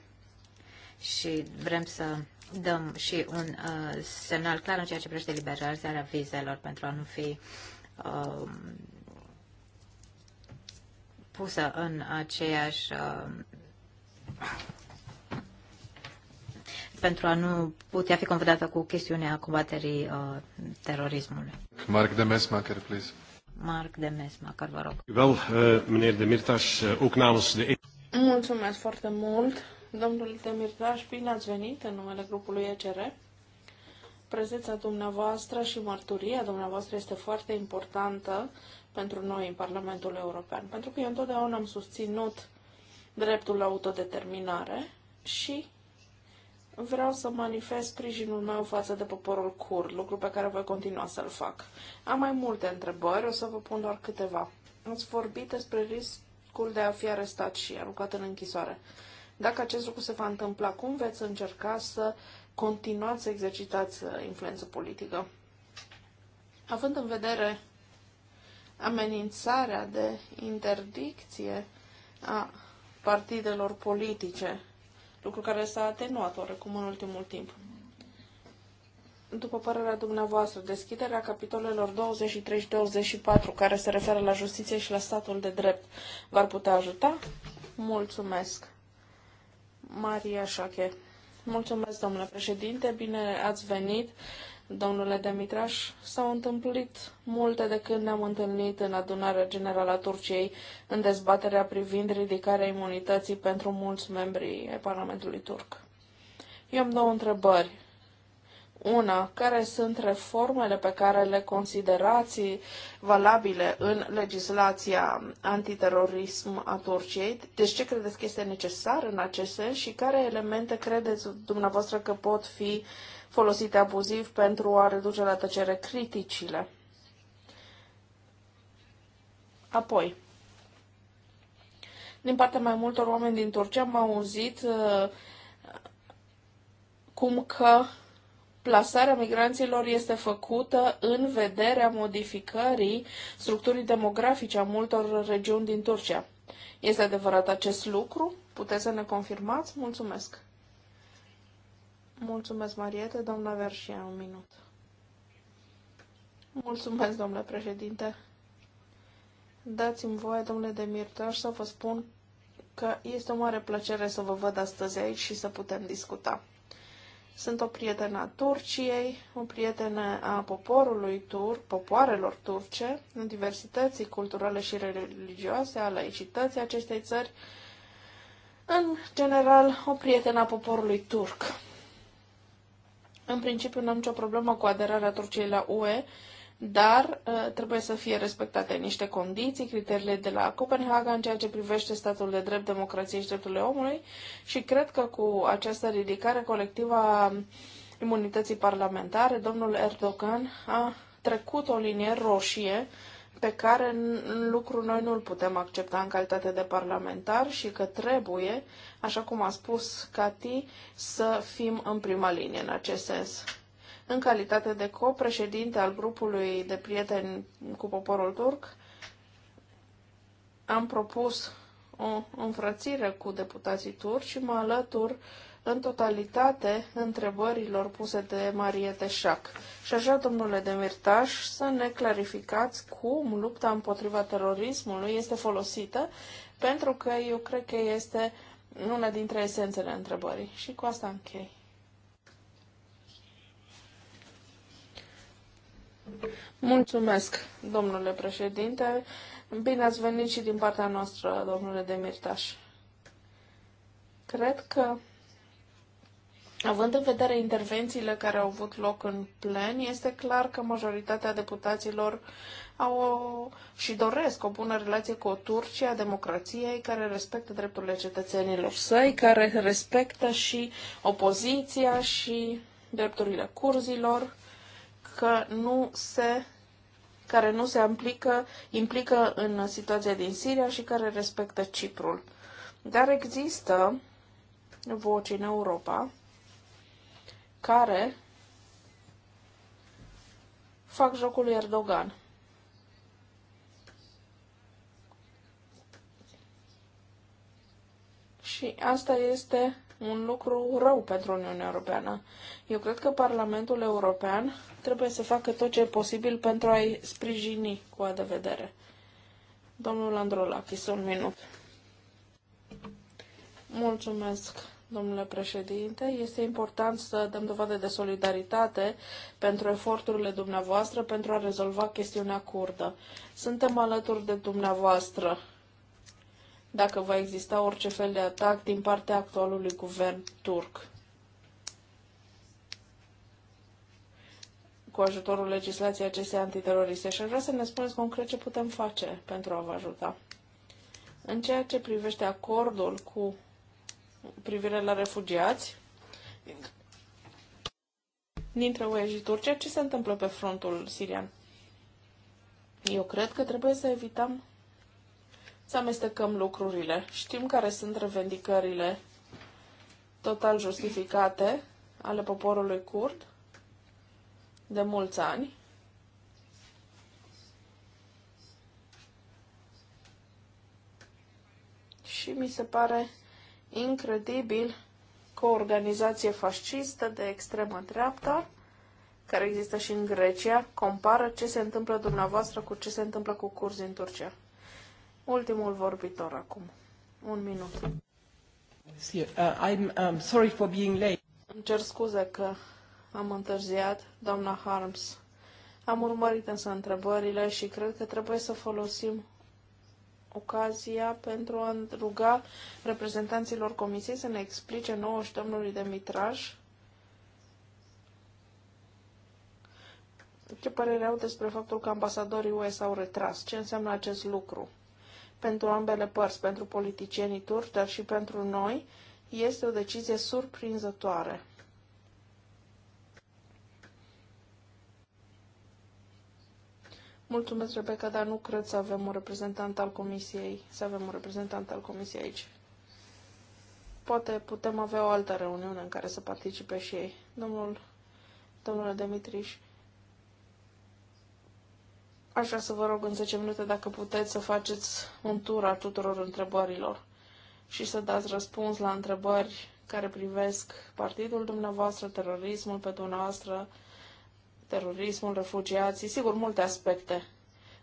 și vrem să dăm și un uh, semnal clar în ceea ce privește liberalizarea vizelor pentru a nu fi uh, pusă în aceeași uh, pentru a nu putea fi confundată cu chestiunea combaterii uh, terorismului. Mark de Mesmacher, please. Marc de Mesmacher, vă rog. Eh, eh, Mulțumesc foarte mult, domnul Demirtaș, bine ați venit în numele grupului ECR. Prezența dumneavoastră și mărturia dumneavoastră este foarte importantă pentru noi în Parlamentul European, pentru că eu întotdeauna am susținut dreptul la autodeterminare și vreau să manifest sprijinul meu față de poporul cur, lucru pe care voi continua să-l fac. Am mai multe întrebări, o să vă pun doar câteva. Ați vorbit despre riscul de a fi arestat și aruncat în închisoare. Dacă acest lucru se va întâmpla, cum veți încerca să continuați să exercitați uh, influență politică? Având în vedere amenințarea de interdicție a partidelor politice lucru care s-a atenuat oricum în ultimul timp. După părerea dumneavoastră, deschiderea capitolelor 23 și 24, care se referă la justiție și la statul de drept, v-ar putea ajuta? Mulțumesc! Maria Șache. Mulțumesc, domnule președinte, bine ați venit domnule Demitraș, s-au întâmplit multe de când ne-am întâlnit în adunarea generală a Turciei în dezbaterea privind ridicarea imunității pentru mulți membri ai Parlamentului turc. Eu am două întrebări. Una, care sunt reformele pe care le considerați valabile în legislația antiterorism a Turciei? Deci ce credeți că este necesar în acest sens și care elemente credeți dumneavoastră că pot fi uh, folosite abuziv pentru a reduce la tăcere criticile. Apoi, din partea mai multor oameni din Turcia am auzit uh, cum că plasarea migranților este făcută în vederea modificării structurii demografice a multor regiuni din Turcia. Este adevărat acest lucru? Puteți să ne confirmați? Mulțumesc! Mulțumesc, Mariete. Doamna Verșia, un minut. Mulțumesc, domnule președinte. Dați-mi voie, domnule Demirtaș, să vă spun că este o mare plăcere să vă văd astăzi aici și să putem discuta. Sunt o prietenă a Turciei, o prietenă a poporului turc, popoarelor turce, diversității culturale și religioase, a laicității acestei țări, în general, o prietenă a poporului turc. În principiu n-am nicio problemă cu aderarea Turciei la UE, dar uh, trebuie să fie respectate niște condiții, criteriile de la Copenhaga în ceea ce privește statul de drept, democrație și drepturile omului și cred că cu această ridicare colectivă a imunității parlamentare, domnul Erdogan a trecut o linie roșie pe care lucru noi nu-l putem accepta în calitate de parlamentar și că trebuie așa cum a spus Cati, să fim în prima linie în acest sens. În calitate de co-președinte al grupului de prieteni cu poporul turc, am propus o înfrățire cu deputații turci și mă alătur în totalitate întrebărilor puse de Marie Teșac. Și așa, domnule Demirtaș, să ne clarificați cum lupta împotriva terorismului este folosită, pentru că eu cred că este una dintre esențele întrebării. Și cu asta închei. Mulțumesc, domnule președinte. Bine ați venit și din partea noastră, domnule Demirtaș. Cred că Având în vedere intervențiile care au avut loc în plen, este clar că majoritatea deputaților au o, și doresc o bună relație cu o Turcia democrației care respectă drepturile cetățenilor săi, care respectă și opoziția și drepturile curzilor, că nu se care nu se implică, implică în situația din Siria și care respectă Ciprul. Dar există voci în Europa care fac jocul lui Erdogan. Și asta este un lucru rău pentru Uniunea Europeană. Eu cred că Parlamentul European trebuie să facă tot ce e posibil pentru a-i sprijini cu a de vedere. Domnul Androlachis, un minut. Mulțumesc, domnule președinte. Este important să dăm dovadă de solidaritate pentru eforturile dumneavoastră pentru a rezolva chestiunea curdă. Suntem alături de dumneavoastră dacă va exista orice fel de atac din partea actualului guvern turc. cu ajutorul legislației acestei antiteroriste și aș vrea să ne spuneți concret ce putem face pentru a vă ajuta. În ceea ce privește acordul cu privire la refugiați dintre UE și Turcia. Ce se întâmplă pe frontul sirian? Eu cred că trebuie să evităm să amestecăm lucrurile. Știm care sunt revendicările total justificate ale poporului curd de mulți ani. Și mi se pare incredibil cu o organizație fascistă de extremă dreapta, care există și în Grecia, compară ce se întâmplă dumneavoastră cu ce se întâmplă cu curzi în Turcia. Ultimul vorbitor acum. Un minut. Uh, I'm, I'm um, sorry for being late. Îmi cer scuze că am întârziat, doamna Harms. Am urmărit însă întrebările și cred că trebuie să folosim ocazia pentru a ruga reprezentanților comisiei să ne explice nouă și domnului mitraj ce părere au despre faptul că ambasadorii UE s-au retras, ce înseamnă acest lucru pentru ambele părți, pentru politicienii turci, dar și pentru noi, este o decizie surprinzătoare. Mulțumesc, Rebecca, dar nu cred să avem un reprezentant al comisiei, să avem un reprezentant al comisiei aici. Poate putem avea o altă reuniune în care să participe și ei. Domnul, domnule Dimitriș, aș vrea să vă rog în 10 minute dacă puteți să faceți un tur al tuturor întrebărilor și să dați răspuns la întrebări care privesc partidul dumneavoastră, terorismul pe dumneavoastră, terorismul, refugiații, sigur, multe aspecte.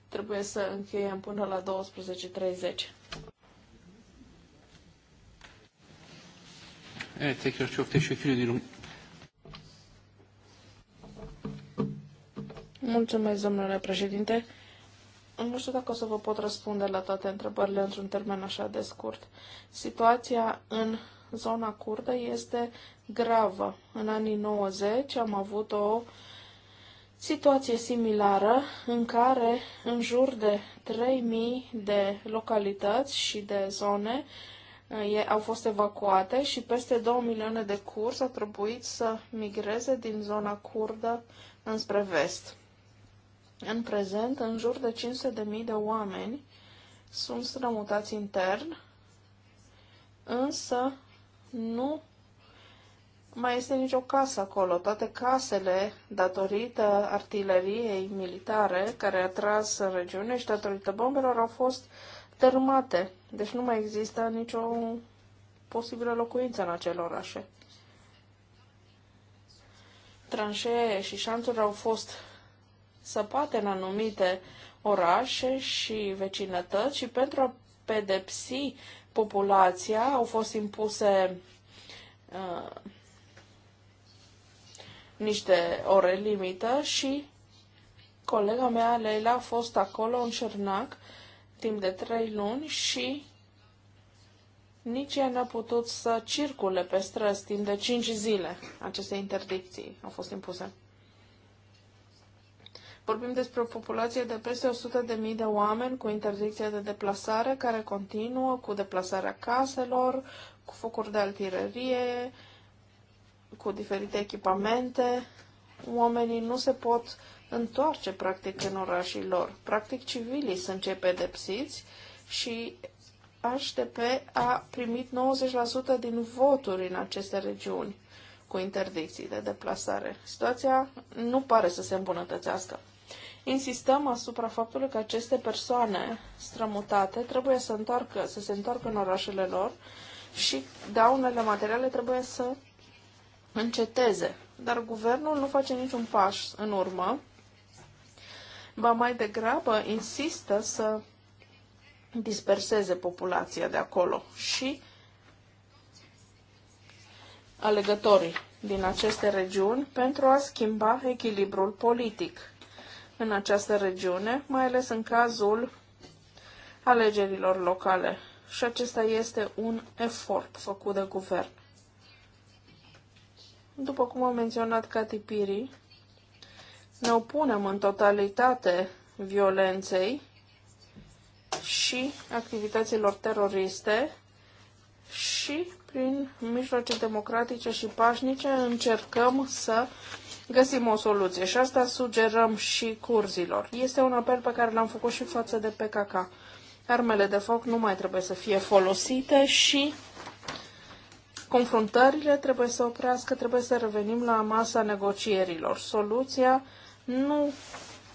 Trebuie să încheiem până la 12.30. Evet, tekrar çok teşekkür ediyorum. Mulțumesc, domnule președinte. Nu știu dacă o să vă pot răspunde la toate întrebările într-un termen așa de scurt. Situația în zona curdă este gravă. În anii 90 am avut o uh, situație similară în care în jur de 3000 de localități și de zone uh, e, au fost evacuate și peste 2 milioane de curs au trebuit să migreze din zona curdă înspre vest. În prezent, în jur de 500.000 de oameni sunt strămutați intern, însă nu mai este nicio casă acolo. Toate casele, datorită artileriei militare care a tras în regiune și datorită bombelor, au fost tărâmate. Deci nu mai există nicio posibilă locuință în acele orașe. Tranșee și șanțuri au fost săpate în anumite orașe și vecinătăți și pentru a pedepsi populația au fost impuse uh, niște ore limită și colega mea, Leila, a fost acolo în Cernac timp de trei luni și nici ea n-a putut să circule pe străzi timp de cinci zile. Aceste interdicții au fost impuse. Vorbim despre o populație de peste 100.000 de oameni cu interdicție de deplasare care continuă cu deplasarea caselor, cu focuri de altirerie, cu diferite echipamente, oamenii nu se pot întoarce practic în orașii lor. Practic civilii sunt cei pedepsiți și HDP a primit 90% din voturi în aceste regiuni cu interdicții de deplasare. Situația nu pare să se îmbunătățească. Insistăm asupra faptului că aceste persoane strămutate trebuie să, întoarcă, să se întoarcă în orașele lor și daunele materiale trebuie să înceteze. Dar guvernul nu face niciun pas în urmă, ba mai degrabă insistă să disperseze populația de acolo și alegătorii din aceste regiuni pentru a schimba echilibrul politic în această regiune, mai ales în cazul alegerilor locale. Și acesta este un efort făcut de guvern. După cum a menționat Cati Piri, ne opunem în totalitate violenței și activităților teroriste și prin mijloace democratice și pașnice încercăm să găsim o soluție și asta sugerăm și curzilor. Este un apel pe care l-am făcut și față de PKK. Armele de foc nu mai trebuie să fie folosite și confruntările trebuie să oprească, trebuie să revenim la masa negocierilor. Soluția nu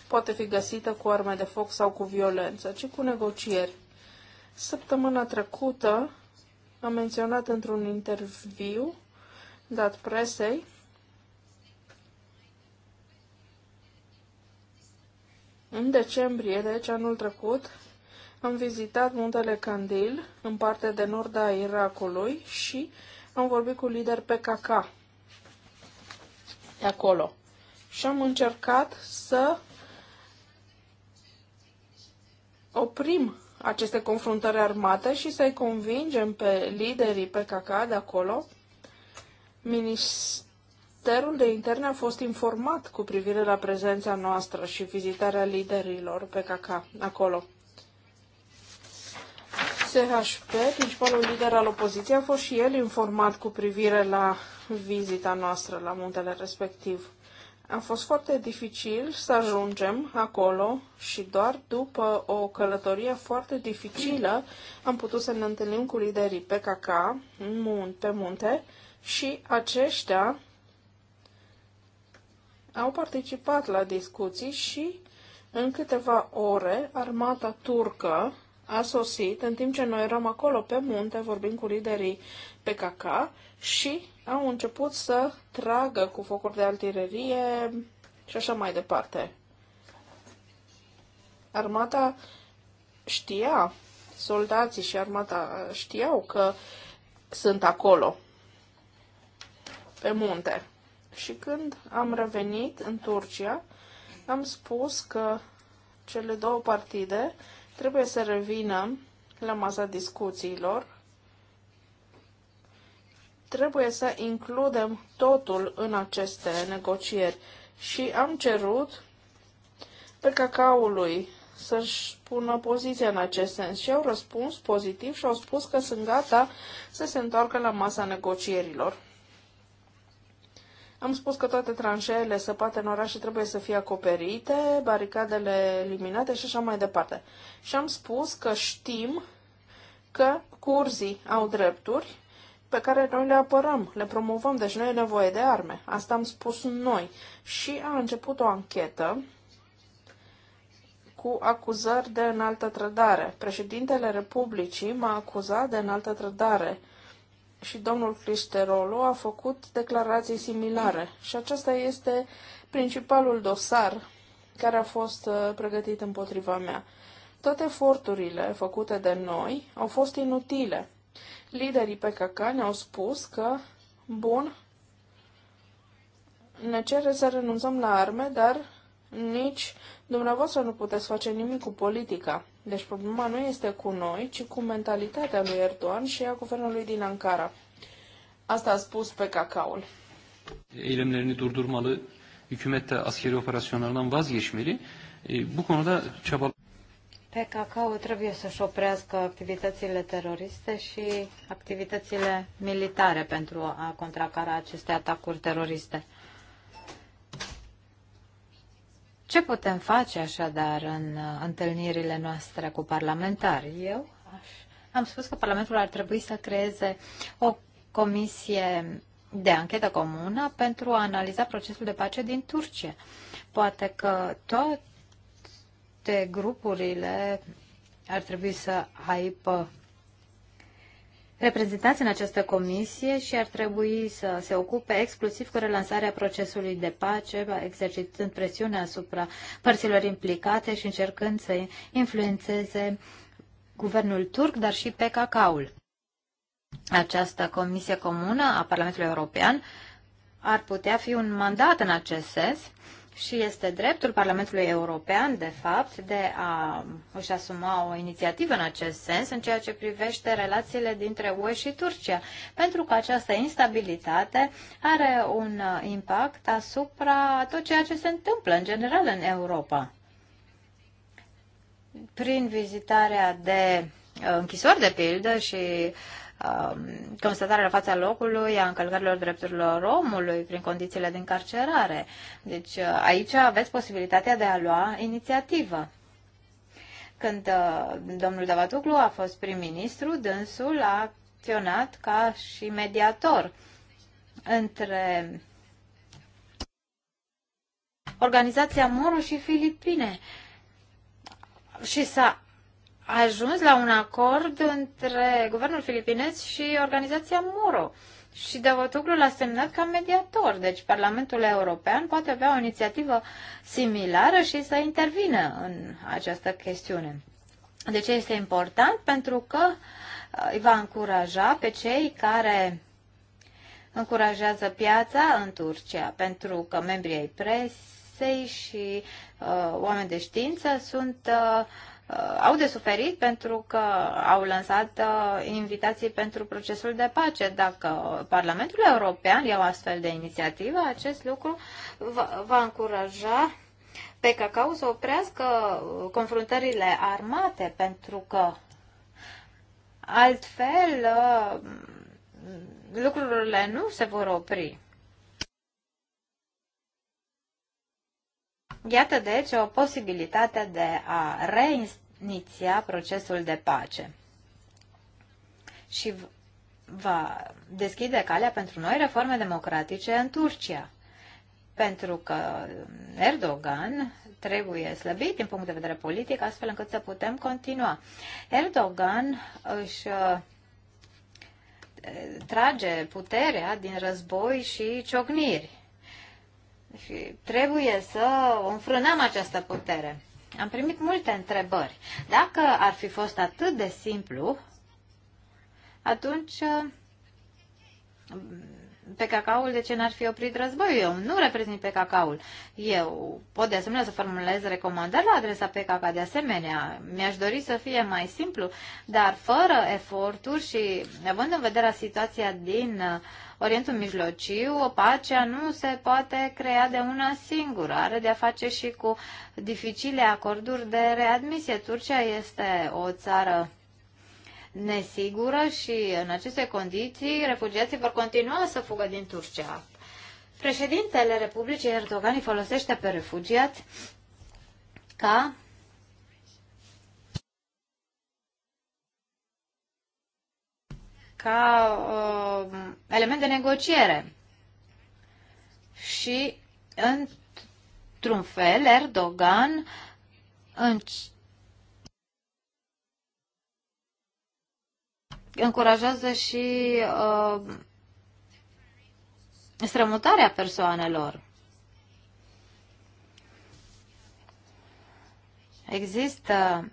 poate fi găsită cu arme de foc sau cu violență, ci cu negocieri. Săptămâna trecută am menționat într-un interviu dat presei În decembrie, deci anul trecut, am vizitat muntele Candil, în partea de nord a Irakului, și am vorbit cu lider PKK de acolo și am încercat să oprim aceste confruntări armate și să-i convingem pe liderii PKK de acolo. Ministerul de Interne a fost informat cu privire la prezența noastră și vizitarea liderilor PKK acolo. SHP, principalul lider al opoziției, a fost și el informat cu privire la vizita noastră la muntele respectiv. A fost foarte dificil să ajungem acolo și doar după o călătorie foarte dificilă am putut să ne întâlnim cu liderii PKK în pe munte și aceștia au participat la discuții și în câteva ore armata turcă a sosit, în timp ce noi eram acolo pe munte, vorbim cu liderii PKK și au început să tragă cu focuri de artilerie și așa mai departe. Armata știa, soldații și armata știau că sunt acolo, pe munte. Și când am revenit în Turcia, am spus că cele două partide trebuie să revină la masa discuțiilor. Trebuie să includem totul în aceste negocieri și am cerut pe cacaului să-și pună poziția în acest sens și au răspuns pozitiv și au spus că sunt gata să se întoarcă la masa negocierilor. Am spus că toate tranșeele săpate în orașe trebuie să fie acoperite, baricadele eliminate și așa mai departe. Și am spus că știm că curzii au drepturi pe care noi le apărăm, le promovăm, deci nu e nevoie de arme. Asta am spus noi. Și a început o anchetă cu acuzări de înaltă trădare. Președintele Republicii m-a acuzat de înaltă trădare și domnul Fristerolo a făcut declarații similare și acesta este principalul dosar care a fost uh, pregătit împotriva mea. Toate eforturile făcute de noi au fost inutile. Liderii PKK ne-au spus că, bun, ne cere să renunțăm la arme, dar nici dumneavoastră nu puteți face nimic cu politica. Deci problema nu este cu noi, ci cu mentalitatea lui Erdogan și a guvernului din Ankara. Asta a spus pe cacaul. Eylemlerini durdurmalı, hükümet de askeri operasyonlarından vazgeçmeli. E, bu konuda çaba... PKK-ul trebuie să-și oprească activitățile teroriste și activitățile militare pentru a contracara aceste atacuri teroriste. Ce putem face așadar în uh, întâlnirile noastre cu parlamentari? Eu aș, am spus că Parlamentul ar trebui să creeze o comisie de anchetă comună pentru a analiza procesul de pace din Turcia. Poate că toate grupurile ar trebui să aibă reprezentați în această comisie și ar trebui să se ocupe exclusiv cu relansarea procesului de pace, exercitând presiune asupra părților implicate și încercând să influențeze guvernul turc, dar și pe cacaul. Această comisie comună a Parlamentului European ar putea fi un mandat în acest sens și este dreptul Parlamentului European, de fapt, de a își asuma o inițiativă în acest sens în ceea ce privește relațiile dintre UE și Turcia, pentru că această instabilitate are un impact asupra tot ceea ce se întâmplă în general în Europa. Prin vizitarea de închisori, de pildă, și Um, constatarea la fața locului a încălcărilor drepturilor omului prin condițiile de încarcerare. Deci uh, aici aveți posibilitatea de a lua inițiativă. Când uh, domnul Davatuclu a fost prim-ministru, dânsul a acționat ca și mediator între organizația Moro și Filipine și s-a ajuns la un acord între guvernul filipinez și organizația Muro. Și Davutoglu l-a semnat ca mediator, deci Parlamentul European poate avea o inițiativă similară și să intervină în această chestiune. De ce este important? Pentru că uh, îi va încuraja pe cei care încurajează piața în Turcia, pentru că membrii ai presei și uh, oameni de știință sunt uh, Uh, au de suferit pentru că au lansat uh, invitații pentru procesul de pace. Dacă Parlamentul European ia o astfel de inițiativă, acest lucru va, va încuraja pe cacao să oprească confruntările armate, pentru că altfel uh, lucrurile nu se vor opri. Iată deci o posibilitate de a reiniția procesul de pace și va deschide calea pentru noi reforme democratice în Turcia. Pentru că Erdogan trebuie slăbit din punct de vedere politic, astfel încât să putem continua. Erdogan își uh, trage puterea din război și ciogniri. Și trebuie să înfrânăm această putere. Am primit multe întrebări. Dacă ar fi fost atât de simplu, atunci mm, pe cacaul de ce n-ar fi oprit războiul? Eu nu reprezint pe cacaul. Eu pot de asemenea să formulez recomandări la adresa pe caca de asemenea. Mi-aș dori să fie mai simplu, dar fără eforturi și având în vedere situația din uh, Orientul Mijlociu, pacea nu se poate crea de una singură. Are de-a face și cu dificile acorduri de readmisie. Turcia este o țară nesigură și în aceste condiții refugiații vor continua să fugă din Turcia. Președintele Republicii Erdogan îi folosește pe refugiați ca ca uh, element de negociere. Și, într-un fel, Erdogan încurajează și uh, strămutarea persoanelor. Există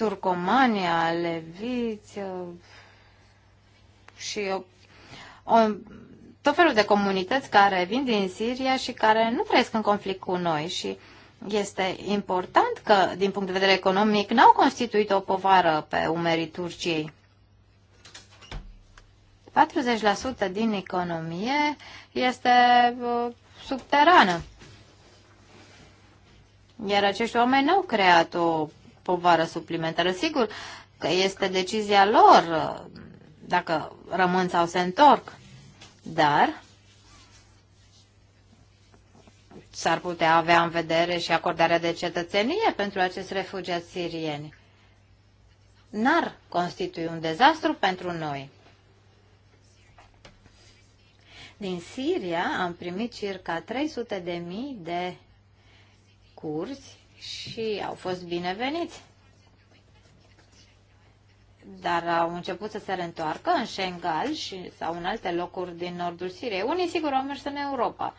Turcomania, leviți uh, și o, uh, o, tot felul de comunități care vin din Siria și care nu trăiesc în conflict cu noi și este important că, din punct de vedere economic, n-au constituit o povară pe umerii Turciei. 40% din economie este uh, subterană. Iar acești oameni n-au creat o povară suplimentară. Sigur că este decizia lor uh, dacă rămân sau se întorc, dar s-ar putea avea în vedere și acordarea de cetățenie pentru acești refugiați sirieni. N-ar constitui un dezastru pentru noi. Din Siria am primit circa 300 de mii de curzi și au fost bineveniți. Dar au început să se reîntoarcă în Schengal și, sau în alte locuri din nordul Siriei. Unii, sigur, au mers în Europa.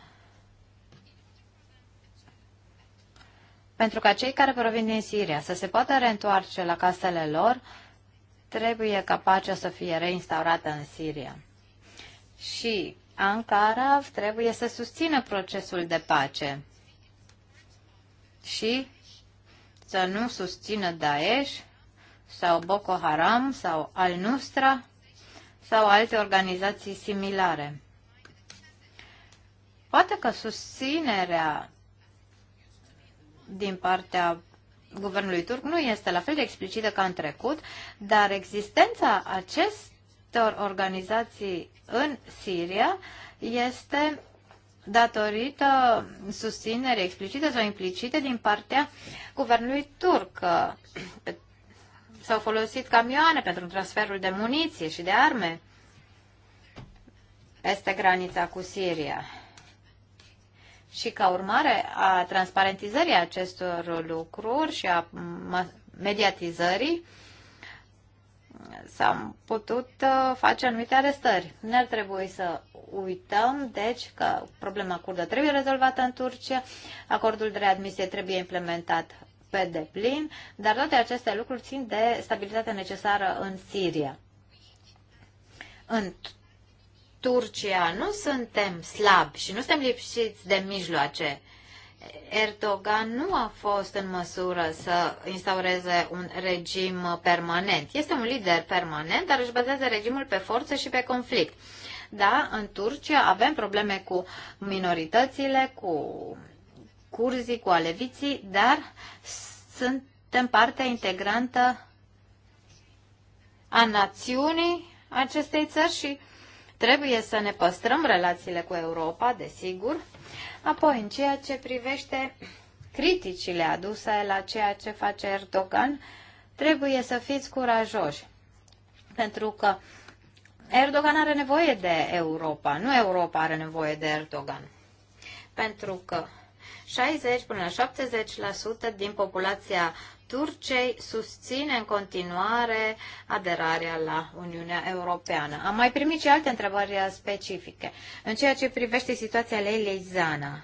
Pentru ca cei care provin din Siria să se poată reîntoarce la casele lor, trebuie ca pacea să fie reinstaurată în Siria. Și Ankara trebuie să susțină procesul de pace și să nu susțină Daesh sau Boko Haram sau Al-Nusra sau alte organizații similare. Poate că susținerea din partea guvernului turc nu este la fel de explicită ca în trecut, dar existența acestor organizații în Siria este datorită susținerii explicite sau implicite din partea guvernului turc. S-au folosit camioane pentru transferul de muniție și de arme peste granița cu Siria. Și ca urmare a transparentizării acestor lucruri și a mediatizării, s-au putut uh, face anumite arestări. Ne ar trebui să uităm, deci, că problema curdă trebuie rezolvată în Turcia, acordul de readmisie trebuie implementat pe deplin, dar toate aceste lucruri țin de stabilitatea necesară în Siria. În Turcia nu suntem slabi și nu suntem lipsiți de mijloace Erdogan nu a fost în măsură să instaureze un regim permanent. Este un lider permanent, dar își bazează regimul pe forță și pe conflict. Da, în Turcia avem probleme cu minoritățile, cu curzii, cu aleviții, dar suntem partea integrantă a națiunii acestei țări și trebuie să ne păstrăm relațiile cu Europa, desigur, Apoi, în ceea ce privește criticile aduse la ceea ce face Erdogan, trebuie să fiți curajoși. Pentru că Erdogan are nevoie de Europa, nu Europa are nevoie de Erdogan. Pentru că 60 până la 70% din populația Turcei susține în continuare aderarea la Uniunea Europeană. Am mai primit și alte întrebări specifice în ceea ce privește situația lei Leizana,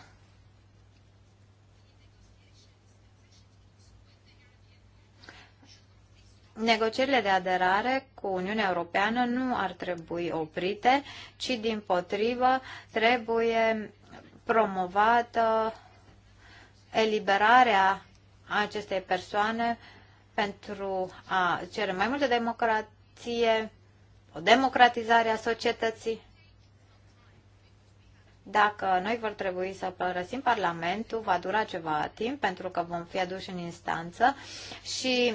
Negocierile de aderare cu Uniunea Europeană nu ar trebui oprite, ci din potrivă trebuie promovată eliberarea acestei persoane pentru a cere mai multă democrație, o democratizare a societății. Dacă noi vor trebui să părăsim Parlamentul, va dura ceva timp pentru că vom fi aduși în instanță și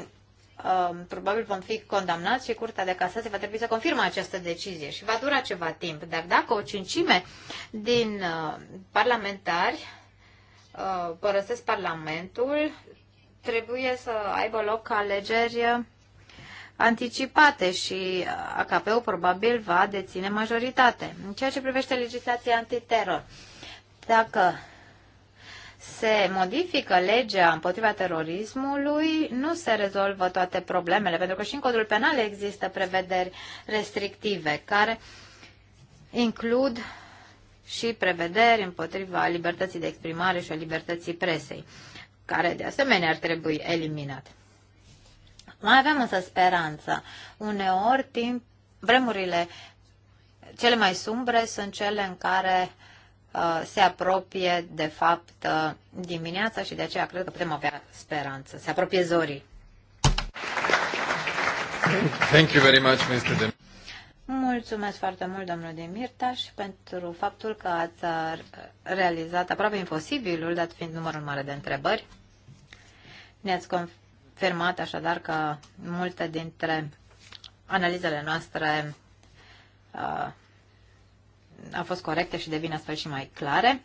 uh, probabil vom fi condamnați și Curtea de Casație va trebui să confirme această decizie și va dura ceva timp. Dar dacă o cincime din uh, parlamentari uh, părăsesc Parlamentul, trebuie să aibă loc alegeri anticipate și AKP-ul probabil va deține majoritate. În ceea ce privește legislația antiteror, dacă se modifică legea împotriva terorismului, nu se rezolvă toate problemele, pentru că și în codul penal există prevederi restrictive care includ și prevederi împotriva libertății de exprimare și a libertății presei care de asemenea ar trebui eliminat. Mai avem însă speranță. Uneori, timp, vremurile cele mai sumbre sunt cele în care uh, se apropie, de fapt, uh, dimineața și de aceea cred că putem avea speranță. Se apropie zorii. Thank you very much, Mr. Mulțumesc foarte mult, domnule Demirtaș, pentru faptul că ați uh, realizat aproape imposibilul, dat fiind numărul mare de întrebări. Ne-ați confirmat așadar că multe dintre analizele noastre uh, au fost corecte și devin astfel și mai clare.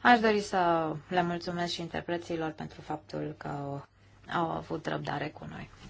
Aș dori să le mulțumesc și interpreților pentru faptul că au avut răbdare cu noi.